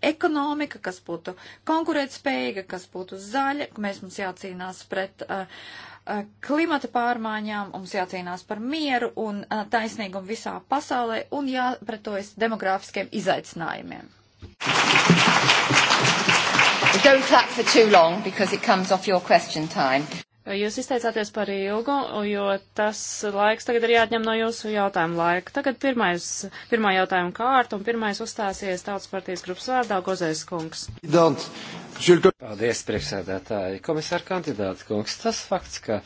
ekonomika, kas būtu konkurētspējīga, kas būtu zaļa, ka mēs mums jācīnās pret uh, uh, klimata pārmaiņām, mums jācīnās par mieru un uh, taisnīgumu visā pasaulē un jāpretojas demogrāfiskiem izaicinājumiem. Don't clap for too long because it comes off your question time. Jūs izteicāties par ilgu, jo tas laiks tagad ir jāatņem no jūsu jautājumu laika. Tagad pirmais, pirmā jautājuma kārta un pirmais uzstāsies Tautas partijas grupas vārdā Gozais kungs. Paldies, priekšsēdētāji. Komisāra kandidāta kungs, tas fakts, ka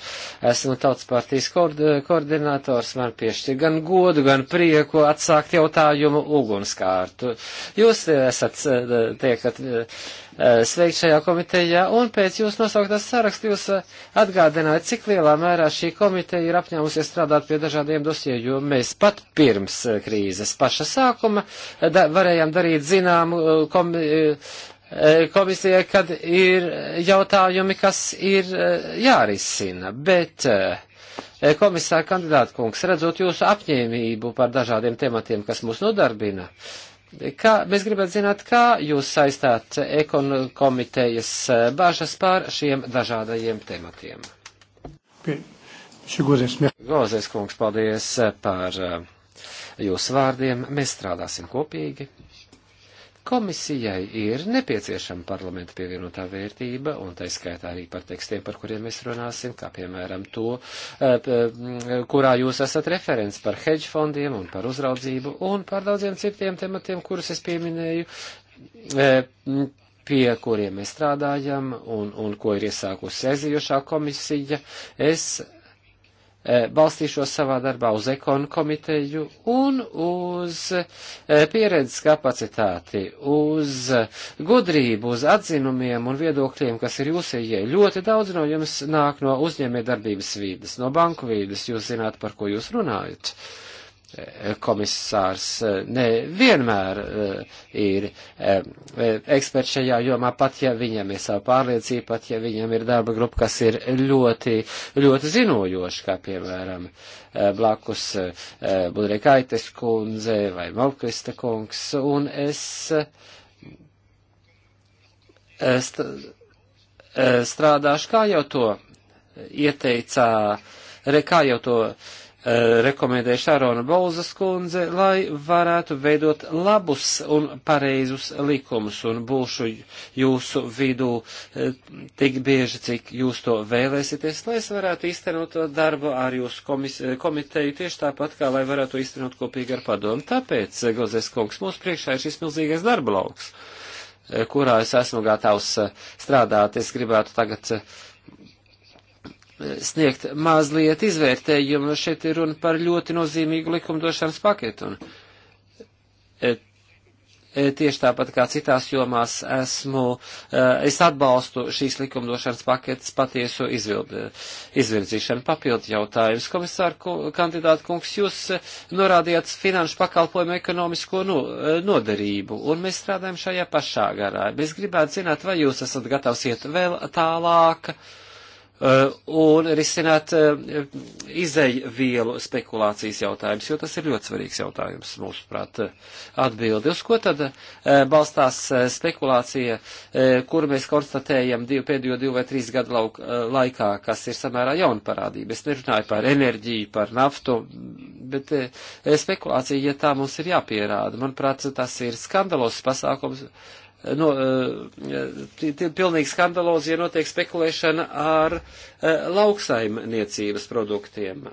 esmu Tautas partijas koordinators, man piešķir gan godu, gan prieku atsākt jautājumu ugunskārtu. Jūs esat, eh, tiekat eh, Eh, sveikt šajā komitejā, un pēc jūs nosauktās sarakstu jūs atgādināt, cik lielā mērā šī komiteja ir apņēmusies strādāt pie dažādiem dosiem, jo mēs pat pirms eh, krīzes paša sākuma eh, da varējām darīt zināmu komi komisijai, kad ir jautājumi, kas ir jārisina, bet komisāra kandidāta kungs, redzot jūsu apņēmību par dažādiem tematiem, kas mūs nodarbina, uh, Kā, mēs gribētu zināt, kā jūs saistāt ekon komitejas eh, bāžas pār šiem dažādajiem tematiem. Gozēs kungs, paldies eh, par eh, jūsu vārdiem. Mēs strādāsim kopīgi. Komisijai ir nepieciešama parlamenta pievienotā vērtība, un tā skaitā arī par tekstiem, par kuriem mēs runāsim, kā piemēram to, eh, kurā jūs esat referents par hedge fondiem un par uzraudzību un par daudziem citiem tematiem, kurus es pieminēju eh, pie kuriem mēs strādājam un, un ko ir iesākusi ezijošā komisija. Es E, balstīšos savā darbā uz ekonu komiteju un uz e, pieredzes kapacitāti, uz gudrību, uz atzinumiem un viedokļiem, kas ir jūsējie. Ļoti daudz no jums nāk no uzņēmē darbības vīdes, no banku vīdes, jūs zināt, par ko jūs runājat. Uh, komisārs eh, ne vienmēr eh, ir eh, eksperts šajā jomā, pat ja viņam ir sava pārliecība, pat ja viņam ir darba grupa, kas ir ļoti, ļoti zinojoša, kā piemēram blakus Budrekaites kundze vai Malkvista kungs, un es, es strādāšu, kā jau to ieteicā, re, kā jau to Eh, rekomendēja Šārona Bolzas kundze, lai varētu veidot labus un pareizus likumus un būšu jūsu vidū eh, tik bieži, cik jūs to vēlēsieties, lai es varētu īstenot to darbu ar jūsu komis, eh, komiteju tieši tāpat, kā lai varētu īstenot kopīgi ar padomu. Tāpēc, Gozēs kungs, mūsu priekšā ir šis milzīgais darba lauks, kurā es esmu gatavs strādāt. Es gribētu tagad sniegt mazliet izvērtējumu, jo šeit ir runa par ļoti nozīmīgu likumdošanas paketu. Un, et, et, tieši tāpat kā citās jomās esmu, e, es atbalstu šīs likumdošanas paketes patieso izvirzīšanu. Papildu jautājums. Komisāru kandidātu kungs, jūs e, norādījāt finanšu pakalpojumu ekonomisko nu, noderību, un mēs strādājam šajā pašā garā. Mēs gribētu zināt, vai jūs esat gatavs iet vēl tālāk. Uh, Uh, un risināt uh, izēvielu spekulācijas jautājumus, jo tas ir ļoti svarīgs jautājums, mūsuprāt, atbildi. Uz ko tad uh, balstās spekulācija, kuru mēs konstatējam divu, pēdējo divu vai trīs gadu lauk, laikā, kas ir samērā jauna parādība? Es nerunāju par enerģiju, par naftu, bet spekulācija, ja tā mums ir jāpierāda, manuprāt, tas ir skandalos pasākums no, eh, pilnīgi skandalozi, ja notiek spekulēšana ar eh, lauksaimniecības produktiem.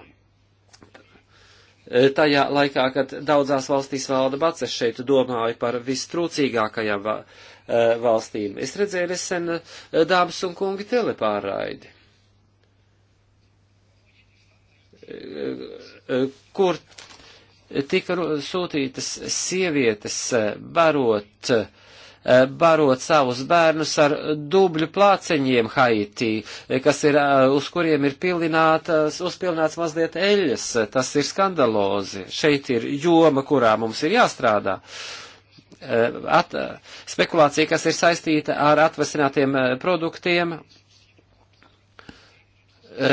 Eh, tajā laikā, kad daudzās valstīs valda baces, šeit domāju par vistrūcīgākajām valstīm. Es redzēju nesen dāmas un kungi telepārraidi kur tika sūtītas sievietes barot uh, Eh, barot savus bērnus ar dubļu plāceņiem Haitī, eh, kas ir, eh, uz kuriem ir pilinātas, uzpilnāts mazliet eļas. Tas ir skandalozi. Šeit ir joma, kurā mums ir jāstrādā. At, spekulācija, kas ir saistīta ar atvesinātiem produktiem,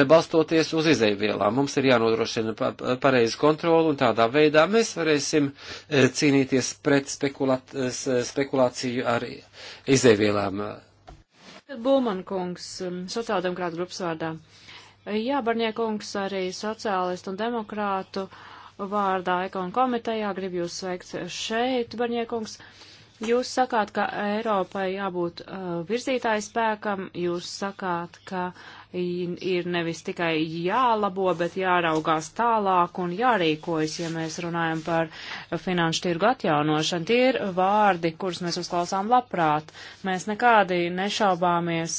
balstoties uz izēvielām. Mums ir jānodrošina pareizi kontroli un tādā veidā mēs varēsim eh, cīnīties pret spekulāt, spekulāciju ar izēvielām. Būman kungs, um, sociāldemokrāta grupas vārdā. Jā, Barņē kungs, arī sociālistu un demokrātu vārdā ekonu komitejā grib jūs sveikt šeit, Barņē kungs. Jūs sakāt, ka Eiropai jābūt uh, virzītāju spēkam, jūs sakāt, ka uh, ir nevis tikai jālabo, bet jāraugās tālāk un jārīkojas, ja mēs runājam par finanšu tirgu atjaunošanu. Tie ir vārdi, kurus mēs uzklausām labprāt. Mēs nekādi nešaubāmies,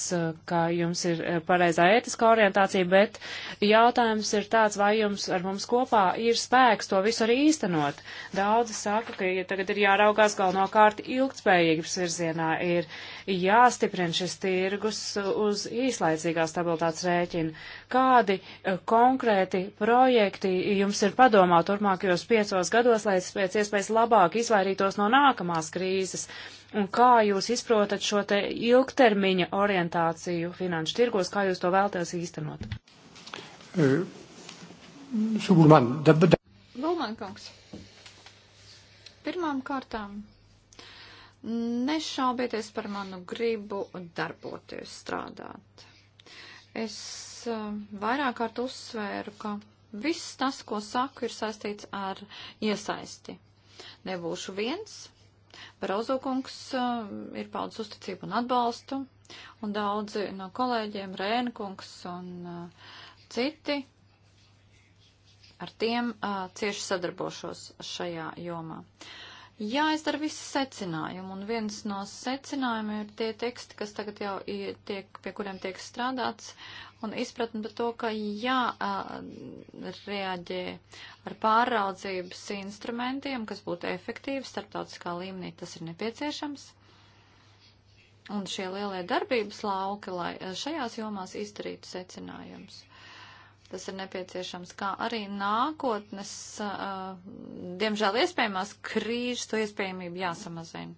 ka jums ir pareizā ētiskā orientācija, bet jautājums ir tāds, vai jums ar mums kopā ir spēks to visu arī īstenot. Daudzi saka, ka ja tagad ir jāraugās galvenokārt ilgtspējības virzienā. Ir jāstiprina šis tirgus uz īslaicīgā stabilitātes rēķina. Kādi eh, konkrēti projekti jums ir padomā turpmākajos piecos gados, lai es pēc iespējas labāk izvairītos no nākamās krīzes? Un kā jūs izprotat šo te ilgtermiņa orientāciju finanšu tirgos, kā jūs to vēlties īstenot? Bulman eh, kungs. Pirmām kārtām Nešaubieties par manu gribu darboties, strādāt. Es eh, vairāk kārt uzsvēru, ka viss tas, ko saku, ir saistīts ar iesaisti. Nebūšu viens. Barozo kungs eh, ir paudz uzticību un atbalstu, un daudzi no kolēģiem, Rēna kungs un eh, citi, ar tiem cieši sadarbošos šajā jomā. Uh, jāizdara visi secinājumi, un viens no secinājumiem ir tie teksti, kas tagad jau tiek, pie kuriem tiek strādāts, un izpratni par to, ka jāreaģē ar pāraudzības instrumentiem, kas būtu efektīvi starptautiskā līmenī, tas ir nepieciešams. Un šie lielie darbības lauki, lai šajās jomās izdarītu secinājumus. Tas ir nepieciešams kā arī nākotnes, uh, diemžēl iespējamās krīžas, to iespējamību jāsamazina.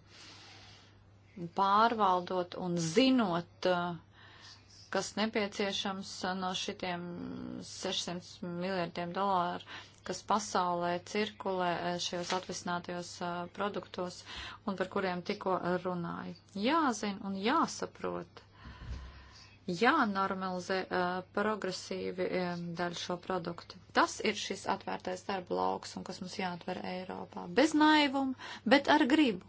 Pārvaldot un zinot, uh, kas nepieciešams no šitiem 600 miljardiem dolāru, kas pasaulē cirkulē šajos atvisinātajos uh, produktos un par kuriem tikko runāju. Jāzina un jāsaprot jānormalizē uh, progresīvi um, daļu šo produktu. Tas ir šis atvērtais darba lauks, un kas mums jāatver Eiropā. Bez naivuma, bet ar gribu.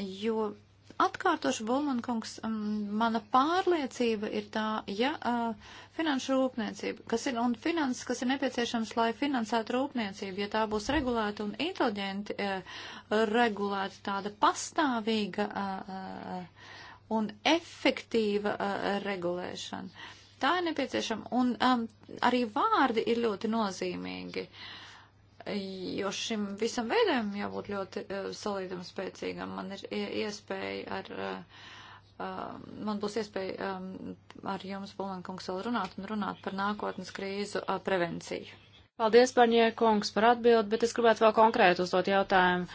Jo atkārtošu Bulmankungs, um, mana pārliecība ir tā, ja uh, finanšu rūpniecība, kas ir, un finanses, kas ir nepieciešams, lai finansētu rūpniecību, ja tā būs regulēta un inteliģenti uh, regulēta tāda pastāvīga. Uh, uh, un efektīva uh, regulēšana. Tā ir nepieciešama, un um, arī vārdi ir ļoti nozīmīgi, jo šim visam veidam jābūt ļoti uh, salīdzam spēcīgam. Man ir iespēja ar. Uh, Uh, man būs iespēja um, ar jums, Bulankungs, vēl runāt un runāt par nākotnes krīzu uh, prevenciju. Paldies, Barņē kungs, par atbildi, bet es gribētu vēl konkrēti uzdot jautājumu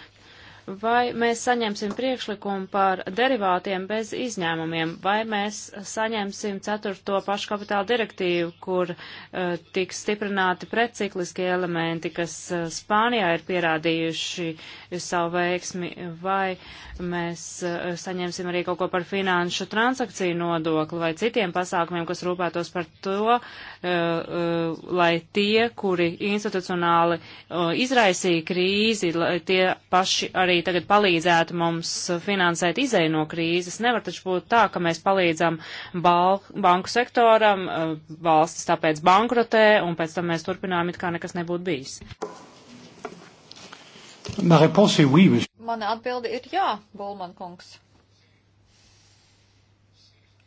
vai mēs saņemsim priekšlikumu par derivātiem bez izņēmumiem, vai mēs saņemsim ceturto paškapitāla direktīvu, kur uh, tiks stiprināti precikliskie elementi, kas uh, Spānijā ir pierādījuši savu veiksmi, vai mēs uh, saņemsim arī kaut ko par finanšu transakciju nodokli vai citiem pasākumiem, kas rūpētos par to, lai tie, kuri institucionāli izraisīja krīzi, lai tie paši arī arī tagad palīdzētu mums finansēt izēju no krīzes. Nevar taču būt tā, ka mēs palīdzam bal, banku sektoram, eh, valstis tāpēc bankrotē, un pēc tam mēs turpinām, it kā nekas nebūtu bijis. Mana atbilde ir jā, Bulman kungs.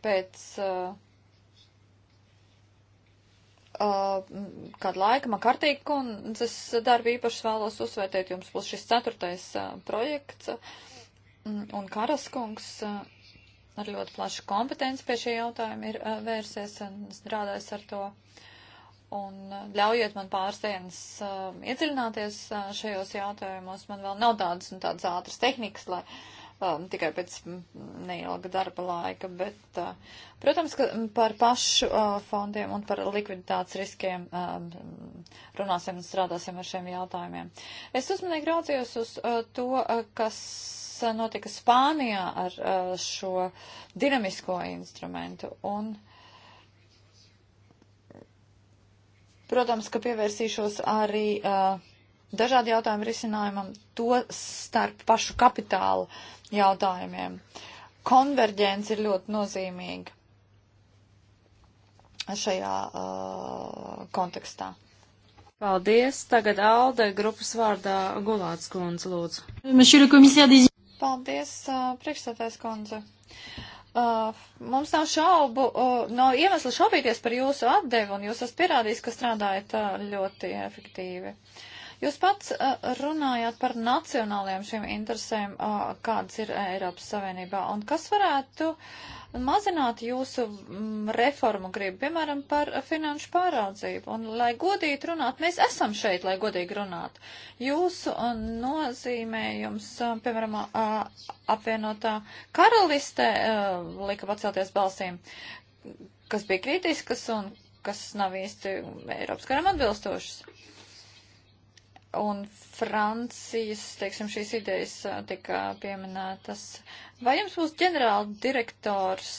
Pēc uh, kādu laiku makartīgi kundzes darbu īpaši vēlos uzsvērtēt. Jums būs šis ceturtais projekts mm, un Karaskungs ar ļoti plašu kompetenci pie šī jautājuma ir vērsies un strādājis ar to. Un ļaujiet man pāris dienas uh, iedziļināties uh, šajos jautājumos. Man vēl nav tādas un tādas ātras tehnikas, lai uh, um, tikai pēc neilga darba laika, bet, uh, protams, ka par pašu uh, fondiem un par likviditātes riskiem um, runāsim un strādāsim ar šiem jautājumiem. Es uzmanīgi raudzījos uz uh, to, uh, kas notika Spānijā ar uh, šo dinamisko instrumentu. Un, protams, ka pievērsīšos arī uh, dažādu jautājumu risinājumam, to starp pašu kapitālu jautājumiem. Konverģence ir ļoti nozīmīga šajā uh, kontekstā. Paldies. Tagad Alde grupas vārdā Gulāts kundze lūdzu. Paldies, uh, priekšstādājs kundze. Uh, mums nav šaubu, uh, nav iemesla šaubīties par jūsu atdevu, un jūs esat pierādījis, ka strādājat uh, ļoti efektīvi. Uh, Jūs pats eh, runājāt par nacionālajām šīm interesēm, eh, kādas ir eh, Eiropas Savienībā, un kas varētu mazināt jūsu mm, reformu gribu, piemēram, par finanšu pāraudzību. Un, lai godīgi runāt, mēs esam šeit, lai godīgi runāt. Jūsu nozīmējums, piemēram, apvienotā karalistē lika pacelties balsīm, kas bija kritiskas un kas nav īsti Eiropas karam atbilstošas un Francijas, teiksim, šīs idejas tika pieminētas. Vai jums būs ģenerāla direktors,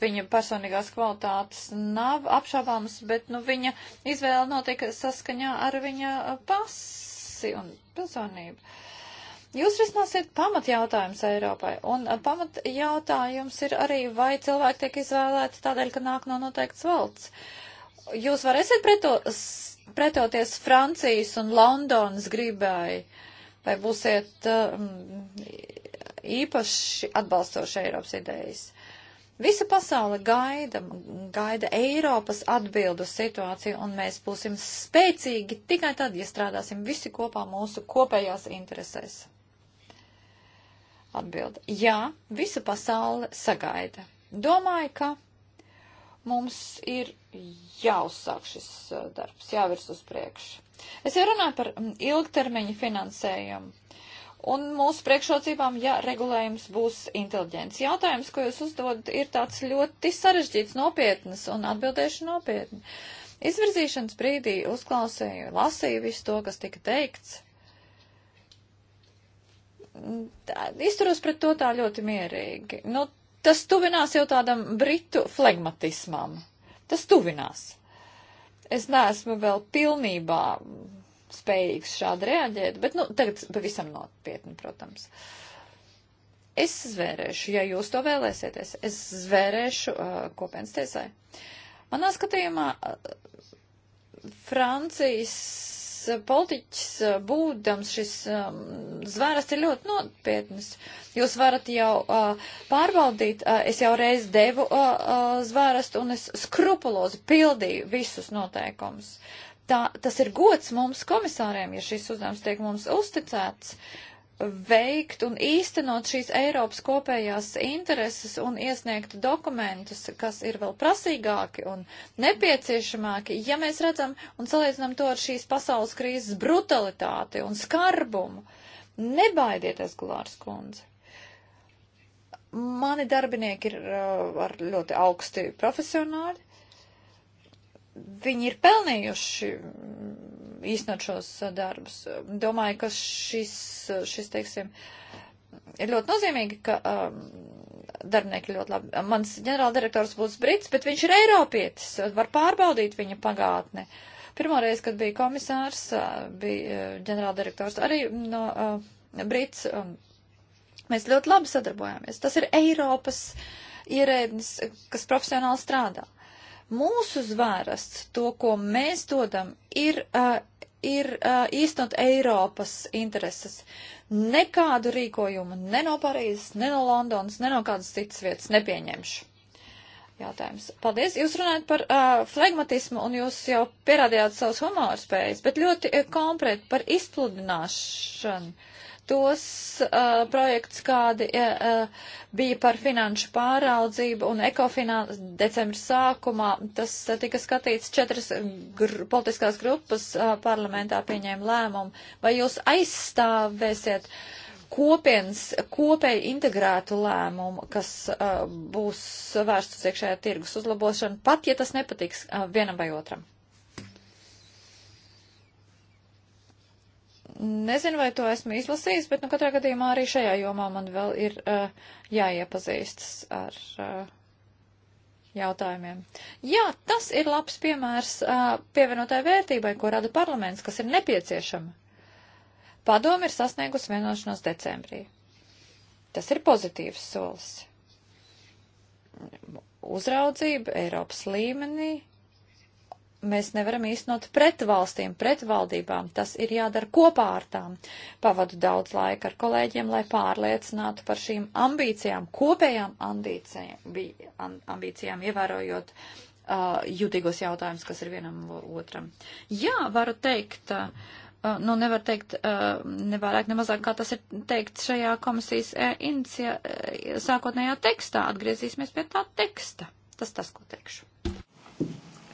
viņa personīgās kvalitātes nav apšaubāmas, bet, nu, viņa izvēle notiek saskaņā ar viņa pasi un personību? Jūs risināsiet pamatjautājums Eiropai, un pamatjautājums ir arī, vai cilvēki tiek izvēlēti tādēļ, ka nāk no noteikts valsts. Jūs varēsiet pret to pretoties Francijas un Londonas gribai, vai būsiet um, īpaši atbalstoši Eiropas idejas? Visa pasaule gaida, gaida Eiropas atbildu situāciju, un mēs būsim spēcīgi tikai tad, ja strādāsim visi kopā mūsu kopējās interesēs. Atbilde. Jā, visa pasaule sagaida. Domāju, ka mums ir jāuzsāk šis uh, darbs, jāvirs uz priekšu. Es jau runāju par mm, ilgtermiņa finansējumu. Un mūsu priekšrocībām, ja regulējums būs inteliģents. Jautājums, ko jūs uzdodat, ir tāds ļoti sarežģīts, nopietnas un atbildēšu nopietni. Izvirzīšanas brīdī uzklausēju, lasīju visu to, kas tika teikts. Mm, tā, izturos pret to tā ļoti mierīgi. Nu, tas tuvinās jau tādam britu flegmatismam. Tas tuvinās. Es neesmu vēl pilnībā spējīgs šādi reaģēt, bet, nu, tagad pavisam nopietni, protams. Es zvērēšu, ja jūs to vēlēsieties, es zvērēšu uh, kopienas tiesai. Manā skatījumā uh, Francijas politiķis, eh, būdams šis um, ehm, zvēras, ir ļoti nopietnas. Jūs varat jau uh, pārbaudīt, uh, es jau reiz devu uh, uh, zvērastu un es skrupulozi pildīju visus noteikumus. Tā, tas ir gods mums komisāriem, ja šis uzdevums tiek mums uzticēts. Uh, veikt un īstenot šīs Eiropas kopējās intereses un iesniegt dokumentus, kas ir vēl prasīgāki un nepieciešamāki, ja mēs redzam un salīdzinām to ar šīs pasaules krīzes brutalitāti un skarbumu. Nebaidieties, Gulārs kundze! Mani darbinieki ir uh, ar ļoti augsti profesionāļi, viņi ir pelnījuši mm, īstenot šos uh, darbus. Domāju, ka šis, uh, šis teiksim, ir ļoti nozīmīgi, ka um, darbinieki ļoti labi. Mans ģenerāldirektors būs Brits, bet viņš ir Eiropietis, var pārbaudīt viņa pagātni. Pirmoreiz, kad bija komisārs, uh, bija ģenerāldirektors arī no uh, Brits. Um, mēs ļoti labi sadarbojāmies. Tas ir Eiropas ierēdnis, kas profesionāli strādā. Mūsu zvērsts, to, ko mēs dodam, ir, uh, ir uh, īstenot Eiropas intereses. Nekādu rīkojumu ne no Parīzes, ne no Londonas, ne no kādas citas vietas nepieņemšu. Jautājums. Paldies. Jūs runājat par uh, flegmatismu un jūs jau pierādījāt savus humorspējas, bet ļoti uh, konkrēti par izpludināšanu. Uh, tos uh, projekts, kādi uh, bija par finanšu pāraudzību un ekofinansu decembra sākumā. Tas uh, tika skatīts četras gr politiskās grupas uh, parlamentā pieņēma lēmumu. Vai jūs aizstāvēsiet kopienas, kopēji integrētu lēmumu, kas uh, būs vērsts uz iekšējā tirgus uzlabošanu, pat ja tas nepatiks uh, vienam vai otram? Nezinu, vai to esmu izlasījis, bet nu katrā gadījumā arī šajā jomā man vēl ir uh, jāiepazīstas ar uh, jautājumiem. Jā, tas ir labs piemērs uh, eh, pievienotāju vērtībai, ko rada parlaments, kas ir nepieciešama. Padomi ir sasniegusi vienošanos decembrī. Tas ir pozitīvs solis. Uzraudzība Eiropas līmenī mēs nevaram īstenot pret valstīm, pret valdībām. Tas ir jādara kopā ar tām. Pavadu daudz laika ar kolēģiem, lai pārliecinātu par šīm ambīcijām, kopējām ambīcijām, ambīcijām ievērojot uh, jutīgos jautājumus, kas ir vienam otram. Jā, varu teikt. Uh, nu, nevar teikt uh, ne vairāk, ne mazāk, kā tas ir teikt šajā komisijas uh, inicia, uh, sākotnējā tekstā. Atgriezīsimies pie tā teksta. Tas tas, ko teikšu.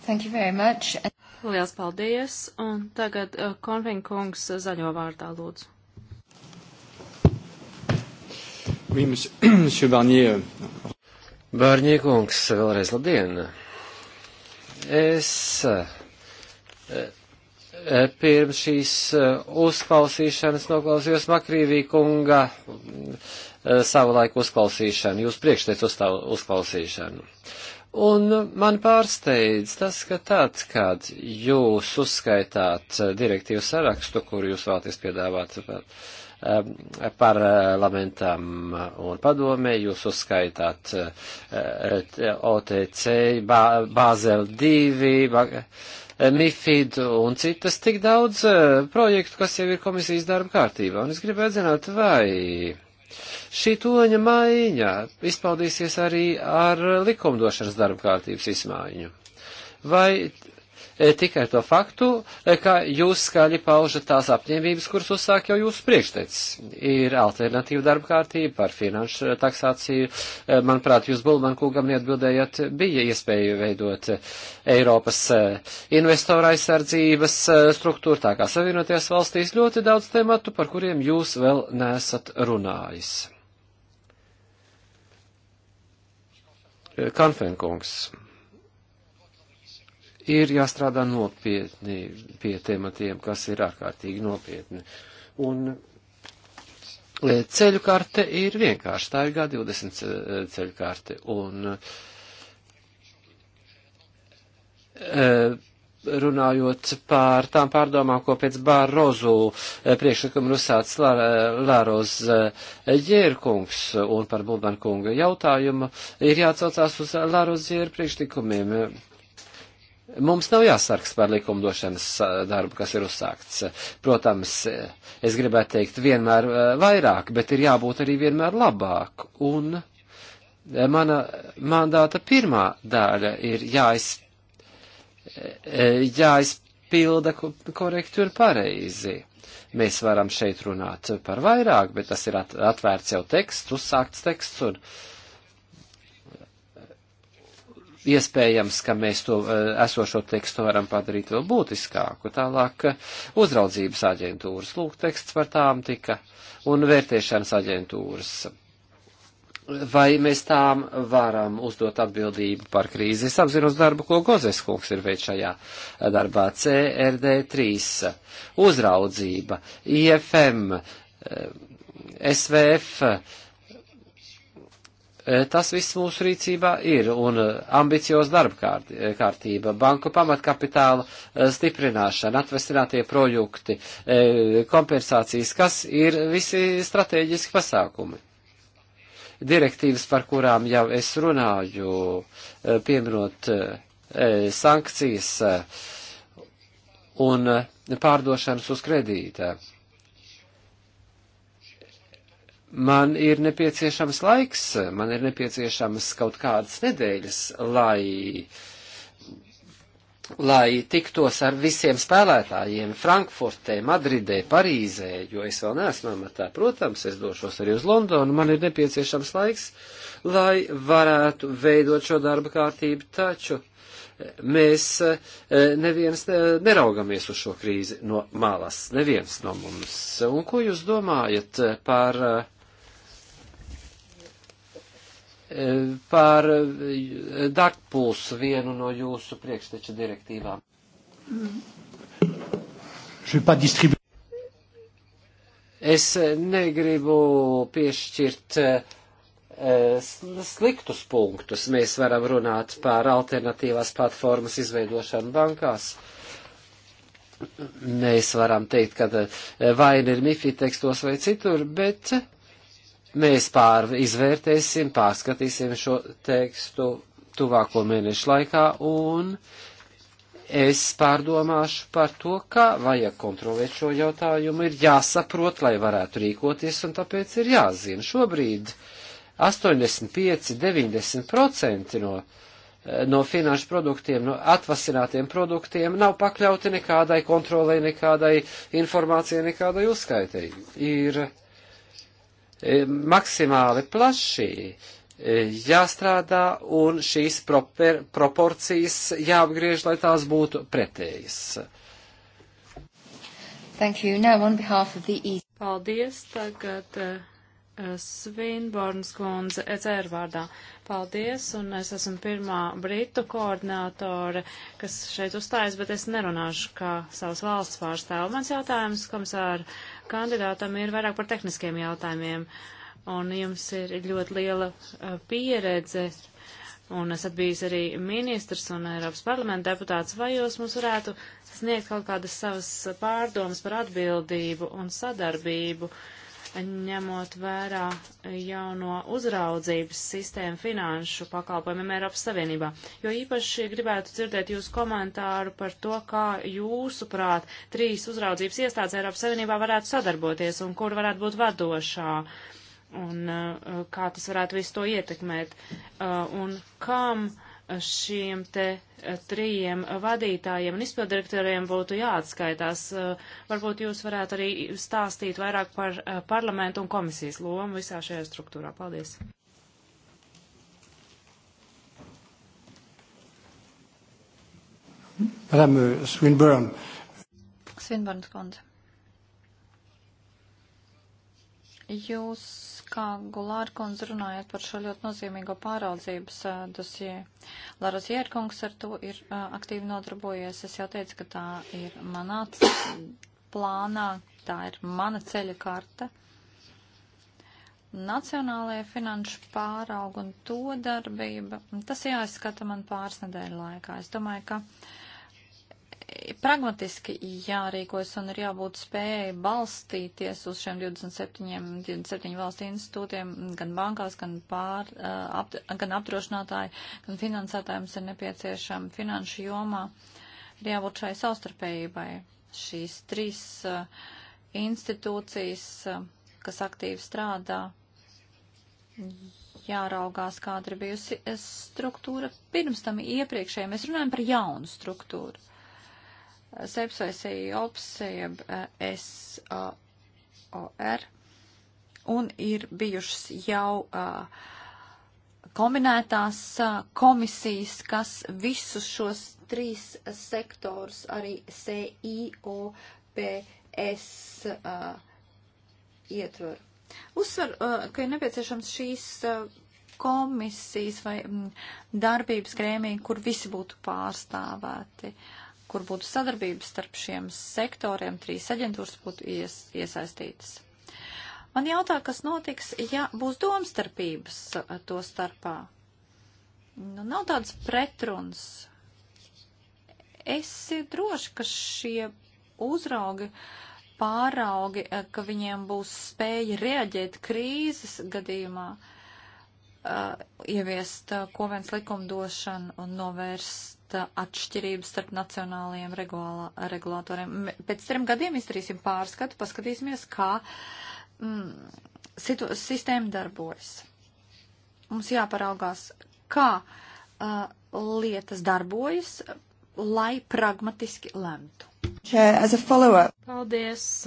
Thank you very much. Liels paldies. Un tagad uh, Konvinkungs uh, zaļo vārdā lūdzu. Oui, monsieur, monsieur Barnier. Barnier kungs, vēlreiz labdien. Es uh, uh, pirms šīs uzklausīšanas noklausījos Makrīvī kunga savulaik uzklausīšanu, jūs priekšteic uzklausīšanu. Un man pārsteidz tas, ka tad, kad jūs uzskaitāt direktīvu sarakstu, kur jūs vēlaties piedāvāt par, um, parlamentam un padomē, jūs uzskaitāt uh, OTC, Bāzel 2, MIFID un citas tik daudz uh, projektu, kas jau ir komisijas darba kārtībā. Un es gribētu zināt, vai Šī toņa maiņa izpaudīsies arī ar likumdošanas darba kārtības izmaiņu. Vai E, tikai to faktu, e, ka jūs skaļi paužat tās apņēmības, kuras uzsāk jau jūsu priekštecis. Ir alternatīva darba kārtība par finanšu taksāciju. E, manuprāt, jūs Bulman kungam neatbildējat, bija iespēja veidot Eiropas investora aizsardzības struktūru, tā kā savienoties valstīs ļoti daudz tematu, par kuriem jūs vēl nesat runājis. Kanfenkungs ir jāstrādā nopietni pie tematiem, kas ir ārkārtīgi nopietni. Un e, ceļu karte ir vienkārši, tā ir G20 e, ceļu karte. Un e, runājot par tām pārdomām, ko pēc Bārozu priekšlikuma ir uzsācis Lāros Jērkungs un par Bulbankunga jautājumu, ir jāatcaucās uz Lāros Jēru priekšlikumiem Mums nav jāsargs par likumdošanas darbu, kas ir uzsākts. Protams, e, es gribētu teikt vienmēr e, vairāk, bet ir jābūt arī vienmēr labāk. Un e, mana mandāta pirmā daļa ir jāiz, jāizpilda korekti un pareizi. Mēs varam šeit runāt par vairāk, bet tas ir atvērts jau teksts, uzsākts teksts un. Uh, iespējams, ka mēs to eh, esošo tekstu varam padarīt vēl būtiskāku. Tālāk eh, uzraudzības aģentūras lūk teksts par tām tika un vērtēšanas aģentūras. Vai mēs tām varam uzdot atbildību par krīzi? Es apzinos darbu, ko Gozes kungs ir veids šajā eh, darbā. CRD3, uzraudzība, IFM, SVF, E, tas viss mūsu rīcībā ir un e, ambicios darba kārt, e, kārtība, banku pamatkapitāla stiprināšana, atvesinātie projekti, kompensācijas, kas ir visi strateģiski pasākumi. Direktīvas, par kurām jau es runāju, pieminot sankcijas un pārdošanas uz kredītā man ir nepieciešams laiks, man ir nepieciešamas kaut kādas nedēļas, lai, lai tiktos ar visiem spēlētājiem Frankfurtē, Madridē, Parīzē, jo es vēl neesmu amatā. Protams, es došos arī uz Londonu, man ir nepieciešams laiks, lai varētu veidot šo darba kārtību, taču eh, mēs eh, neviens eh, neraugamies uz šo krīzi no malas, neviens no mums. Un ko jūs domājat par par eh, dakpulsu vienu no jūsu priekšteča direktīvām. Es eh, negribu piešķirt eh, sliktus punktus. Mēs varam runāt par alternatīvās platformas izveidošanu bankās. Mēs varam teikt, ka vaina nu ir Mifi tekstos vai citur, bet mēs pārizvērtēsim, pārskatīsim šo tekstu tuvāko mēnešu laikā un es pārdomāšu par to, kā vajag kontrolēt šo jautājumu, ir jāsaprot, lai varētu rīkoties, un tāpēc ir jāzina. Šobrīd 85-90% no, no finanšu produktiem, no atvasinātiem produktiem nav pakļauti nekādai kontrolē, nekādai informācijai, nekādai uzskaitēji. Ir E, maksimāli plaši e, jāstrādā un šīs proper, proporcijas jāapgriež, lai tās būtu pretējas. Thank you. Now on behalf of the East. Paldies. Tagad uh, Svinbornas kundze ECR vārdā. Paldies, un es esmu pirmā britu koordinātore, kas šeit uzstājas, bet es nerunāšu kā savas valsts pārstāvu. Mans jautājums komisāra kandidātam ir vairāk par tehniskiem jautājumiem, un jums ir ļoti liela pieredze, un esat bijis arī ministrs un Eiropas parlamenta deputāts. Vai jūs mums varētu sniegt kaut kādas savas pārdomas par atbildību un sadarbību? Uh, ņemot vērā jauno uzraudzības sistēmu finanšu pakalpojumiem Eiropas Savienībā. Jo īpaši gribētu dzirdēt jūsu komentāru par to, kā jūsuprāt trīs uzraudzības iestādes Eiropas Savienībā varētu sadarboties un kur varētu būt vadošā un uh, kā tas varētu visu to ietekmēt uh, un kam uh, šiem te eh, trījiem vadītājiem un izpildirektoriem būtu jāatskaitās. Eh, varbūt jūs varētu arī stāstīt vairāk par eh, parlamentu un komisijas lomu visā šajā struktūrā. Paldies! Madame Swinburne. Swinburne kundze. Jūs kā Gulārkons runājot par šo ļoti nozīmīgo pāraudzības uh, dosie. Laros Jērkungs ar to ir uh, aktīvi nodarbojies. Es jau teicu, ka tā ir manā plānā, tā ir mana ceļa karta. Nacionālajie finanšu pārauga un to darbība, tas jāizskata man pāris nedēļu laikā. Es domāju, ka uh, pragmatiski jārīkojas un ir jābūt spējai balstīties uz šiem 27, 27 valstu institūtiem, gan bankās, gan, pār, apt, gan apdrošinātāji, gan finansētājiem ir nepieciešama finanšu jomā. Ir jābūt šai savstarpējībai. Šīs trīs institūcijas, kas aktīvi strādā, jāraugās, kāda ir bijusi struktūra pirms tam iepriekšējai. Mēs runājam par jaunu struktūru SEPS vai SEOPS, eh, jeb SOR, un ir bijušas jau uh, kombinētās eh, komisijas, kas visus šos trīs sektorus, arī CIOPS, uh, ietver. Uzsver, uh, ka ir nepieciešams šīs komisijas vai mm, darbības grēmī, kur visi būtu pārstāvēti. Uh, kur būtu sadarbības starp šiem sektoriem, trīs aģentūras būtu ies, iesaistītas. Man jautā, kas notiks, ja būs domstarpības to starpā. Nu, nav tāds pretruns. Es droši, ka šie uzraugi pāraugi, ka viņiem būs spēja reaģēt krīzes gadījumā. Uh, ieviest uh, kovens likumdošanu un novērst manuprāt, atšķirības starp nacionālajiem regulā, regulātoriem. Pēc trim gadiem izdarīsim pārskatu, paskatīsimies, kā mm, situ, sistēma darbojas. Mums jāparaugās, kā uh, lietas darbojas, lai pragmatiski lemtu. Paldies!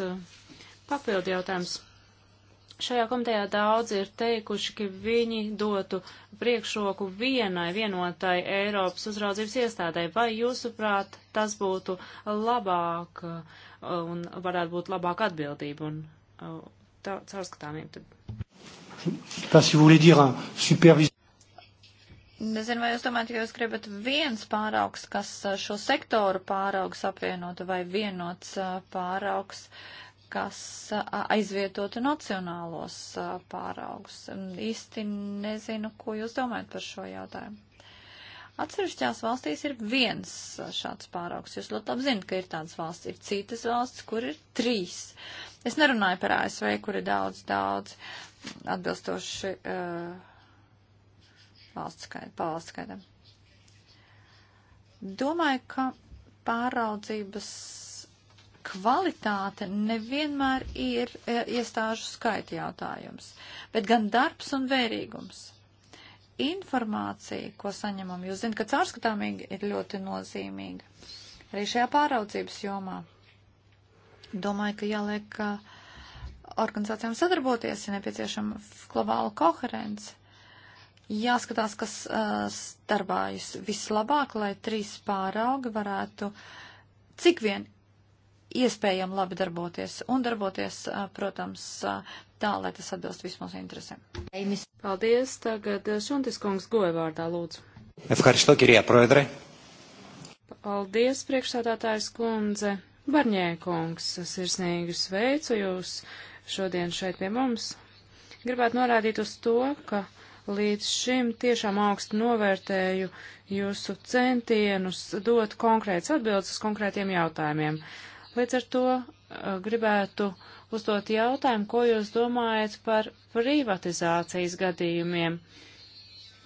Papildu jautājums. Šajā komitejā daudz ir teikuši, ka viņi dotu priekšroku vienai vienotai Eiropas uzraudzības iestādai. Vai jūsuprāt, tas būtu labāk uh, un varētu būt labāk atbildība un uh, caurskatāmība? Nezinu, vai jūs domājat, ka jūs gribat viens pāraugs, kas uh, šo sektoru pāraugs apvienotu vai vienots pāraugs. Uh, kas aizvietotu nacionālos pāraugus. Īsti nezinu, ko jūs domājat par šo jautājumu. Atsevišķās valstīs ir viens šāds pāraugs. Jūs ļoti labi zinat, ka ir tādas valsts. Ir citas valsts, kur ir trīs. Es nerunāju par ASV, kur ir daudz, daudz atbilstoši uh, valsts skaitam. Domāju, ka pāraudzības kvalitāte nevienmēr ir e, iestāžu skaita jautājums, bet gan darbs un vērīgums. Informācija, ko saņemam, jūs zināt, ka caurskatāmīga ir ļoti nozīmīga. Arī šajā pāraudzības jomā. Domāju, ka jāliek organizācijām sadarboties, ja nepieciešama globāla koherence. Jāskatās, kas uh, e, darbājas vislabāk, lai trīs pāraugi varētu cik vien iespējami labi darboties un darboties, protams, tā, lai tas atbilst vismaz interesēm. Paldies. Tagad Šuntis kungs goja vārdā, lūdzu. Paldies, priekšsādātājs kundze. Barņē kungs, sirsnīgi sveicu jūs šodien šeit pie mums. Gribētu norādīt uz to, ka līdz šim tiešām augstu novērtēju jūsu centienus dot konkrēts atbildes uz konkrētiem jautājumiem. Uh, Līdz ar to uh, gribētu uzdot jautājumu, ko jūs domājat par privatizācijas gadījumiem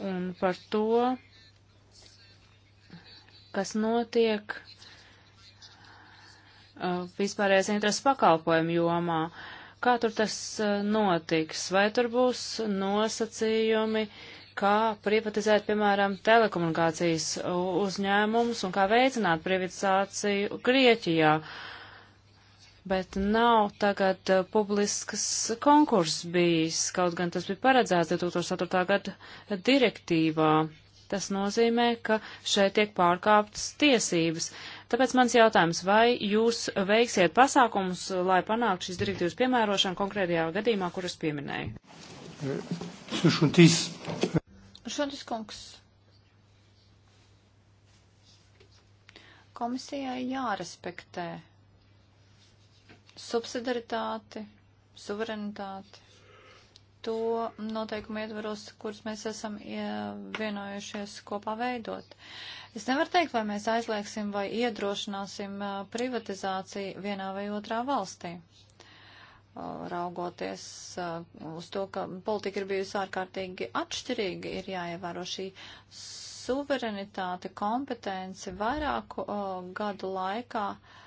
un par to, kas notiek uh, vispārējais interesu pakalpojumu jomā. Kā tur tas uh, notiks? Vai tur būs nosacījumi, kā privatizēt, piemēram, telekomunikācijas uzņēmumus un kā veicināt privatizāciju Grieķijā? Uh, bet nav tagad eh, publisks konkurss bijis, kaut gan tas bija paredzēts 2004. gada direktīvā. Tas nozīmē, ka šeit tiek pārkāptas tiesības. Tāpēc mans jautājums, vai jūs veiksiet pasākumus, lai panāktu šīs direktīvas piemērošanu konkrētajā gadījumā, kuras pieminēju? Šuntis. Šuntis kungs. Komisijai jārespektē subsidaritāti, suverenitāti, to noteikumu ietvaros, kurus mēs esam vienojušies kopā veidot. Es nevaru teikt, vai mēs aizliegsim vai iedrošināsim privatizāciju vienā vai otrā valstī raugoties uz to, ka politika ir bijusi ārkārtīgi atšķirīga, ir jāievēro šī suverenitāte, kompetence vairāku gadu laikā uh,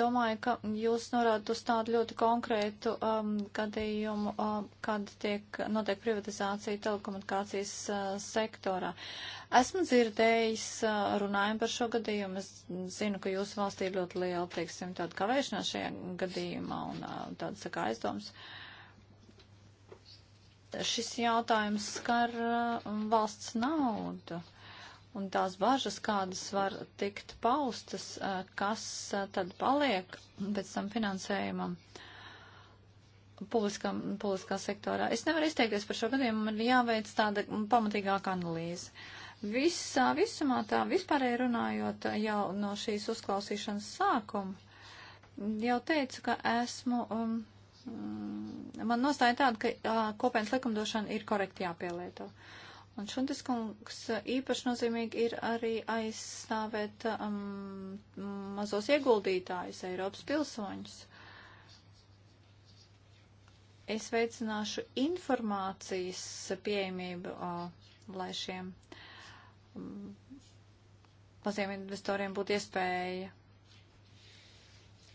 Domāju, ka jūs norādat uz tādu ļoti konkrētu um, gadījumu, um, kad tiek notiek privatizācija telekomunikācijas uh, sektorā. Esmu dzirdējis uh, runājumu par šo gadījumu. Es zinu, ka jūsu valstī ir ļoti liela, teiksim, tāda kavēšanās šajā gadījumā un uh, tādas, tā kā aizdomas. Uh, šis jautājums skar uh, valsts naudu un tās bažas, kādas var tikt paustas, kas tad paliek pēc tam finansējumam publiskā, publiskā sektorā. Es nevaru izteikties par šo gadījumu, man ir jāveic tāda pamatīgāka analīze. Visā visumā tā vispārēji runājot jau no šīs uzklausīšanas sākuma, jau teicu, ka esmu. Um, mm, Man nostāja tāda, ka uh, kopienas likumdošana ir korekti jāpielieto. Uh, Un Šuntis kungs eh, īpaši nozīmīgi ir arī aizstāvēt um, mazos ieguldītājus, Eiropas pilsoņus. Es veicināšu informācijas pieejamību, uh, lai šiem um, maziem investoriem būtu iespēja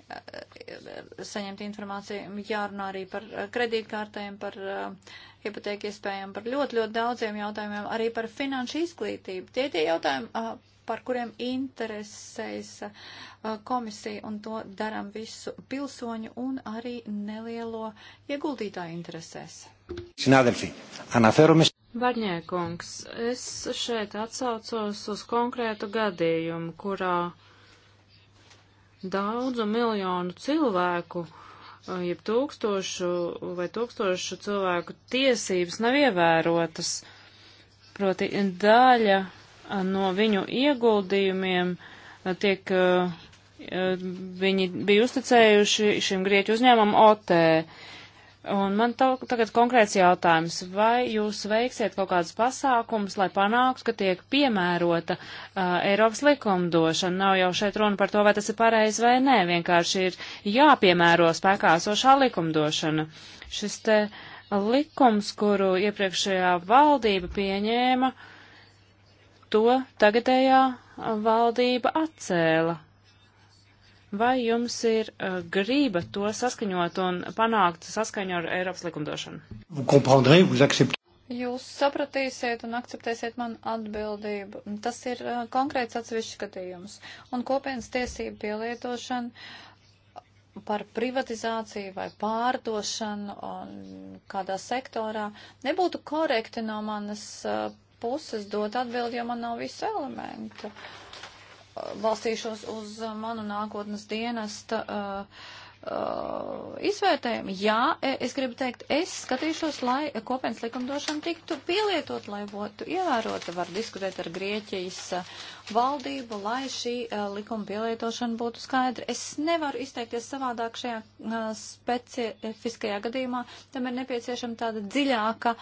uh, saņemt informāciju. Jārunā arī par uh, kredītkārtēm, par uh, ja patiek iespējami par ļoti, ļoti daudziem jautājumiem, arī par finanšu izglītību. Tie tie jautājumi, par kuriem interesēs komisija, un to daram visu pilsoņu un arī nelielo ieguldītāju interesēs. Sinādelfī, anafērumis. Barņēkungs, es šeit atsaucos uz konkrētu gadījumu, kurā daudzu miljonu cilvēku Uh, jeb tūkstošu vai tūkstošu cilvēku tiesības nav ievērotas. Proti daļa uh, no viņu ieguldījumiem uh, tiek, viņi bija uzticējuši šim grieķu uzņēmumam OTE. Un man to, tagad konkrēts jautājums, vai jūs veiksiet kaut kādus pasākumus, lai panāktu, ka tiek piemērota uh, Eiropas likumdošana? Nav jau šeit runa par to, vai tas ir pareizi vai nē, vienkārši ir jāpiemēro spēkā sošā likumdošana. Šis te likums, kuru iepriekšējā valdība pieņēma, to tagadējā valdība atcēla. Vai jums ir uh, grība to saskaņot un panākt saskaņu ar Eiropas likumdošanu? Vous Jūs sapratīsiet un akceptēsiet manu atbildību. Tas ir uh, konkrēts atsevišķs skatījums. Un kopienas tiesību pielietošana par privatizāciju vai pārdošanu un kādā sektorā nebūtu korekti no manas uh, puses dot atbildi, jo man nav visu elementu. Uh, balstīšos uz uh, manu nākotnes dienesta uh, uh, izvērtējumu. Jā, e, es gribu teikt, es skatīšos, lai kopienas likumdošana tiktu pielietot, lai būtu ievērota. Var diskutēt ar Grieķijas uh, valdību, lai šī uh, likuma pielietošana būtu skaidra. Es nevaru izteikties savādāk šajā uh, specifiskajā gadījumā. Tam ir nepieciešama tāda dziļāka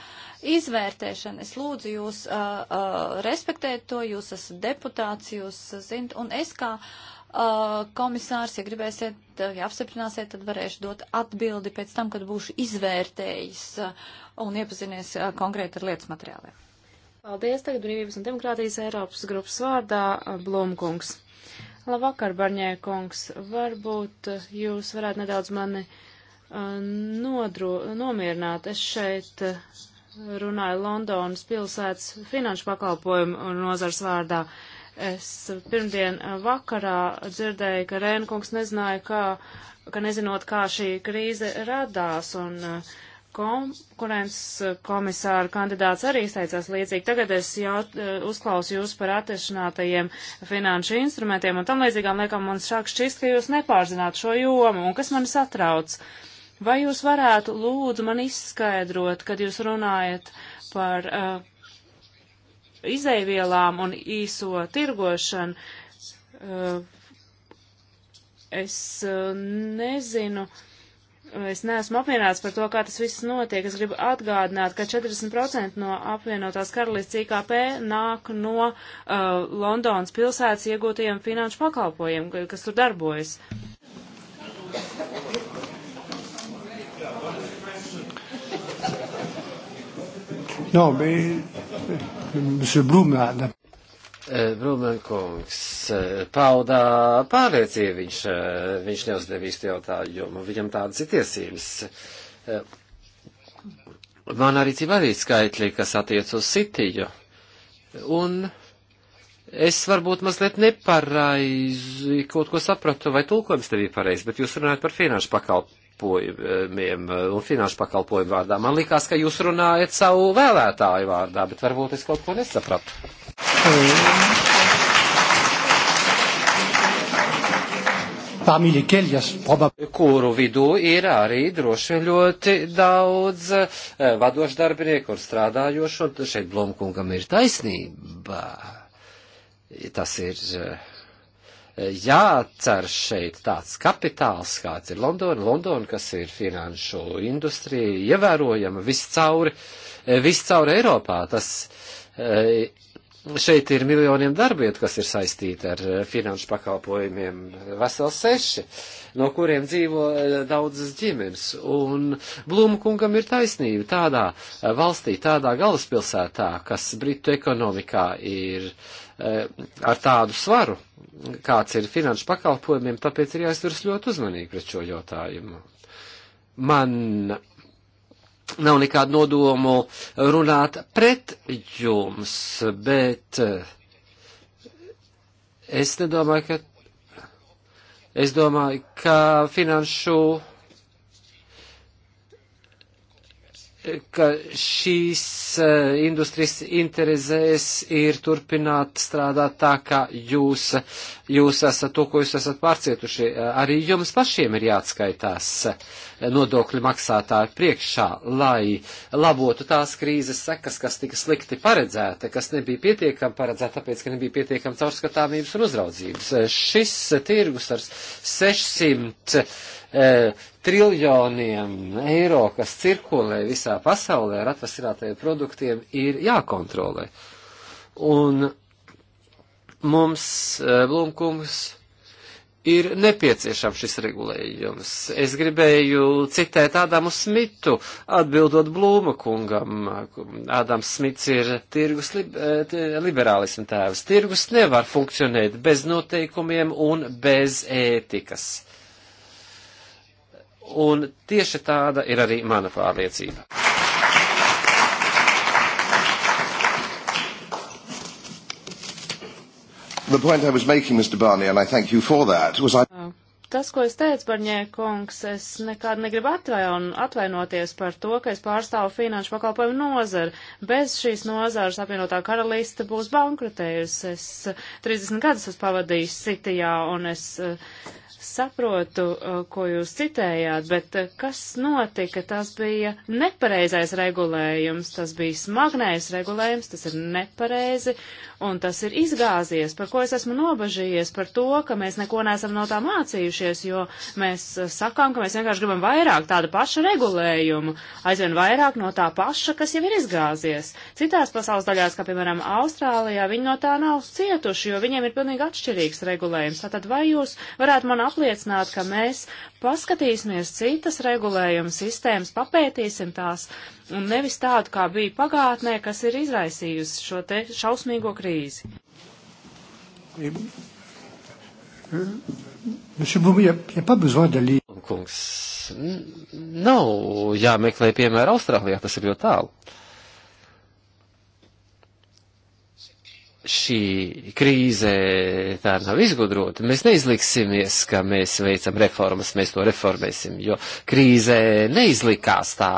izvērtēšana. Es lūdzu jūs uh, uh, respektēt to, jūs esat deputāts, jūs zinat, un es kā uh, komisārs, ja gribēsiet, ja apstiprināsiet, tad varēšu dot atbildi pēc tam, kad būšu izvērtējis un iepazinies konkrēti ar lietas materiāliem. Paldies, tagad brīvības un demokrātijas Eiropas grupas vārdā Blomkungs. Labvakar, Barņē kungs, varbūt jūs varētu nedaudz mani nodro, nomierināt. Es šeit runāju Londonas pilsētas finanšu pakalpojumu nozars vārdā. Uh, Es pirmdien eh, vakarā dzirdēju, ka Rēnkungs nezināja, kā, ka nezinot, kā šī krīze radās, un eh, konkurences eh, komisāra kandidāts arī izteicās līdzīgi. Tagad es jaut, uzklausu jūs par attiešinātajiem finanšu instrumentiem un tam līdzīgām liekam man sāk šķist, ka jūs nepārzināt šo jomu, un kas mani satrauc. Vai jūs varētu lūdzu man izskaidrot, kad jūs runājat par uh, izēvielām un īso tirgošanu. Eh, es eh, nezinu, es neesmu apmierināts par to, kā tas viss notiek. Es gribu atgādināt, ka 40% no apvienotās karalists IKP nāk no uh, Londonas pilsētas iegūtajiem finanšu pakalpojumiem, kas tur darbojas. No, bija. Brūmenkungs eh, eh, paudā pārliecību, viņš, eh, viņš neuzdevīs jautājumu, viņam tādas ir tiesības. Man arī cīm arī skaitļi, kas attiec uz sitiju. Un es varbūt mazliet nepareizi kaut ko sapratu, vai tulkojums nebija pareizi, bet jūs runājat par finanšu pakalpojumu pakalpojumiem eh, un finanšu pakalpojumu vārdā. Man likās, ka jūs runājat savu vēlētāju vārdā, bet varbūt es kaut ko nesapratu. Kuru vidū ir arī droši vien ļoti daudz eh, vadošu darbinieku un strādājošu, un šeit Blomkungam ir taisnība. Tas ir. Uh, jācer šeit tāds kapitāls, kāds ir Londona. Londona, kas ir finanšu industrija, ievērojama viscauri, viscauri Eiropā. Tas e, šeit ir miljoniem darbietu, kas ir saistīti ar e, finanšu pakalpojumiem, veseli seši, no kuriem dzīvo e, daudzas ģimenes. Un Blūmkungam ir taisnība tādā valstī, tādā galvaspilsētā, kas Britu ekonomikā ir E, ar tādu svaru, kāds ir finanšu pakalpojumiem, tāpēc ir jāizturas ļoti uzmanīgi pret šo jautājumu. Man nav nekādu nodomu runāt pret jums, bet e, es nedomāju, ka, es domāju, ka finanšu ka šīs eh, industrijas interesēs ir turpināt strādāt tā, kā jūs jūs esat to, ko jūs esat pārcietuši, arī jums pašiem ir jāatskaitās nodokļu maksātāju priekšā, lai labotu tās krīzes sekas, kas tika slikti paredzēta, kas nebija pietiekami paredzēta, tāpēc, ka nebija pietiekami caurskatāmības un uzraudzības. Šis tirgus ar 600 e, triljoniem eiro, kas cirkulē visā pasaulē ar atvasinātajiem produktiem, ir jākontrolē. Un mums, eh, Blumkungs, ir nepieciešams šis regulējums. Es gribēju citēt Ādamu Smitu, atbildot Blūma kungam. Ādams Smits ir tirgus li eh, liberālismu tēvs. Tirgus nevar funkcionēt bez noteikumiem un bez ētikas. Un tieši tāda ir arī mana pārliecība. The point I was making, Mr. Barnier, and I thank you for that, was I... Uh, tas, ko es teicu, Barņē kungs, es nekad negribu atvain, atvainoties par to, ka es pārstāvu finanšu pakalpojumu nozari. Bez šīs nozars apvienotā karalista būs bankrotējusi. Es 30 uh, gadus esmu pavadījis Sitijā un es uh, saprotu, uh, ko jūs citējāt, bet uh, kas notika? Tas bija nepareizais regulējums, tas bija smagnējs regulējums, tas ir nepareizi, un tas ir izgāzies, par ko es esmu nobažījies, par to, ka mēs neko neesam no tā mācījušies, jo mēs uh, sakām, ka mēs vienkārši gribam vairāk tādu pašu regulējumu, aizvien vairāk no tā paša, kas jau ir izgāzies. Citās pasaules daļās, kā piemēram Austrālijā, viņi no tā nav cietuši, jo viņiem ir pilnīgi atšķirīgs regulējums. Tātad vai jūs varētu man apliecināt, ka mēs paskatīsimies citas regulējuma sistēmas, papētīsim tās, un nevis tādu, kā bija pagātnē, kas ir izraisījusi šo te šausmīgo krīzi. Kungs, nav jāmeklē piemēra Austrālijā, tas ir ļoti tālu. šī krīze tā nav izgudrota. Mēs neizliksimies, ka mēs veicam reformas, mēs to reformēsim, jo krīze neizlikās tā,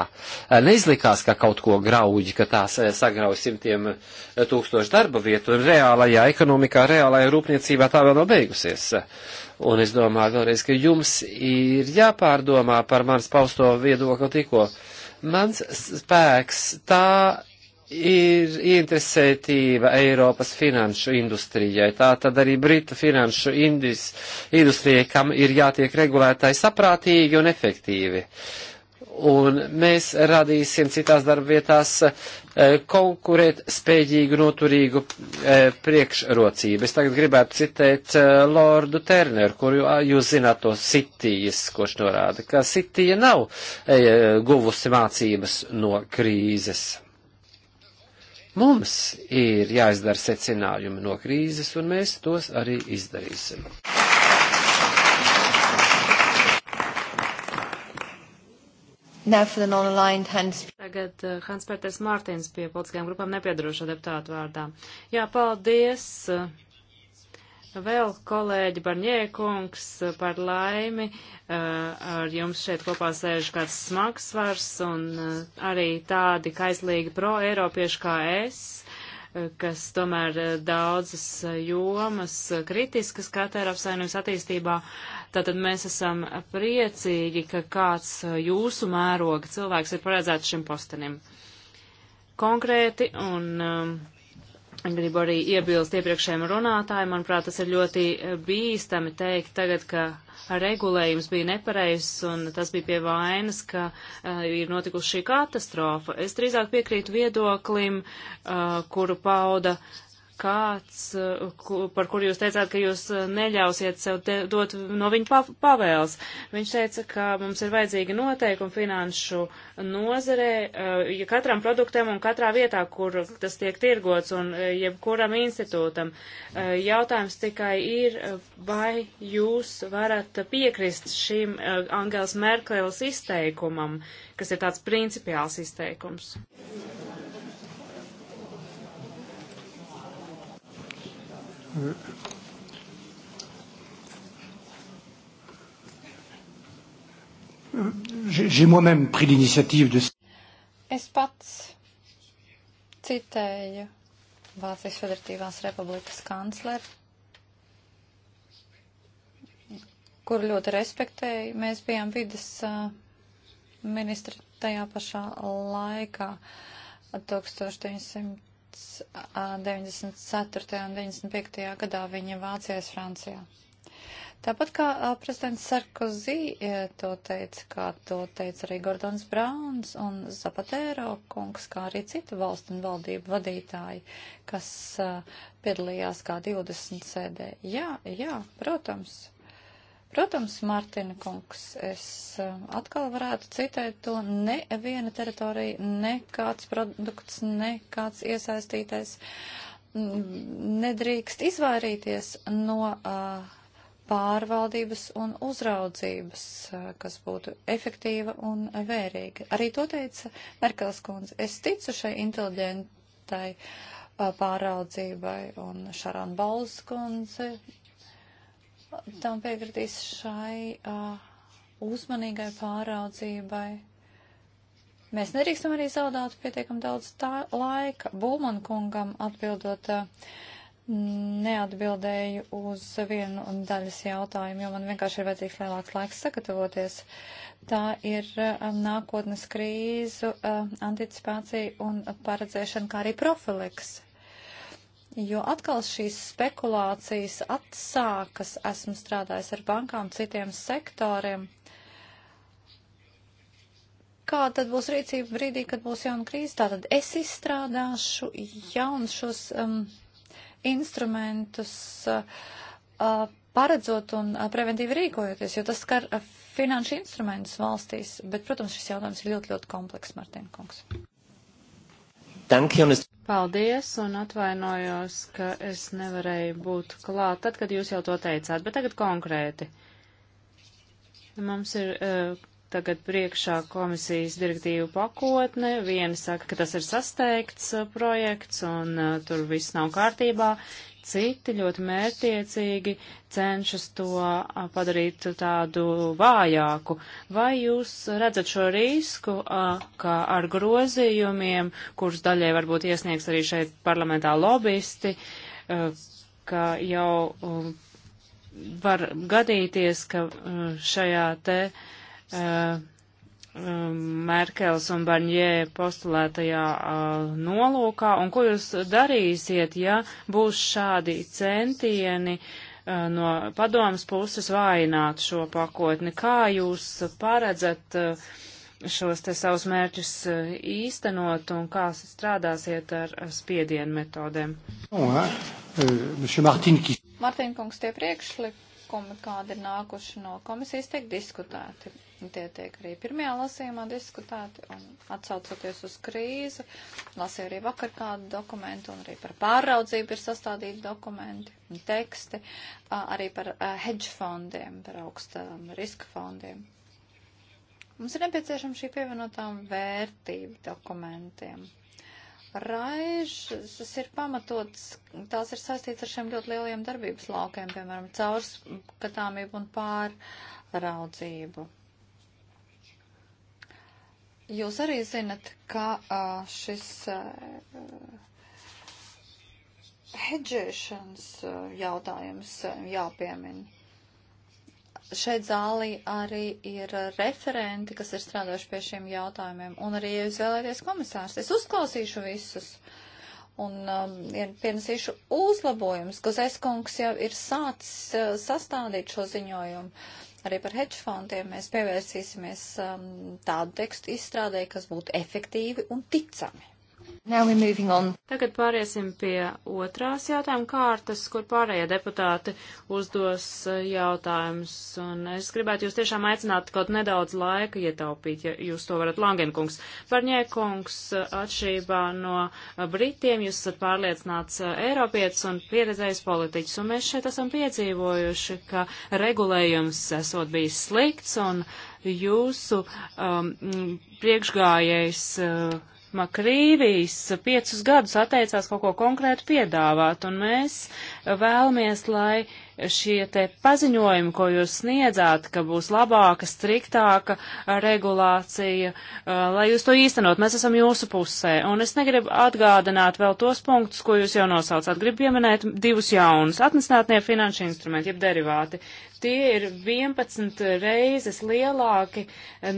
neizlikās, ka kaut ko grauģi, ka tās eh, sagrauj simtiem eh, tūkstošu darba vietu, un reālajā ekonomikā, reālajā rūpniecībā tā vēl nav beigusies. Un es domāju vēlreiz, ka jums ir jāpārdomā par manas pausto viedokli tikko. Mans spēks tā ir interesētība Eiropas finanšu industrijai. Tā tad arī Britu finanšu indis, industrijai, kam ir jātiek regulētai saprātīgi un efektīvi. Un mēs radīsim citās darbvietās e, konkurēt spējīgu, noturīgu e, priekšrocību. Es tagad gribētu citēt e, Lordu Terneru, kuru jūs zināt to sitijas, koš norāda, ka sitija nav guvusi mācības no krīzes Mums ir jāizdara secinājumi no krīzes, un mēs tos arī izdarīsim. Hands. Tagad uh, eh, Hans Pērters Mārtiņš pie politiskajām grupām nepiedarošo deputātu vārdā. Jā, paldies! Uh, Vēl kolēģi Barņē kungs par laimi, eh, ar jums šeit kopā sēž kāds smags svars un eh, arī tādi kaislīgi pro-eiropieši kā es, eh, kas tomēr daudzas jomas kritiskas katēra apsainības attīstībā. Tātad mēs esam priecīgi, ka kāds jūsu mēroga cilvēks ir paredzēts šim postenim. Konkrēti un uh, Gribu arī iebilst iepriekšējiem runātājiem. Manuprāt, tas ir ļoti e, bīstami teikt tagad, ka regulējums bija nepareizs un tas bija pie vainas, ka uh, ir notikusi šī katastrofa. Es drīzāk piekrītu viedoklim, uh, kuru pauda kāds, ku, par kuru jūs teicāt, ka jūs eh, neļausiet sev te, dot no viņa pavēles. Viņš teica, ka mums ir vajadzīga noteikuma finanšu nozarē, eh, ja katram produktam un katrā vietā, kur tas tiek tirgots un eh, jebkuram institūtam. Jautājums tikai ir, vai jūs varat piekrist šim Angels Merkels izteikumam, kas ir tāds principiāls izteikums. Thank you. J'ai moi-même pris l'initiative de. Es pats citēju Vācijas Federatīvās Republikas kancleru kuru ļoti respektēju. Mēs bijām vidas ministri tajā pašā laikā, 1900. 94. un 95. gadā viņa Vācijas Francijā. Tāpat kā a, prezidents Sarkozy e, to teica, kā to teica arī Gordons Brauns un Zapatero kungs, kā arī citu valstu un valdību vadītāji, kas a, piedalījās kā 20 sēdē. Jā, jā, protams, Protams, Mārtiņa kungs, es eh, atkal varētu citēt to neviena teritorija, nekāds produkts, nekāds iesaistītais mm, nedrīkst izvairīties no uh, pārvaldības un uzraudzības, eh, kas būtu efektīva un vērīga. Arī to teica Merkels kundze. Es ticu šai inteliģentai pāraudzībai un Šarāna Balz kundze tam piekritīs šai uh, uzmanīgai pāraudzībai. Mēs nedrīkstam arī zaudēt pietiekam daudz tā laika. Bulman kungam atbildot, uh, neatbildēju uz vienu daļas jautājumu, jo man vienkārši ir vajadzīgs lielāks laiks sagatavoties. Tā ir um, nākotnes krīzu uh, anticipācija un paredzēšana, kā arī profileks Jo atkal šīs spekulācijas atsākas, esmu strādājis ar bankām, citiem sektoriem. Kā tad būs rīcība brīdī, kad būs jauna krīze? Tātad es izstrādāšu jaunus šos um, instrumentus, uh, uh paredzot un uh, preventīvi rīkojoties, jo tas skar uh, finanšu instrumentus valstīs. Bet, protams, šis jautājums ir ļoti, ļoti komplekss, Martina Kungs. Paldies un atvainojos, ka es nevarēju būt klāt tad, kad jūs jau to teicāt, bet tagad konkrēti. Mums ir uh, tagad priekšā komisijas direktīvu pakotne. Viena saka, ka tas ir sasteigts uh, projekts un uh, tur viss nav kārtībā citi ļoti mērtiecīgi cenšas to padarīt tādu vājāku. Vai jūs redzat šo risku, ka ar grozījumiem, kurus daļai varbūt iesniegs arī šeit parlamentā lobbyisti, ka jau var gadīties, ka šajā te Um, Merkels un Barņē postulētajā uh, nolūkā, un ko jūs darīsiet, ja būs šādi centieni uh, no padomas puses vājināt šo pakotni? Kā jūs paredzat uh, šos te savus mērķus uh, īstenot un kā strādāsiet ar spiedienu metodēm? Euh, Martin kungs, tie priekšlikumi priekšlikumi, kādi ir nākuši no komisijas, tiek diskutēti. Tie tiek arī pirmajā lasījumā diskutēti un atsaucoties uz krīzi. Lasīju arī vakar kādu dokumentu un arī par pārraudzību ir sastādīti dokumenti un teksti, arī par hedge fondiem, par augstām riska fondiem. Mums ir nepieciešama šī pievienotā vērtība dokumentiem. Raižas ir pamatots, tās ir saistīts ar šiem ļoti lieliem darbības laukiem, piemēram, caurskatāmību un pārraudzību. Jūs arī zinat, ka uh, šis uh, hedžēšanas jautājums jāpiemina šeit zālī arī ir referenti, kas ir strādājuši pie šiem jautājumiem. Un arī, ja jūs vēlēties komisārs, es uzklausīšu visus un um, pienesīšu uzlabojumus. Gozais kungs jau ir sācis uh, sastādīt šo ziņojumu. Arī par hedge fondiem mēs pievērsīsimies um, tādu tekstu izstrādē, kas būtu efektīvi un ticami. Tagad pāriesim pie otrās jautājuma kārtas, kur pārējie deputāti uzdos uh, jautājumus. Un es gribētu jūs tiešām aicināt kaut nedaudz laika ietaupīt, ja jūs to varat, Langenkungs. Parņēkungs, uh, atšķirībā no uh, Britiem, jūs esat pārliecināts Eiropietis un pieredzējis politiķis. Un mēs šeit esam piedzīvojuši, ka regulējums esot bijis slikts un jūsu um, priekšgājējs. Uh, Makrīvijas piecus gadus atteicās kaut ko konkrētu piedāvāt, un mēs vēlamies, lai šie te paziņojumi, ko jūs sniedzāt, ka būs labāka, striktāka regulācija, uh, lai jūs to īstenot, mēs esam jūsu pusē. Un es negribu atgādināt vēl tos punktus, ko jūs jau nosaucāt. Gribu pieminēt divus jaunus - atnesinātnie finanšu instrumenti, jeb derivāti. Tie ir 11 reizes lielāki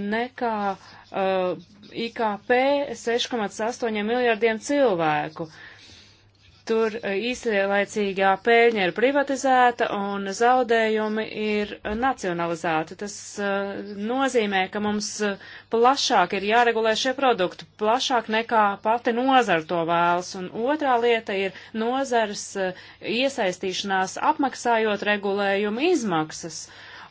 nekā. Uh, IKP 6,8 miljardiem cilvēku. Tur e, īslaicīgā pēļņa ir privatizēta un zaudējumi ir e, nacionalizēti. Tas uh, nozīmē, ka mums plašāk ir jāregulē šie produkti, plašāk nekā pati nozara to vēlas. Un otrā lieta ir nozars uh, iesaistīšanās apmaksājot regulējumu izmaksas.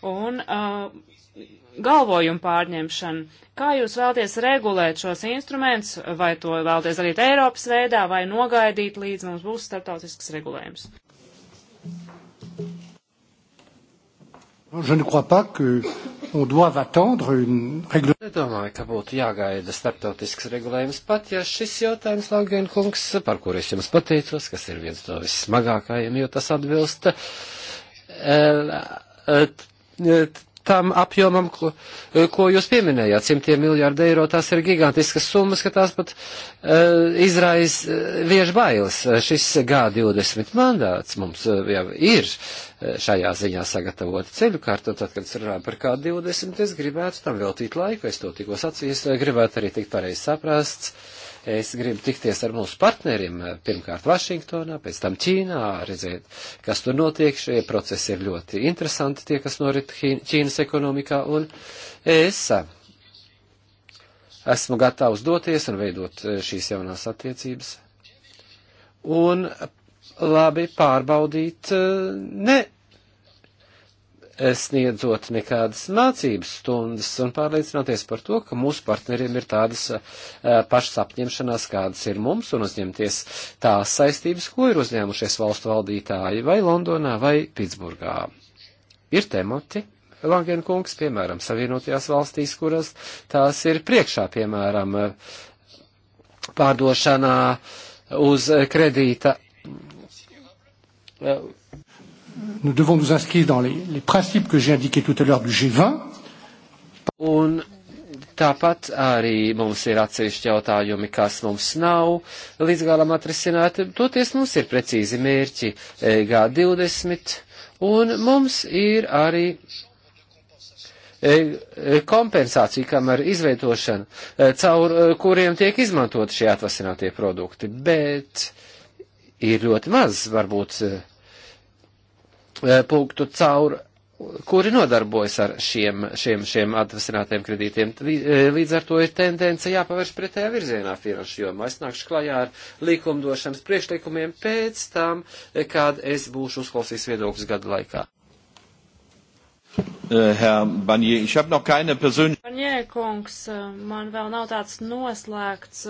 Un, uh, galvojumu pārņemšanu. Kā jūs vēlties regulēt šos instrumentus, vai to vēlties darīt Eiropas veidā, vai nogaidīt līdz mums būs starptautisks regulējums? Je ne crois pas que on doive attendre une réglementation. Es domāju, ka būtu jāgaida starptautisks regulējums, pat ja šis jautājums, Langēn kungs, par kur es jums pateicos, kas ir viens no vissmagākajiem, jo tas atbilst eh, eh, tam apjomam, ko, eh, ko jūs pieminējāt, simtiem miljārdu eiro, tās ir gigantiskas summas, ka tās pat uh, eh, izrais uh, eh, viež bailes. Šis G20 mandāts mums uh, jau ir šajā ziņā sagatavota ceļu kārta, un tad, kad es runāju par K20, es gribētu tam veltīt laiku, es to tikko sacīju, es gribētu arī tikt pareizi saprasts. Uh, Es gribu tikties ar mūsu partneriem, pirmkārt Vašingtonā, pēc tam Ķīnā, redzēt, kas tur notiek. Šie procesi ir ļoti interesanti, tie, kas norit Ķīnas ekonomikā. Un es esmu gatavs doties un veidot e, šīs jaunās attiecības. Un labi pārbaudīt e, ne sniedzot nekādas mācības stundas un pārliecināties par to, ka mūsu partneriem ir tādas eh, pašas apņemšanās, kādas ir mums, un uzņemties tās saistības, ko ir uzņēmušies valstu valdītāji vai Londonā vai Pitsburgā. Ir temati, Langenkungs, piemēram, Savienotajās valstīs, kuras tās ir priekšā, piemēram, pārdošanā uz kredīta nous devons nous inscrire dans les, les principes que j'ai indiqués tout à l'heure du G20. Un tāpat arī mums ir atsevišķi jautājumi, kas mums nav līdz galam atrisināti. Toties mums ir precīzi mērķi e, G20, un mums ir arī e, e, kompensācija, kamēr izveidošana, caur kuriem tiek izmantot šie atvasinātie produkti, bet ir ļoti maz, varbūt, Eh, punktu caur kuri nodarbojas ar šiem, šiem, šiem atvasinātiem kredītiem. Eh, līdz ar to ir tendence jāpavērš pretējā virzienā finanšu jomā. Es nākšu klajā ar likumdošanas priekšlikumiem pēc tam, eh, kad es būšu uzklausījis viedokļus gadu laikā. Herr Barnier, ich habe noch keine persönliche. Barnier, kungs, man vēl nav tāds noslēgts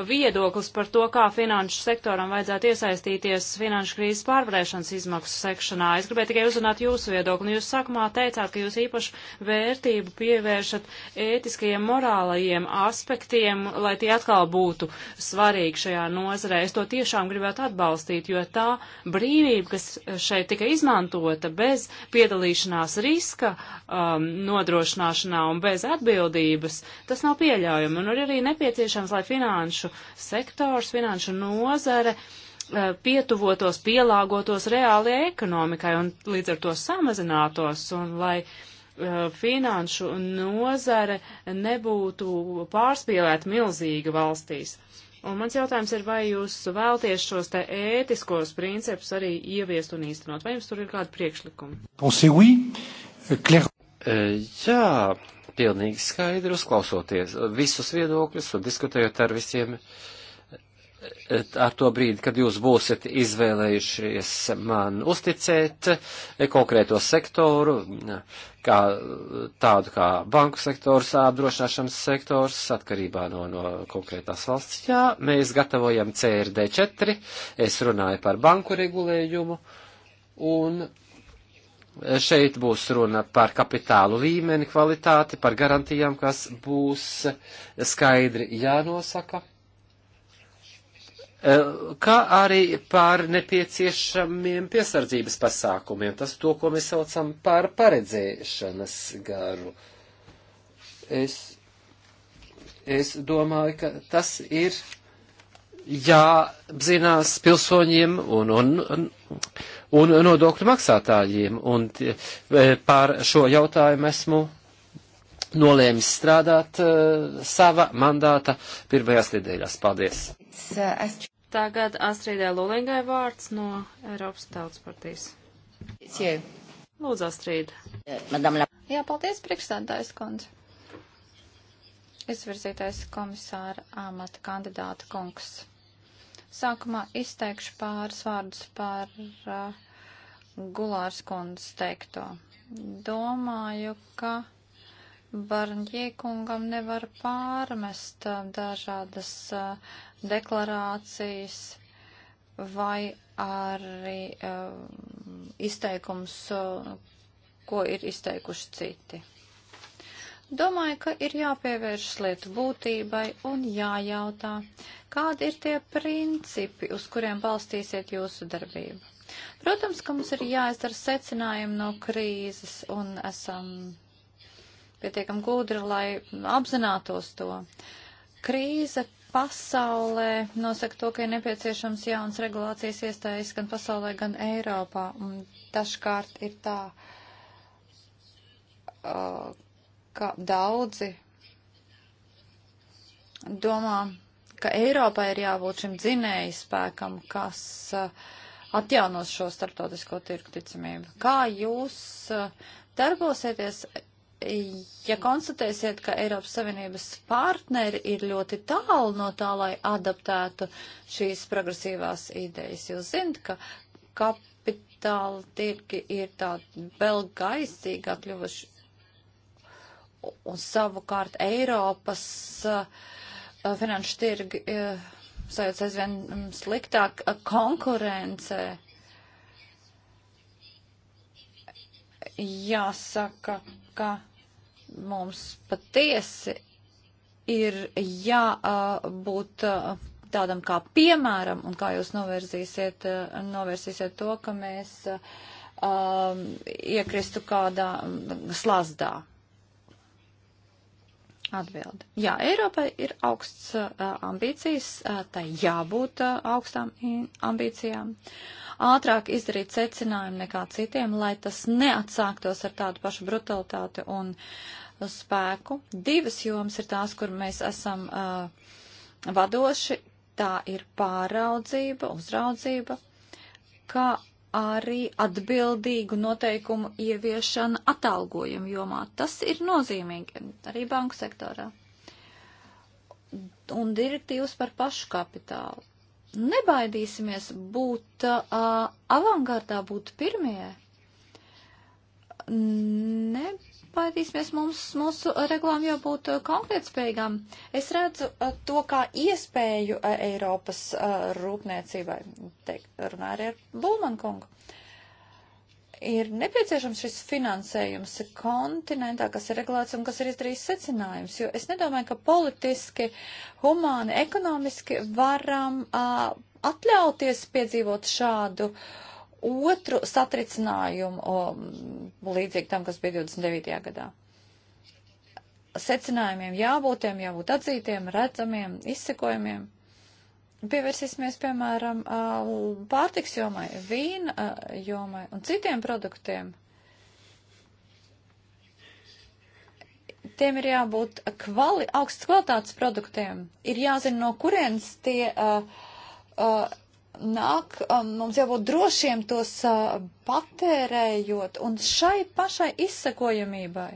viedoklis par to, kā finanšu sektoram vajadzētu iesaistīties finanšu krīzes pārvarēšanas izmaksu sekšanā. Es gribēju tikai uzrunāt jūsu viedokli. Nu, jūs sākumā teicāt, ka jūs īpašu vērtību pievēršat ētiskajiem, morālajiem aspektiem, lai tie atkal būtu svarīgi šajā nozarē. Es to tiešām gribētu atbalstīt, jo tā brīvība, kas šeit tika izmantota bez piedalīšanās riska um, nodrošināšanā un bez atbildības, tas nav pieļaujami. Un arī nepieciešams, lai finanšu finanšu sektors, finanšu nozare eh, pietuvotos, pielāgotos reālajai ekonomikai un līdz ar to samazinātos un lai eh, finanšu nozare nebūtu pārspīlēta milzīga valstīs. Un mans jautājums ir, vai jūs vēlties šos te ētiskos principus arī ieviest un īstenot, vai jums tur ir kādi priekšlikumi? Euh, eh, jā, pilnīgi skaidri, uzklausoties visus viedokļus un diskutējot ar visiem ar to brīdi, kad jūs būsiet izvēlējušies man uzticēt konkrēto sektoru, kā tādu kā banku sektors, apdrošināšanas sektors, atkarībā no, no konkrētās valsts. Jā, mēs gatavojam CRD4, es runāju par banku regulējumu, un Šeit būs runa par kapitālu līmeni, kvalitāti, par garantijām, kas būs skaidri jānosaka, e, kā arī par nepieciešamiem piesardzības pasākumiem. Tas to, ko mēs saucam par paredzēšanas garu. Es, es domāju, ka tas ir jāapzinās pilsoņiem un, un, un un nodokļu maksātājiem. Un e, pār šo jautājumu esmu nolēmis strādāt e, sava mandāta pirmajās nedēļās. Paldies! Tagad Astridē Lulingai vārds no Eiropas Tautas partijas. Lūdzu, Astrid. Jā, paldies, priekšstādājs kundze. Izvirzītais komisāra amata kandidāta kungs. Sākumā izteikšu pāris vārdus par uh, Gulārs kundzes teikto. Domāju, ka Barņiekungam nevar pārmest uh, dažādas uh, deklarācijas vai arī uh, izteikums, uh, ko ir izteikuši citi. Domāju, ka ir jāpievēršas lietu būtībai un jājautā, kādi ir tie principi, uz kuriem balstīsiet jūsu darbību. Protams, ka mums ir jāizdara secinājumi no krīzes un esam pietiekam gudri, lai apzinātos to. Krīze pasaulē nosaka to, ka ir nepieciešams jauns regulācijas iestājas gan pasaulē, gan Eiropā. Un dažkārt ir tā, uh, ka daudzi domā, ka Eiropai ir jābūt šim dzinēju spēkam, kas uh, atjaunos šo starptautisko tirku ticamību. Kā jūs uh, darbosieties, ja konstatēsiet, ka Eiropas Savienības partneri ir ļoti tālu no tā, lai adaptētu šīs progresīvās idejas? Jūs zinat, ka kapitāla tirgi ir tādi vēl gaistīgāk kļuvuši un savukārt Eiropas uh, uh, finanšu tirgi uh, sajūtas aizvien um, sliktāk konkurencē. Jāsaka, ka mums patiesi ir jābūt tādam kā piemēram, un kā jūs novirzīsiet, novirzīsiet to, ka mēs um, iekristu kādā um, slazdā. Atbildi. Jā, Eiropai ir augsts uh, ambīcijas, uh, tai jābūt uh, augstām ambīcijām. Ātrāk izdarīt secinājumu nekā citiem, lai tas neatsāktos ar tādu pašu brutalitāti un spēku. Divas jomas ir tās, kur mēs esam uh, vadoši. Tā ir pāraudzība, uzraudzība, kā arī atbildīgu noteikumu ieviešana atalgojuma jomā. Tas ir nozīmīgi arī banku sektorā. Un direktīvas par pašu kapitālu. Nebaidīsimies būt uh, avangardā, būt pirmie. Ne Paēdīsimies mums, mūsu regulām jābūt eh, konkrētspējīgām. Es redzu eh, to kā iespēju eh, Eiropas rūpniecībai, teikt, runāju arī ar Bulmankungu. Ir nepieciešams šis finansējums kontinentā, kas ir regulēts un kas ir izdarījis secinājums, jo es nedomāju, ka politiski, humāni, ekonomiski varam uh, atļauties piedzīvot šādu uh, otru satricinājumu līdzīgi tam, kas bija 29. gadā. Secinājumiem jābūtiem, jābūt atzītiem, redzamiem, izsekojumiem. Pievērsīsimies, piemēram, pārtiks jomai, vīna jomai un citiem produktiem. tiem ir jābūt kvali, augsts kvalitātes produktiem. Ir jāzina, no kurienes tie uh, uh, nāk, um, mums jābūt drošiem tos uh, patērējot un šai pašai izsakojamībai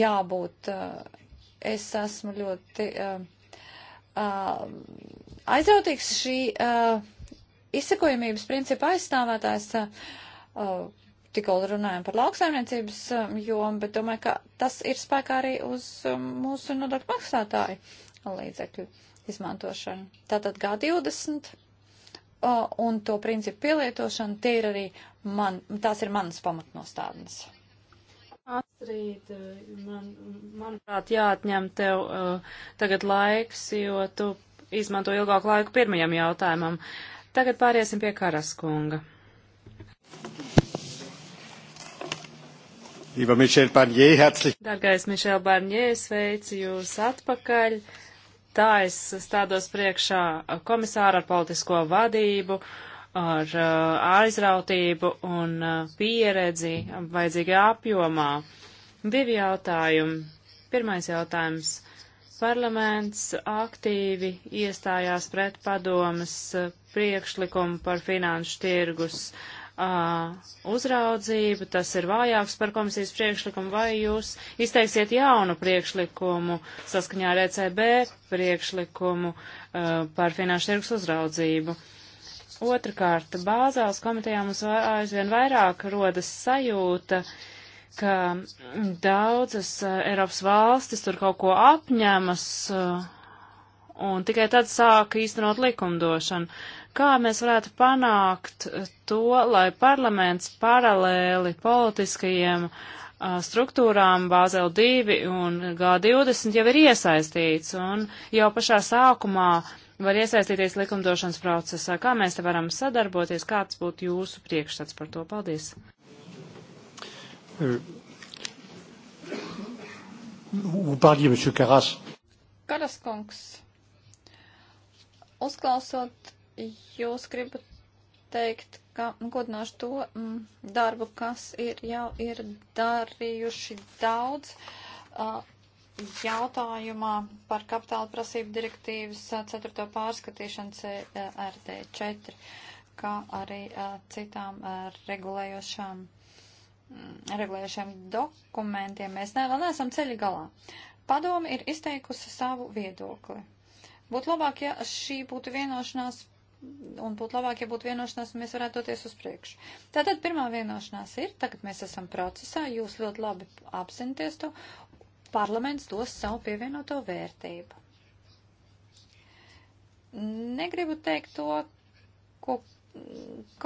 jābūt. Uh, es esmu ļoti uh, uh, aizrautīgs šī uh, izsakojamības principa aizstāvētājs. Uh, uh tikko runājam par lauksaimniecības um, jomu, bet domāju, ka tas ir spēkā arī uz mūsu nodokļu maksātāju līdzekļu izmantošanu. Tātad G20 uh, un to principu pielietošanu, tie ir arī man, tās ir manas pamatnostādnes. Astrid, man, manuprāt, jāatņem tev uh, tagad laiks, jo tu izmanto ilgāku laiku pirmajam jautājumam. Tagad pāriesim pie Karaskunga. Dargais Mišel Barņē, sveicu jūs atpakaļ. Uh, Tā es stādos priekšā komisāru ar politisko vadību, ar uh, aizrautību un uh, pieredzi vajadzīgā apjomā. Divi jautājumi. Pirmais jautājums. Parlaments aktīvi iestājās pret padomas uh, priekšlikumu par finanšu tirgus uh, uh, uzraudzību, tas ir vājāks par komisijas priekšlikumu, vai jūs izteiksiet jaunu priekšlikumu saskaņā ar ECB priekšlikumu uh, par finanšu tirgus uzraudzību. Otrakārt, bāzās komitejā mums aizvien vairāk rodas sajūta, ka daudzas Eiropas valstis tur kaut ko apņemas un tikai tad sāka īstenot likumdošanu. Kā mēs varētu panākt eh, to, lai parlaments paralēli politiskajiem struktūrām Bāzel 2 un G20 jau ir iesaistīts un jau pašā sākumā var iesaistīties likumdošanas procesā. Kā mēs te varam sadarboties? Kāds būtu jūsu priekšstats par to? Paldies! Karas kungs, uzklausot jūs gribat teikt, ka nu, godināšu to m, mm, darbu, kas ir jau ir darījuši daudz a, jautājumā par kapitāla prasību direktīvas 4. pārskatīšanu CRD 4, kā arī a, citām a, regulējošām, m, mm, regulējošiem dokumentiem. Mēs ne, vēl neesam ceļa galā. Padomi ir izteikusi savu viedokli. Būtu labāk, ja šī būtu vienošanās un būtu labāk, ja būtu vienošanās, un mēs varētu doties uz priekšu. Tātad pirmā vienošanās ir, tagad mēs esam procesā, jūs ļoti labi apzināties to, parlaments dos savu pievienoto vērtību. Negribu teikt to, ko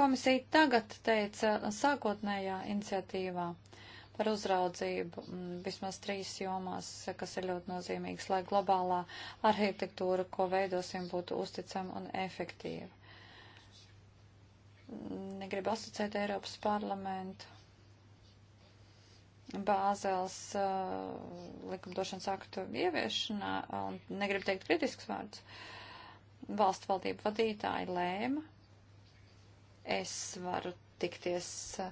komisija tagad teica sākotnējā iniciatīvā. Uh, par uzraudzību mm, vismaz trīs jomās, kas ir ļoti nozīmīgas, lai globālā arhitektūra, ko veidosim, būtu uzticama un efektīva. Negribu asociēt Eiropas parlamentu. Bāzēls uh, likumdošanas aktu ieviešanā, un negribu teikt kritisks vārds, valstu valdību vadītāji lēma, es varu tikties uh,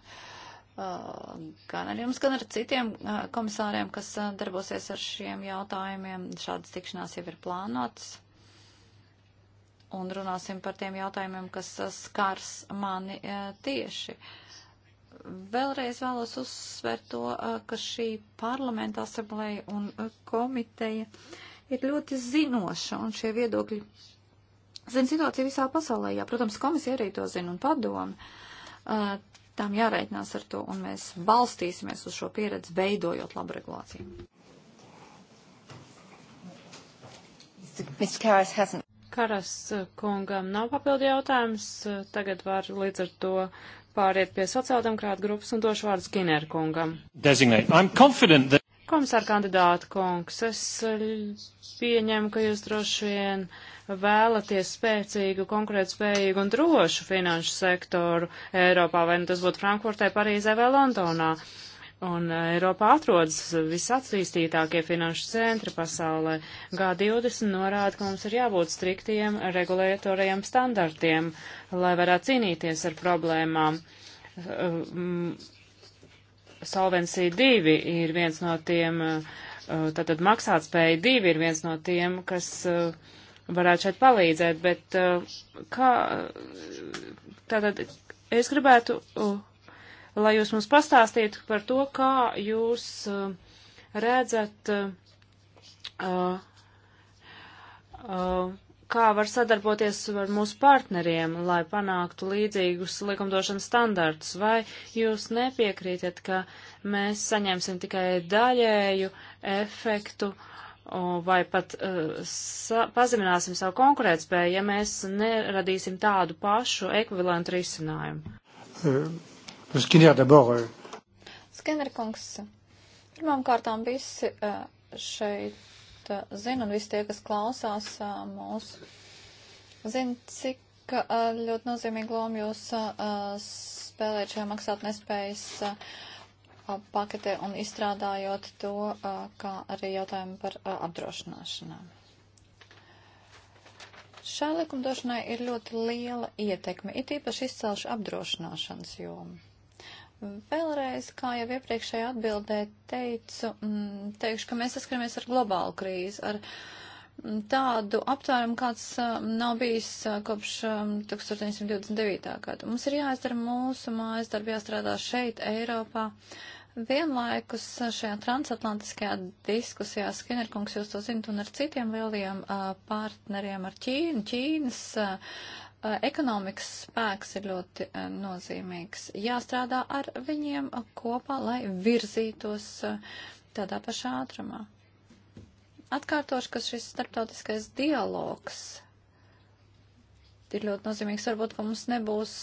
gan ar jums, gan ar citiem komisāriem, kas darbosies ar šiem jautājumiem. Šādas tikšanās jau ir plānotas. Un runāsim par tiem jautājumiem, kas skars mani tieši. Vēlreiz vēlos uzsvērt to, ka šī parlamenta asambleja un komiteja ir ļoti zinoša un šie viedokļi zina situāciju visā pasaulē. Jā, protams, komisija arī to zina un padomu tām jāreikinās ar to, un mēs balstīsimies uz šo pieredzi, veidojot labu regulāciju. Karas eh, kungam nav papildi jautājums, eh, tagad var līdz ar to pāriet pie sociāldemokrāta grupas un došu vārdu Skinner kungam. That... Komisāra kandidāta kungs, es eh, pieņemu, ka jūs droši vien vēlaties spēcīgu, konkurētspējīgu un drošu finanšu sektoru Eiropā, vai nu tas būtu Frankfurtē, Parīzē vai Londonā. Un eh, Eiropā atrodas visattīstītākie finanšu centri pasaulē. G20 norāda, ka mums ir jābūt striktiem regulētoriem standartiem, lai varētu cīnīties ar problēmām. Eh, Solvency 2 ir viens no tiem, eh, eh, tātad maksātspēja 2 ir viens no tiem, kas eh, varētu šeit palīdzēt, bet kā, tātad es gribētu, lai jūs mums pastāstītu par to, kā jūs redzat Uh, uh, kā var sadarboties ar mūsu partneriem, lai panāktu līdzīgus likumdošanas standartus, vai jūs nepiekrītat, ka mēs saņemsim tikai daļēju efektu vai pat uh, pazemināsim savu konkurētspēju, ja mēs neradīsim tādu pašu ekvivalentu risinājumu? E, e. Skinner kungs, pirmām kārtām visi uh, šeit noteikti zina, un visi tie, kas klausās mūs, zina, cik ļoti nozīmīgi lomu jūs spēlējat šajā maksātnespējas paketē un izstrādājot to, kā arī jautājumu par apdrošināšanām. Šai likumdošanai ir ļoti liela ietekme, it īpaši izcelšu apdrošināšanas jomu. Vēlreiz, kā jau iepriekšējā atbildē teicu, mm, teikšu, ka mēs saskaramies ar globālu krīzi, ar mm, tādu aptvērumu, kāds mm, nav bijis kopš 1929. gada. Mums ir jāizdara mūsu mājas darbi, jāstrādā šeit, Eiropā. Vienlaikus šajā transatlantiskajā diskusijā Skinnerkungs, jūs to zinat, un ar citiem lieliem partneriem, ar Ķīnu, Ķīnas Eh, ekonomikas spēks ir ļoti eh, nozīmīgs. Jāstrādā ar viņiem kopā, lai virzītos eh, tādā pašā ātrumā. Atkārtošu, ka šis starptautiskais dialogs ir ļoti nozīmīgs. Varbūt, ka mums nebūs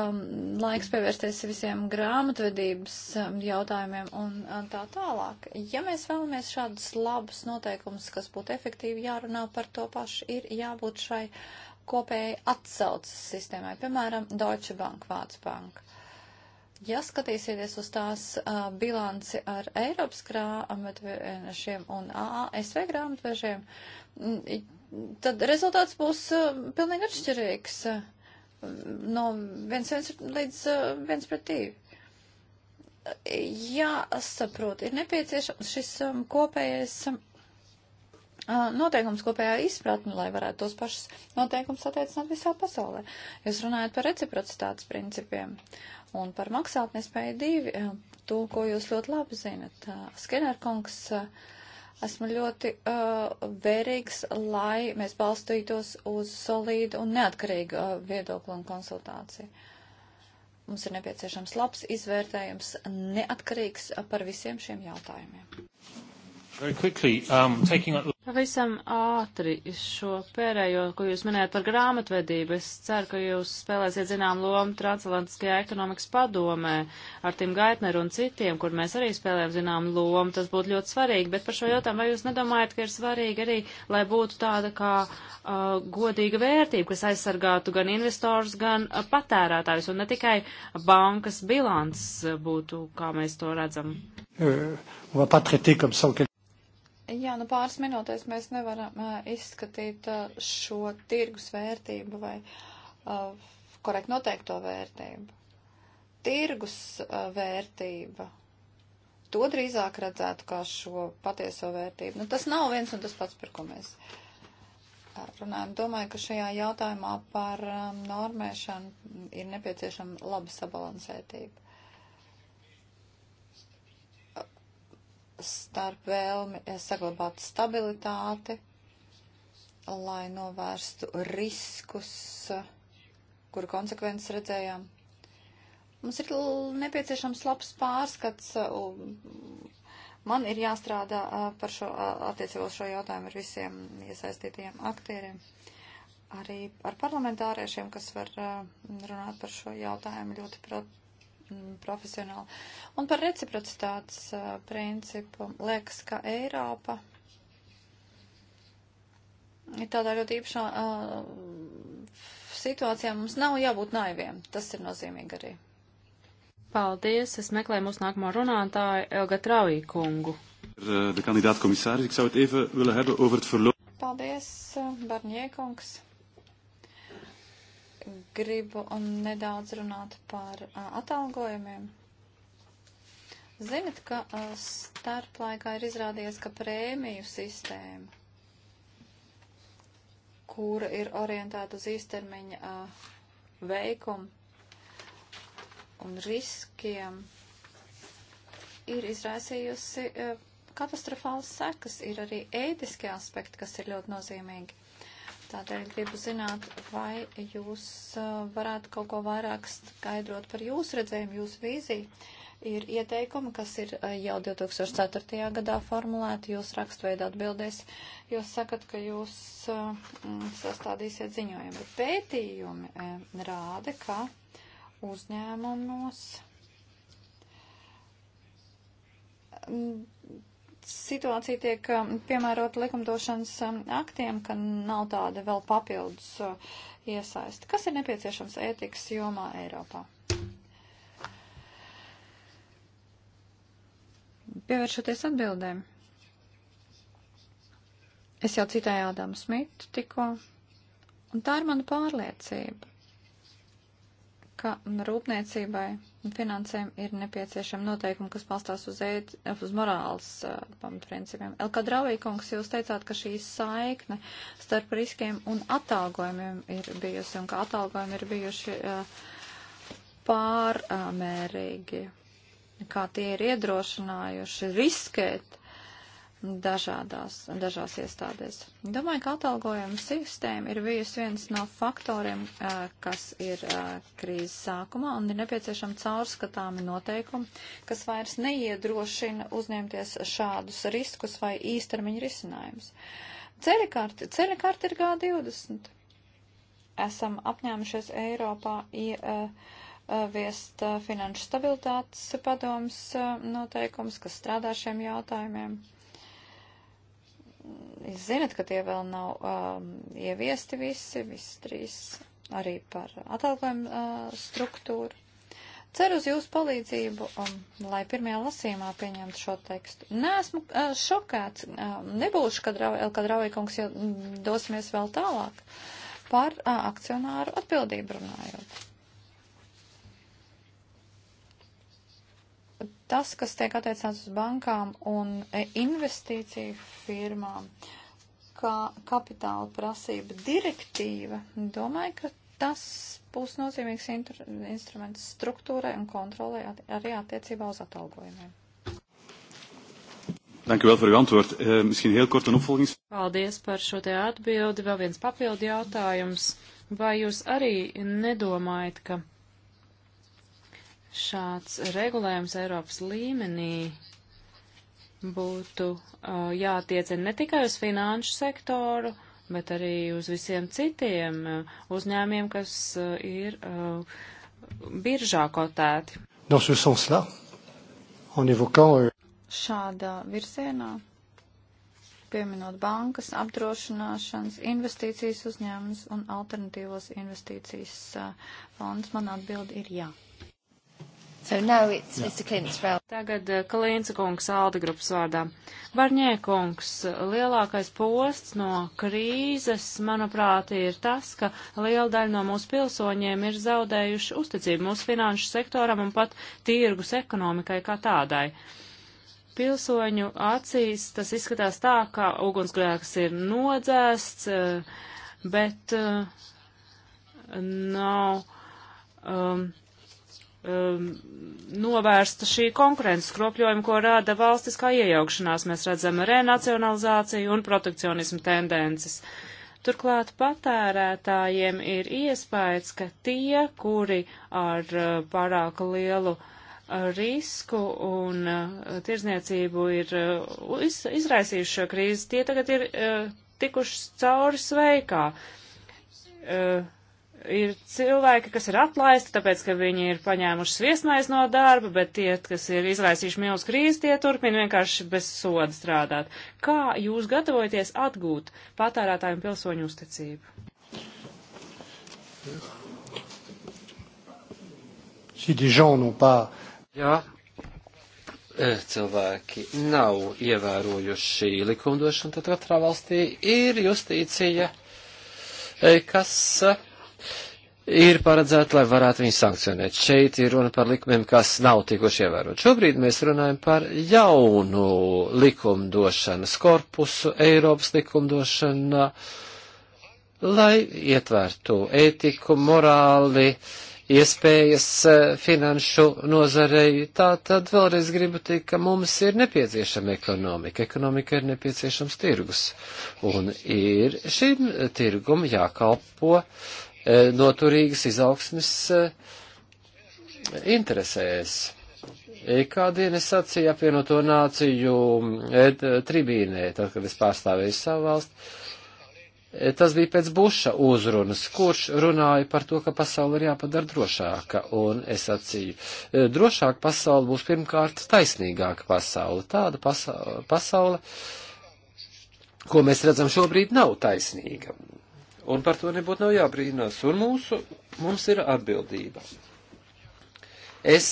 um, laiks pievērsties visiem grāmatvedības um, jautājumiem un um, tā tālāk. Ja mēs vēlamies šādus labus noteikumus, kas būtu efektīvi, jārunā par to pašu, ir jābūt šai. Uh, kopēji atsaucas sistēmai, piemēram, Deutsche Bank, Vācu Bank. Ja skatīsieties uz tās uh, bilanci ar Eiropas grāmatvežiem un ASV grāmatvežiem, mm, tad rezultāts būs uh, pilnīgi atšķirīgs uh, no 1,1 līdz 1 pret 2 jāsaprot, ir nepieciešams šis um, kopējais um, noteikums kopējā izpratne, lai varētu tos pašus noteikums attiecināt visā pasaulē. Jūs runājat par reciprocitātes principiem un par maksātnespēju divi, to, ko jūs ļoti labi zinat. Skinner kungs, esmu ļoti uh, vērīgs, lai mēs balstītos uz solīdu un neatkarīgu uh, viedokli un konsultāciju. Mums ir nepieciešams labs izvērtējums, neatkarīgs par visiem šiem jautājumiem. Very quickly, um, taking up... Pavisam ātri šo pērējo, ko jūs minējat par grāmatvedību, es ceru, ka jūs spēlēsiet zinām lomu Transatlantiskajā ekonomikas padomē ar Tim Gaitneru un citiem, kur mēs arī spēlējam zinām lomu. Tas būtu ļoti svarīgi, bet par šo jautājumu vai jūs nedomājat, ka ir svarīgi arī, lai būtu tāda kā uh, godīga vērtība, kas aizsargātu gan investors, gan uh, patērētājus, un ne tikai bankas bilants uh, būtu, kā mēs to redzam? Uh, Jā, nu pāris minūtēs mēs nevaram uh, izskatīt uh, šo tirgus vērtību vai uh, korekti noteikto vērtību. Tirgus uh, vērtība. To drīzāk redzētu kā šo patieso vērtību. Nu, tas nav viens un tas pats, par ko mēs runājam. Domāju, ka šajā jautājumā par um, normēšanu ir nepieciešama laba sabalansētība starp vēlmi saglabāt stabilitāti, lai novērstu riskus, kuru konsekvences redzējām. Mums ir nepieciešams labs pārskats. Man ir jāstrādā par šo attiecībā šo jautājumu ar visiem iesaistītajiem aktieriem. Arī ar parlamentāriešiem, kas var runāt par šo jautājumu ļoti prot Mm, profesionāli. Un par reciprocitātes uh, principu liekas, ka Eiropa ir tādā ļoti īpašā uh, situācijā. Mums nav jābūt naiviem. Tas ir nozīmīgi arī. Paldies. Es meklēju mūsu nākamo runātāju Elga Travī kungu. De kandidāta komisāris, ik zou het even willen hebben over het verloop. Paldies, Barņiekungs gribu nedaudz runāt par atalgojumiem. Ziniet, ka starplaikā ir izrādījies, ka prēmiju sistēma, kura ir orientēta uz īstermiņa veikumu un riskiem, ir izraisījusi katastrofālas sekas. Ir arī ētiski aspekti, kas ir ļoti nozīmīgi Tādēļ gribu zināt, vai jūs uh, varētu kaut ko vairāk skaidrot par jūsu redzējumu, jūsu vīziju. Ir ieteikumi, kas ir uh, jau 2004. gadā formulēti, jūs rakstveidā atbildēs, jūs sakat, ka jūs uh, mm, sastādīsiet ziņojumu. Pētījumi rāda, ka uzņēmumos mm, situācija tiek um, piemērota likumdošanas um, aktiem, ka nav tāda vēl papildus uh, iesaista. Kas ir nepieciešams ētikas jomā Eiropā? Pievēršoties atbildēm. Es jau citēju Ādamu Smitu tikko, un tā ir mana pārliecība, ka rūpniecībai finansējumu ir nepieciešama noteikuma, kas balstās uz, ēd, uz morāles uh, pamatprincipiem. Elka Dravīkungs, jūs teicāt, ka šī saikne starp riskiem un atalgojumiem ir bijusi, un ka atalgojumi ir bijuši uh, pārmērīgi, kā tie ir iedrošinājuši riskēt dažādās, dažās iestādēs. Domāju, ka atalgojuma sistēma ir bijusi viens no faktoriem, kas ir krīzes sākumā, un ir nepieciešama caurskatāmi noteikumi, kas vairs neiedrošina uzņemties šādus riskus vai īstermiņa risinājumus. Ceļakārti, ceļakārti ir G20. Esam apņēmušies Eiropā ieviest finanšu stabilitātes padomus noteikumus, kas strādā šiem jautājumiem jūs zinat, ka tie vēl nav um, ieviesti visi, visi trīs arī par atalgojumu uh, struktūru. Ceru uz jūsu palīdzību, um, lai pirmajā lasījumā pieņemtu šo tekstu. Nesmu uh, šokēts, uh, nebūšu, kad, El Kadrauja kungs, ja mm, dosimies vēl tālāk par uh, akcionāru atbildību runājot. Tas, kas tiek attiecināts uz bankām un e, investīciju firmām, kā kapitāla prasība direktīva, domāju, ka tas būs nozīmīgs instruments struktūrai un kontrolai at arī attiecībā uz atalgojumiem. Dank u wel voor uw antwoord. Uh, misschien heel kort een opvolging. Paldies par šo te atbildi. Vēl viens papildu jautājums. Vai jūs arī nedomājat, ka šāds regulējums Eiropas līmenī būtu uh, jātiecina ne tikai uz finanšu sektoru, bet arī uz visiem citiem uh, uzņēmiem, kas uh, ir biržā kotēti. Sensla, évokant... Euh, Šādā virzienā, pieminot bankas, apdrošināšanas, investīcijas uzņēmums un alternatīvos investīcijas fonds, man atbildi ir jā. Ja. So now it's Mr. Klints vēl. Tagad eh, Klinca kungs Alda grupas vārdā. Barņē kungs, lielākais posts no krīzes, manuprāt, ir tas, ka liela daļa no mūsu pilsoņiem ir zaudējuši uzticību mūsu finanšu sektoram un pat tirgus ekonomikai kā tādai pilsoņu acīs tas izskatās tā, ka ugunsgrēks ir nodzēsts, eh, bet eh, nav um, um, novērsta šī konkurences kropļojuma, ko rada valstiskā iejaukšanās. Mēs redzam renacionalizāciju un protekcionismu tendences. Turklāt patērētājiem ir iespējas, ka tie, kuri ar uh, pārāk lielu uh, risku un uh, tirzniecību ir iz, izraisījuši šo krīzi, tie tagad ir tikuši cauri sveikā. Uh, ir cilvēki, kas ir atlaisti, tāpēc, ka viņi ir paņēmuši sviesmais no darba, bet tie, kas ir izraisījuši milz krīzi, tie turpina vienkārši bez soda strādāt. Kā jūs gatavojaties atgūt patērētājiem pilsoņu uzticību? Jā, eh, cilvēki nav ievērojuši likumdošanu, tad katrā valstī ir justīcija, eh, kas eh, ir paredzēti, lai varētu viņus sankcionēt. Šeit ir runa par likumiem, kas nav tikuši ievērot. Šobrīd mēs runājam par jaunu likumdošanas korpusu, Eiropas likumdošana, lai ietvērtu ētiku, morāli, iespējas e, finanšu nozarei. Tā tad vēlreiz gribu teikt, ka mums ir nepieciešama ekonomika. Ekonomika ir nepieciešams tirgus. Un ir šim tirgum jākalpo E, noturīgas izaugsmes e, interesēs. Kādien es sacīju apvienoto nāciju e, tribīnē, tad, kad es pārstāvēju savu valstu, tas bija pēc Buša uzrunas, kurš runāja par to, ka pasauli ir jāpadara drošāka, un es sacīju, drošāka pasauli būs pirmkārt taisnīgāka pasauli. Tāda pasa pasaule, ko mēs redzam šobrīd, nav taisnīga. Un par to nebūtu nav jābrīnās. Un mūsu, mums ir atbildība. Es,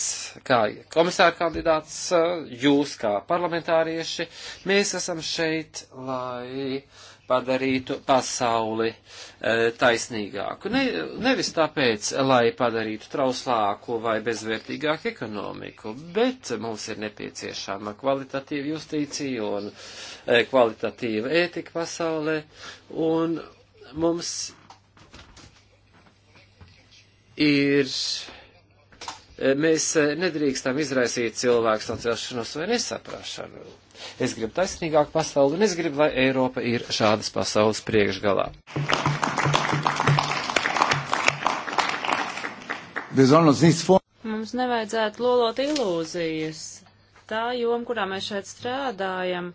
kā komisāra kandidāts, jūs kā parlamentārieši, mēs esam šeit, lai padarītu pasauli e, taisnīgāku. Ne, nevis tāpēc, lai padarītu trauslāku vai bezvērtīgāku ekonomiku, bet mums ir nepieciešama kvalitatīva justīcija un e, kvalitatīva ētika pasaulē. Un Mums ir mēs eh, nedrīkstam izraisīt cilvēku sacelšanos vai nesaprašanu. Es gribu taisnīgāku pasauli, un es gribu, lai Eiropa ir šādas pasaules priekšgalā. Mums nevajadzētu lolot ilūzijas. Tā joma, kurā mēs šeit strādājam,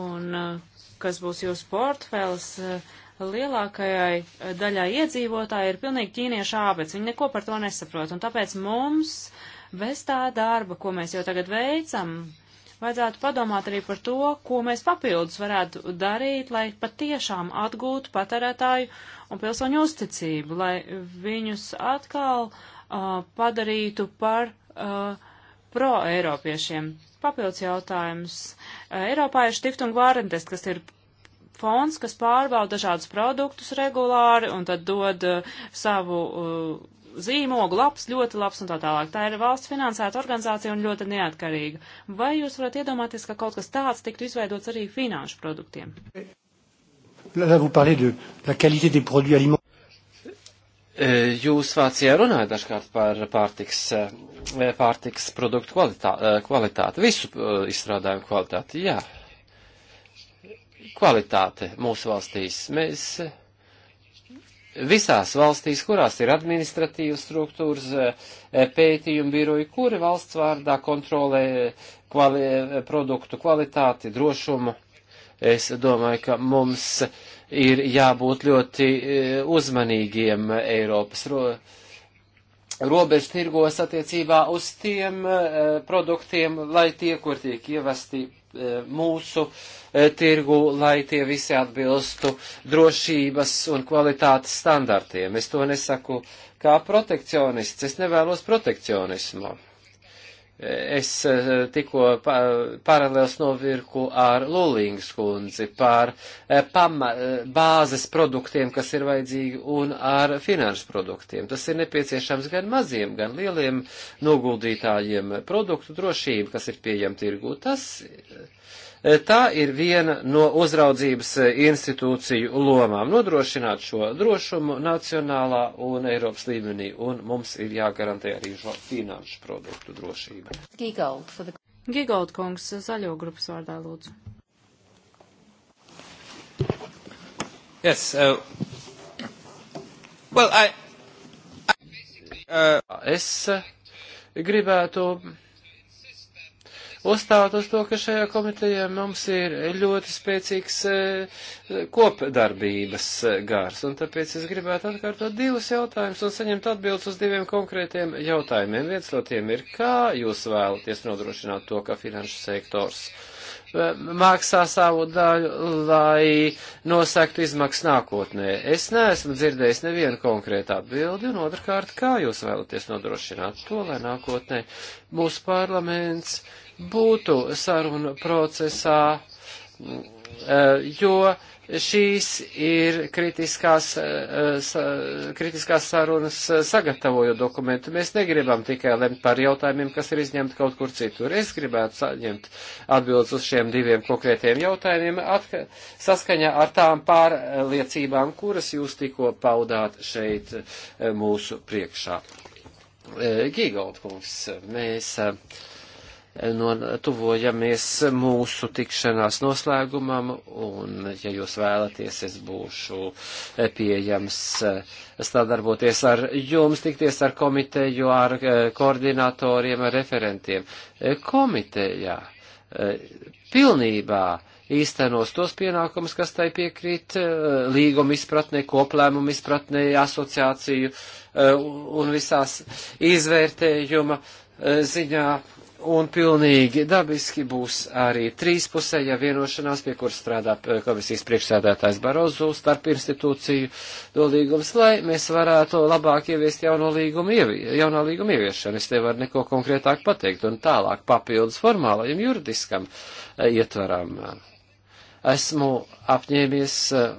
un eh, kas būs jūsu portfels, eh, lielākajai eh, daļai iedzīvotāji ir pilnīgi ķīniešu ābec. Viņi neko par to nesaprot. Un tāpēc mums bez tā darba, ko mēs jau tagad veicam, vajadzētu padomāt arī par to, ko mēs papildus varētu darīt, lai patiešām atgūtu patērētāju un pilsoņu uzticību, lai viņus atkal uh, padarītu par uh, pro-eiropiešiem. Papildus jautājums. Eiropā ir Stiftung Vārentest, kas ir fonds, kas pārbauda dažādus produktus regulāri un tad dod uh, savu uh, zīmogu, labs, ļoti labs un tā tālāk. Tā ir valsts finansēta organizācija un ļoti neatkarīga. Vai jūs varat iedomāties, ka kaut kas tāds tiktu izveidots arī finanšu produktiem? E, jūs Vācijā runājat dažkārt par pārtiks, e, pārtiks produktu kvalitā, e, kvalitāti, visu izstrādājumu kvalitāti, jā kvalitāte mūsu valstīs. Mēs visās valstīs, kurās ir administratīvas struktūras, eh, pētījumu biroji, kuri valsts vārdā kontrolē eh, kvali eh, produktu kvalitāti, drošumu. Es domāju, ka mums ir jābūt ļoti uzmanīgiem Eiropas ro robežu tirgos attiecībā uz tiem produktiem, lai tie, kur tiek ievesti E, mūsu e, tirgu, lai tie visi atbilstu drošības un kvalitātes standartiem. Es to nesaku kā protekcionists, es nevēlos protekcionismu es eh, tikko pa, paralēls novirku ar Lulīngas kundzi par eh, pama, eh, bāzes produktiem, kas ir vajadzīgi, un ar finanšu produktiem. Tas ir nepieciešams gan maziem, gan lieliem noguldītājiem produktu drošība, kas ir pieejama tirgū. Tas Tā ir viena no uzraudzības eh, institūciju lomām - nodrošināt šo drošumu nacionālā un Eiropas līmenī, un mums ir jāgarantē arī šo finanšu produktu drošība. Gigold, the... Gigold kungs, zaļo grupas vārdā lūdzu. Yes, uh, well, I, I, uh, es gribētu uzstāt uz to, ka šajā komitejā mums ir ļoti spēcīgs eh, kopdarbības eh, gars, un tāpēc es gribētu atkārtot divus jautājumus un saņemt atbildes uz diviem konkrētiem jautājumiem. Viens no tiem ir, kā jūs vēlaties nodrošināt to, ka finanšu sektors eh, maksā savu daļu, lai nosaktu izmaksas nākotnē. Es neesmu dzirdējis nevienu konkrētu atbildi, un otrkārt, kā jūs vēlaties nodrošināt to, lai nākotnē mūsu parlaments uh, būtu sarunu procesā, eh, jo šīs ir kritiskās, eh, kritiskās sarunas sagatavojot dokumentu. Mēs negribam tikai lemt par jautājumiem, kas ir izņemti kaut kur citur. Es gribētu saņemt atbildes uz šiem diviem konkrētiem jautājumiem atka, saskaņā ar tām pārliecībām, kuras jūs tikko paudāt šeit eh, mūsu priekšā. Gīgold kungs, mēs. Uh, no, tuvojamies mūsu tikšanās noslēgumam, un, ja jūs vēlaties, es būšu eh, pieejams eh, sadarboties ar jums, tikties ar komiteju, ar eh, koordinatoriem, ar referentiem. Komitejā pilnībā īstenos tos pienākumus, kas tai piekrīt līguma izpratnē, koplēmuma izpratnē, asociāciju un visās izvērtējuma ziņā Un pilnīgi dabiski būs arī trīspusēja vienošanās, pie kuras strādā eh, komisijas priekšsēdētājs Barozu starp institūciju dolīgums, lai mēs varētu labāk ieviest jauno līgumu, ievi, jaunā līguma ieviešanu. Es nevaru neko konkrētāk pateikt un tālāk papildus formālajam juridiskam eh, ietvaram. Esmu apņēmies eh,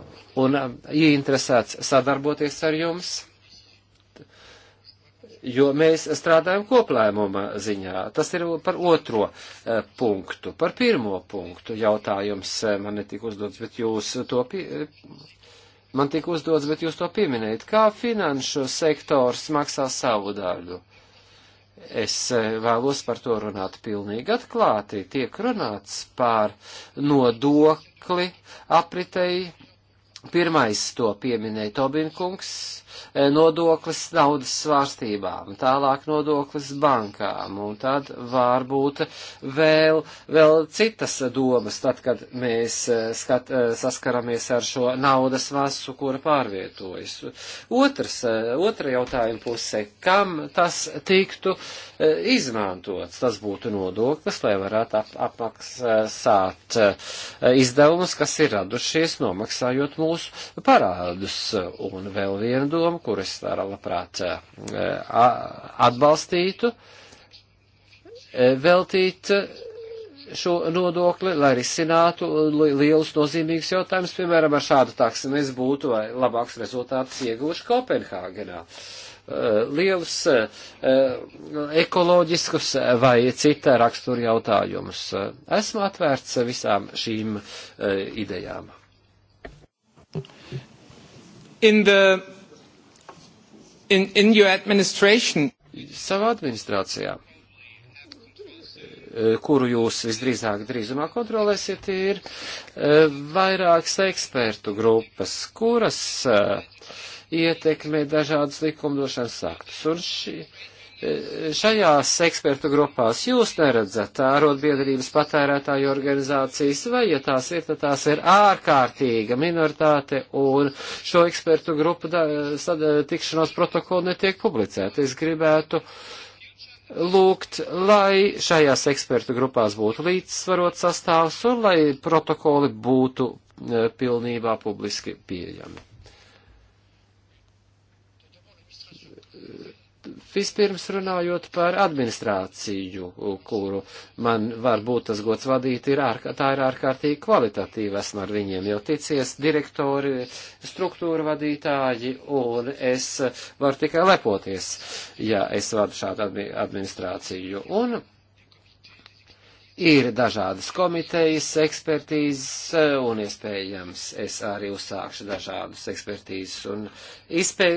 un ieinteresēts sadarboties ar jums jo mēs strādājam koplēmuma ziņā. Tas ir par otro eh, punktu. Par pirmo punktu jautājums eh, man netika uzdots, bet jūs to pie... Eh, man tika uzdots, bet jūs to pieminējat. Kā finanšu sektors maksā savu daļu? Es vēlos par to runāt pilnīgi atklāti. Tiek runāts par nodokli apritei Pirmais to pieminēja Tobinkungs e, - nodoklis naudas svārstībām, tālāk nodoklis bankām, un tad varbūt vēl, vēl citas domas, tad, kad mēs e, skat, e, saskaramies ar šo naudas masu, kura pārvietojas. Otrs, otra jautājuma puse - kam tas tiktu izmantots? Tas būtu nodoklis, lai varētu ap, apmaksāt izdevumus, kas ir radušies nomaksājot mūsu mūsu parādus. Un vēl viena doma, kur es tā labprāt eh, atbalstītu, eh, veltīt eh, šo nodokli, lai risinātu lielus nozīmīgus jautājumus, piemēram, ar šādu taksi mēs būtu vai labāks rezultāts ieguvuši Kopenhāgenā. Lielus ekoloģiskus vai cita rakstura jautājumus. Esmu atvērts visām šīm idejām in the in, in your administration. Savā administrācijā, eh, kuru jūs visdrīzāk drīzumā kontrolēsiet, ir eh, vairākas ekspertu grupas, kuras eh, ietekmē dažādas likumdošanas aktus. Un šī, šajās ekspertu grupās jūs neredzat arotbiedrības patērētāju organizācijas, vai, ja tās ir, tad tās ir ārkārtīga minoritāte, un šo ekspertu grupu da, sad, tikšanos protokolu netiek publicēta. Es gribētu lūgt, lai šajās ekspertu grupās būtu līdzsvarot sastāvs un lai protokoli būtu eh, pilnībā publiski pieejami. Vispirms runājot par administrāciju, kuru man var būt tas gods vadīt, ir ārk, tā ir ārkārtīgi kvalitatīva. Esmu ar viņiem jau ticies, direktori, struktūra vadītāji, un es varu tikai lepoties, ja es vadu šādu administrāciju. Un Ir dažādas komitejas, ekspertīzes eh, un iespējams es arī uzsākšu dažādus ekspertīzes un izpē,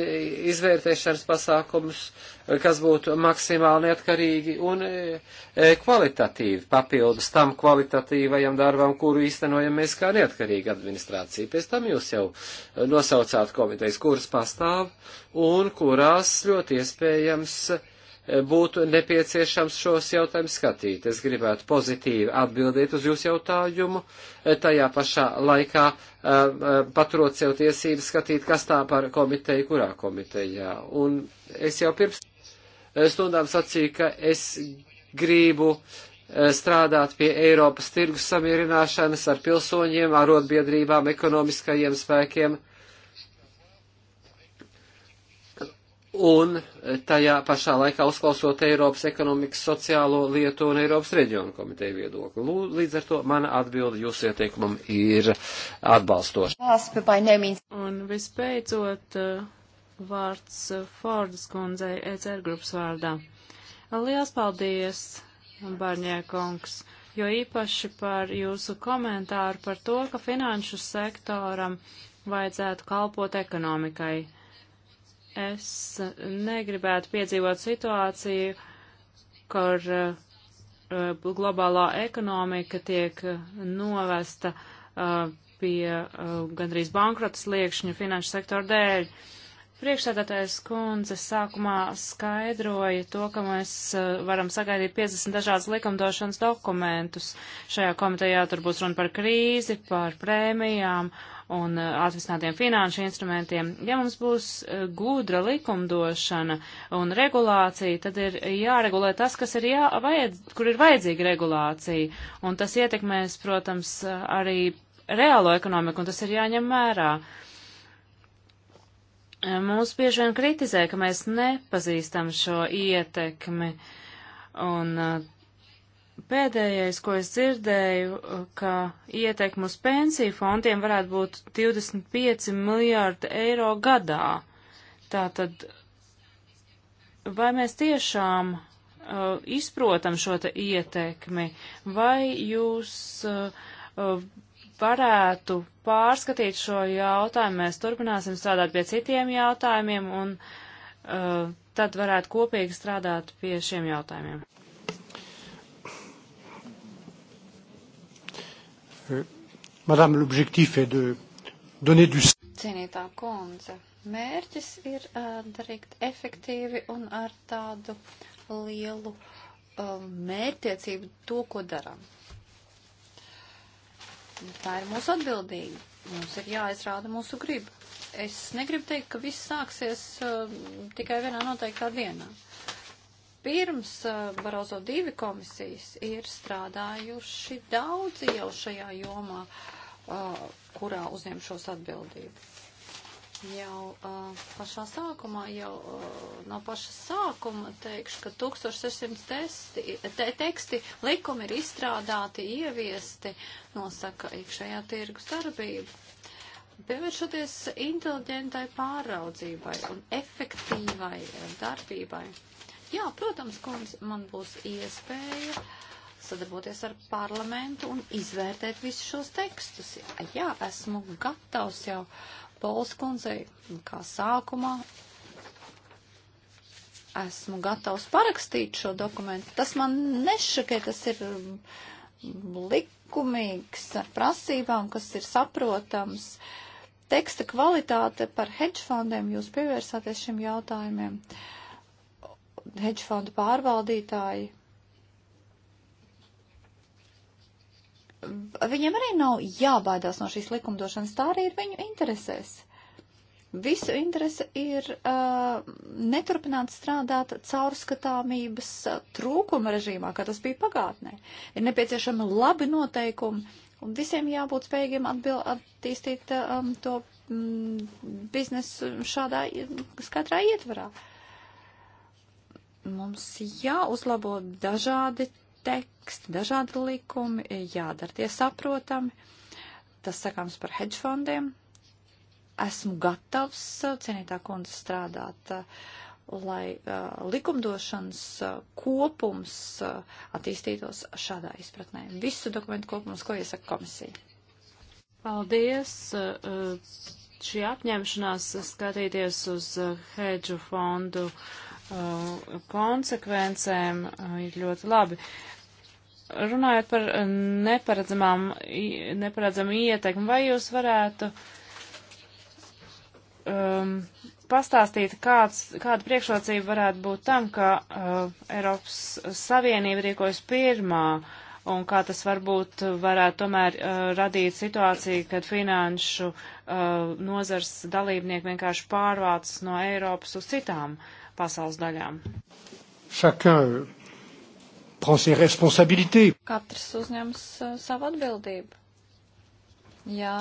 izvērtēšanas pasākumus, eh, kas būtu maksimāli neatkarīgi un eh, kvalitatīvi papildus tam kvalitatīvajam darbam, kuru īstenojam mēs kā neatkarīga administrācija. Pēc tam jūs jau nosaucāt komitejas, kuras pastāv un kurās ļoti iespējams Eh, būtu nepieciešams šos jautājumus skatīt. Es gribētu pozitīvi atbildēt uz jūsu jautājumu, eh, tajā pašā laikā eh, paturot sev tiesības skatīt, kas tā par komiteju, kurā komitejā. Un es jau pirms stundām sacīju, ka es gribu strādāt pie Eiropas tirgus samierināšanas ar pilsoņiem, arotbiedrībām, ekonomiskajiem spēkiem un tajā pašā laikā uzklausot Eiropas ekonomikas sociālo lietu un Eiropas reģionu komiteju viedokli. Līdz ar to mana atbilde jūsu ieteikumam ir atbalstoša. Un vispēcot uh, vārds uh, Fordas kundzei ECR grupas vārdā. Liels paldies, Barņē kungs, jo īpaši par jūsu komentāru par to, ka finanšu sektoram vajadzētu kalpot ekonomikai Es negribētu piedzīvot situāciju, kur uh, globālā ekonomika tiek eh, novesta uh, pie uh, gandrīz bankrota sliekšņa finanšu sektora dēļ. Priekšsēdētājs kundze sākumā skaidroja to, ka mēs varam sagaidīt 50 dažādas likumdošanas dokumentus. Šajā komitejā tur būs runa par krīzi, par prēmijām un eh, atvesinātiem finanšu instrumentiem. Ja mums būs eh, gudra likumdošana un regulācija, tad ir jāregulē tas, kas ir jā, vajadz, kur ir vajadzīga regulācija, un tas ietekmēs, protams, arī reālo ekonomiku, un tas ir jāņem mērā. Eh, mūs bieži vien kritizē, ka mēs nepazīstam šo ietekmi, un Pēdējais, ko es dzirdēju, ka ieteikumu uz pensiju fondiem varētu būt 25 miljārdi eiro gadā. Tātad, vai mēs tiešām uh, izprotam šo te ietekmi, vai jūs uh, uh, varētu pārskatīt šo jautājumu, mēs turpināsim strādāt pie citiem jautājumiem un uh, tad varētu kopīgi strādāt pie šiem jautājumiem. Madame, l'objectif est de donner du. Cienītā kundze, mērķis ir uh, darīt efektīvi un ar tādu lielu uh, mērķtiecību to, ko darām. Tā ir mūsu atbildība. Mums ir jāizrāda mūsu griba. Es negribu teikt, ka viss sāksies uh, tikai vienā noteiktā dienā. Uh, pirms eh, Barozo divi komisijas ir strādājuši daudzi jau šajā jomā, eh, kurā uzņemšos atbildību. Jau eh, pašā sākumā, jau no paša sākuma teikšu, ka 1600 testi, te, teksti likumi ir izstrādāti, ieviesti, nosaka iekšējā tirgus darbību. Pievēršoties inteliģentai pāraudzībai un efektīvai darbībai. Uh, Jā, protams, kundze, man būs iespēja sadarboties ar parlamentu un izvērtēt visus šos tekstus. Jā, esmu gatavs jau Pols kundzei kā sākumā. Esmu gatavs parakstīt šo dokumentu. Tas man nešakē, tas ir mm, likumīgs ar prasībām, kas ir saprotams. Teksta kvalitāte par hedge fondiem jūs pievērsāties šiem jautājumiem. Uh, hedge fondu pārvaldītāji. Viņiem arī nav jābaidās no šīs likumdošanas, tā arī ir viņu interesēs. Visu interese ir uh, neturpināt strādāt caurskatāmības uh, trūkuma režīmā, kā tas bija pagātnē. Ir nepieciešami labi noteikumi, un visiem jābūt spējīgiem attīstīt uh, um, to mm, biznesu šādā skatrā ietvarā. Uh, mums jāuzlabo dažādi teksti, dažādi likumi, jādara tie saprotami. Tas sakāms par hedge fondiem. Esmu gatavs, cienītā kundze, strādāt, lai uh, likumdošanas uh, kopums uh, attīstītos šādā izpratnē. Visu dokumentu kopums, ko iesaka komisija. Paldies. Uh, šī apņemšanās skatīties uz hedžu fondu uh, Uh, konsekvencēm uh, ir ļoti labi. Runājot par neparedzamām, neparedzamu ietekmi, vai jūs varētu um, pastāstīt, kāds, kāda priekšrocība varētu būt tam, ka uh, Eiropas Savienība rīkojas pirmā un kā tas varbūt varētu tomēr uh, radīt situāciju, kad finanšu uh, nozars dalībnieki vienkārši pārvācas no Eiropas uz citām uh, pasaules daļām. Chacun euh, prend ses responsabilités. Katrs uzņems uh, savu atbildību. Jā,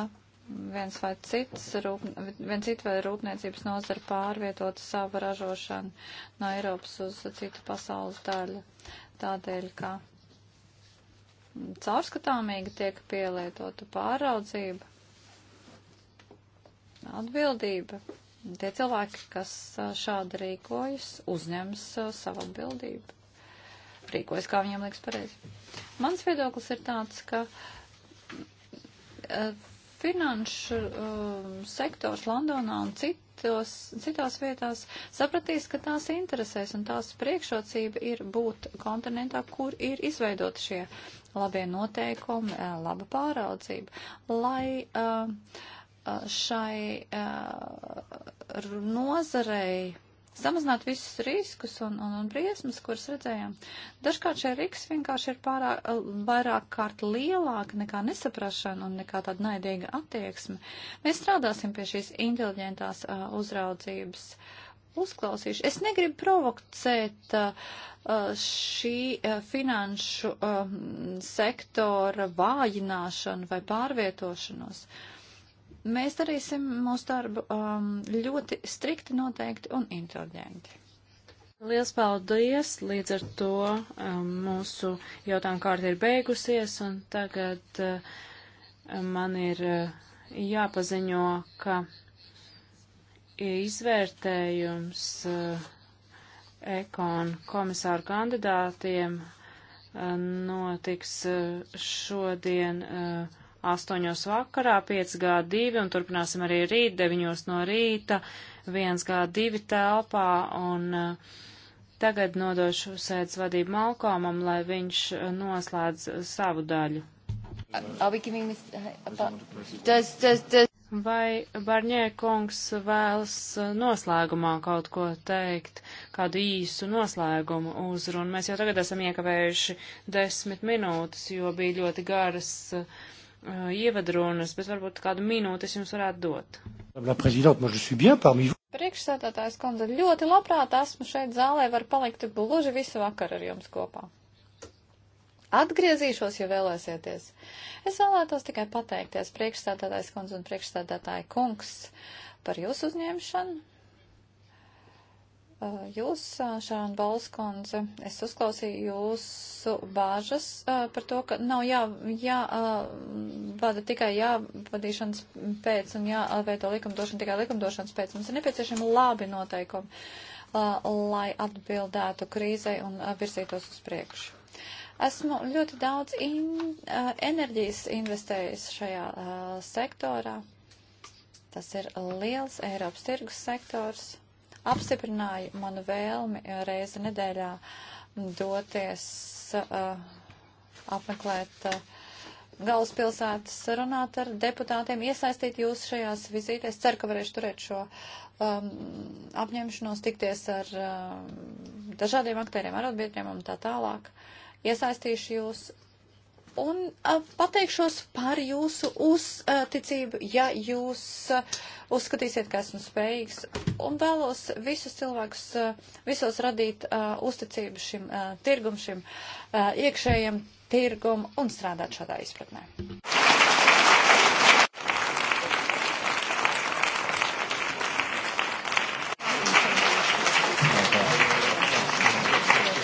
viens vai cits, rūp, viens cits vai rūpniecības nozara pārvietot savu ražošanu no Eiropas uz citu pasaules daļu. Tādēļ, ka caurskatāmīgi tiek pielietota pāraudzība, atbildība Tie cilvēki, kas šādi rīkojas, uzņems savu atbildību. Rīkojas, kā viņiem liekas pareizi. Mans viedoklis ir tāds, ka finanšu um, sektors Londonā un citos, citās vietās sapratīs, ka tās interesēs un tās priekšrocība ir būt kontinentā, kur ir izveidot šie labie noteikumi, laba pāraudzība, lai uh, Uh, šai uh, nozarei samazināt visus riskus un, un, un briesmas, kuras redzējām. Dažkārt šie riski vienkārši ir pārāk, uh, vairāk kārt lielāki nekā nesaprašana un nekā tāda naidīga attieksme. Mēs strādāsim pie šīs inteliģentās uh, uzraudzības. Uzklausīšu. Es negribu provokcēt uh, šī uh, finanšu uh, sektora vājināšanu vai pārvietošanos. Uh, Mēs darīsim mūsu darbu um, ļoti strikti noteikti un inteliģenti. Liels paldies! Līdz ar to um, mūsu jautājuma kārta ir beigusies, un tagad uh, man ir uh, jāpaziņo, ka izvērtējums uh, ekonu komisāru kandidātiem uh, notiks uh, šodien. Uh, 8 vakarā, 5G2 un turpināsim arī rīt 9 no rīta 1G2 telpā un uh, tagad nodošu sēdz vadību Malkomam, lai viņš eh, noslēdz eh, savu daļu. Uh, Vai Barņē kungs vēlas noslēgumā kaut ko teikt, kādu īsu noslēgumu uzrunu? Mēs jau tagad esam iekavējuši desmit minūtes, jo bija ļoti garas uh, Eh, ievadrunas, bet varbūt kādu minūti es jums varētu dot. Priekšsēdētājs kundze, ļoti labprāt esmu šeit zālē, var palikt gluži visu vakaru ar jums kopā. Atgriezīšos, ja vēlēsieties. Es vēlētos tikai pateikties priekšstādātājs kundze un priekšstādātāja kungs par jūsu uzņemšanu, Eh, jūs, eh, Šāna Balskundze, es uzklausīju jūsu bāžas eh, par to, ka nav jā, jā vada tikai jāvadīšanas pēc un jāveido likumdošana tikai likumdošanas pēc. Mums ir nepieciešami labi noteikumi, lai atbildētu krīzei un virzītos uz priekšu esmu ļoti daudz in, uh, enerģijas investējis šajā uh, sektorā. Tas ir liels Eiropas tirgus sektors apstiprināja manu vēlmi eh, reizi nedēļā doties uh, apmeklēt uh, galvaspilsētas, runāt ar deputātiem, iesaistīt jūs šajās vizītēs. Ceru, ka varēšu turēt šo um, apņemšanos, tikties ar um, dažādiem aktēriem, arotbiedriem un tā tālāk. Iesaistīšu jūs un uh, pateikšos par jūsu uzticību, ja jūs uh, uzskatīsiet, ka esmu spējīgs, un vēlos visus cilvēkus, uh, visos radīt uh, uzticību šim uh, tirgum, šim uh, iekšējiem tirgum un strādāt šādā izpratnē.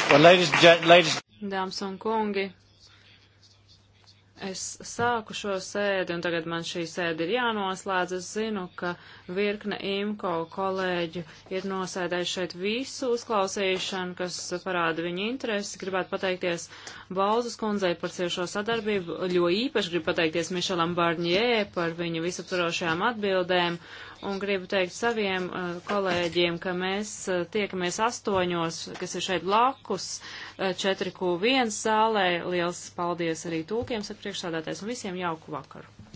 Well, ladies, ladies. Dāmas un kungi, Es sāku šo sēdi, un tagad man šī sēdi ir jānoslēdz. Es zinu, ka virkne IMCO kolēģu ir nosēdējuši šeit visu uzklausīšanu, kas parāda viņu interesi. Gribētu pateikties Balzas kundzei par ciešo sadarbību, jo īpaši gribu pateikties Mišelam Barņē par viņu visaptvarošajām atbildēm un gribu teikt saviem uh, kolēģiem, ka mēs uh, tiekamies astoņos, kas ir šeit blakus, uh, 4Q1 zālē. Liels paldies arī tūkiem, saka priekšsādātais, un visiem jauku vakaru!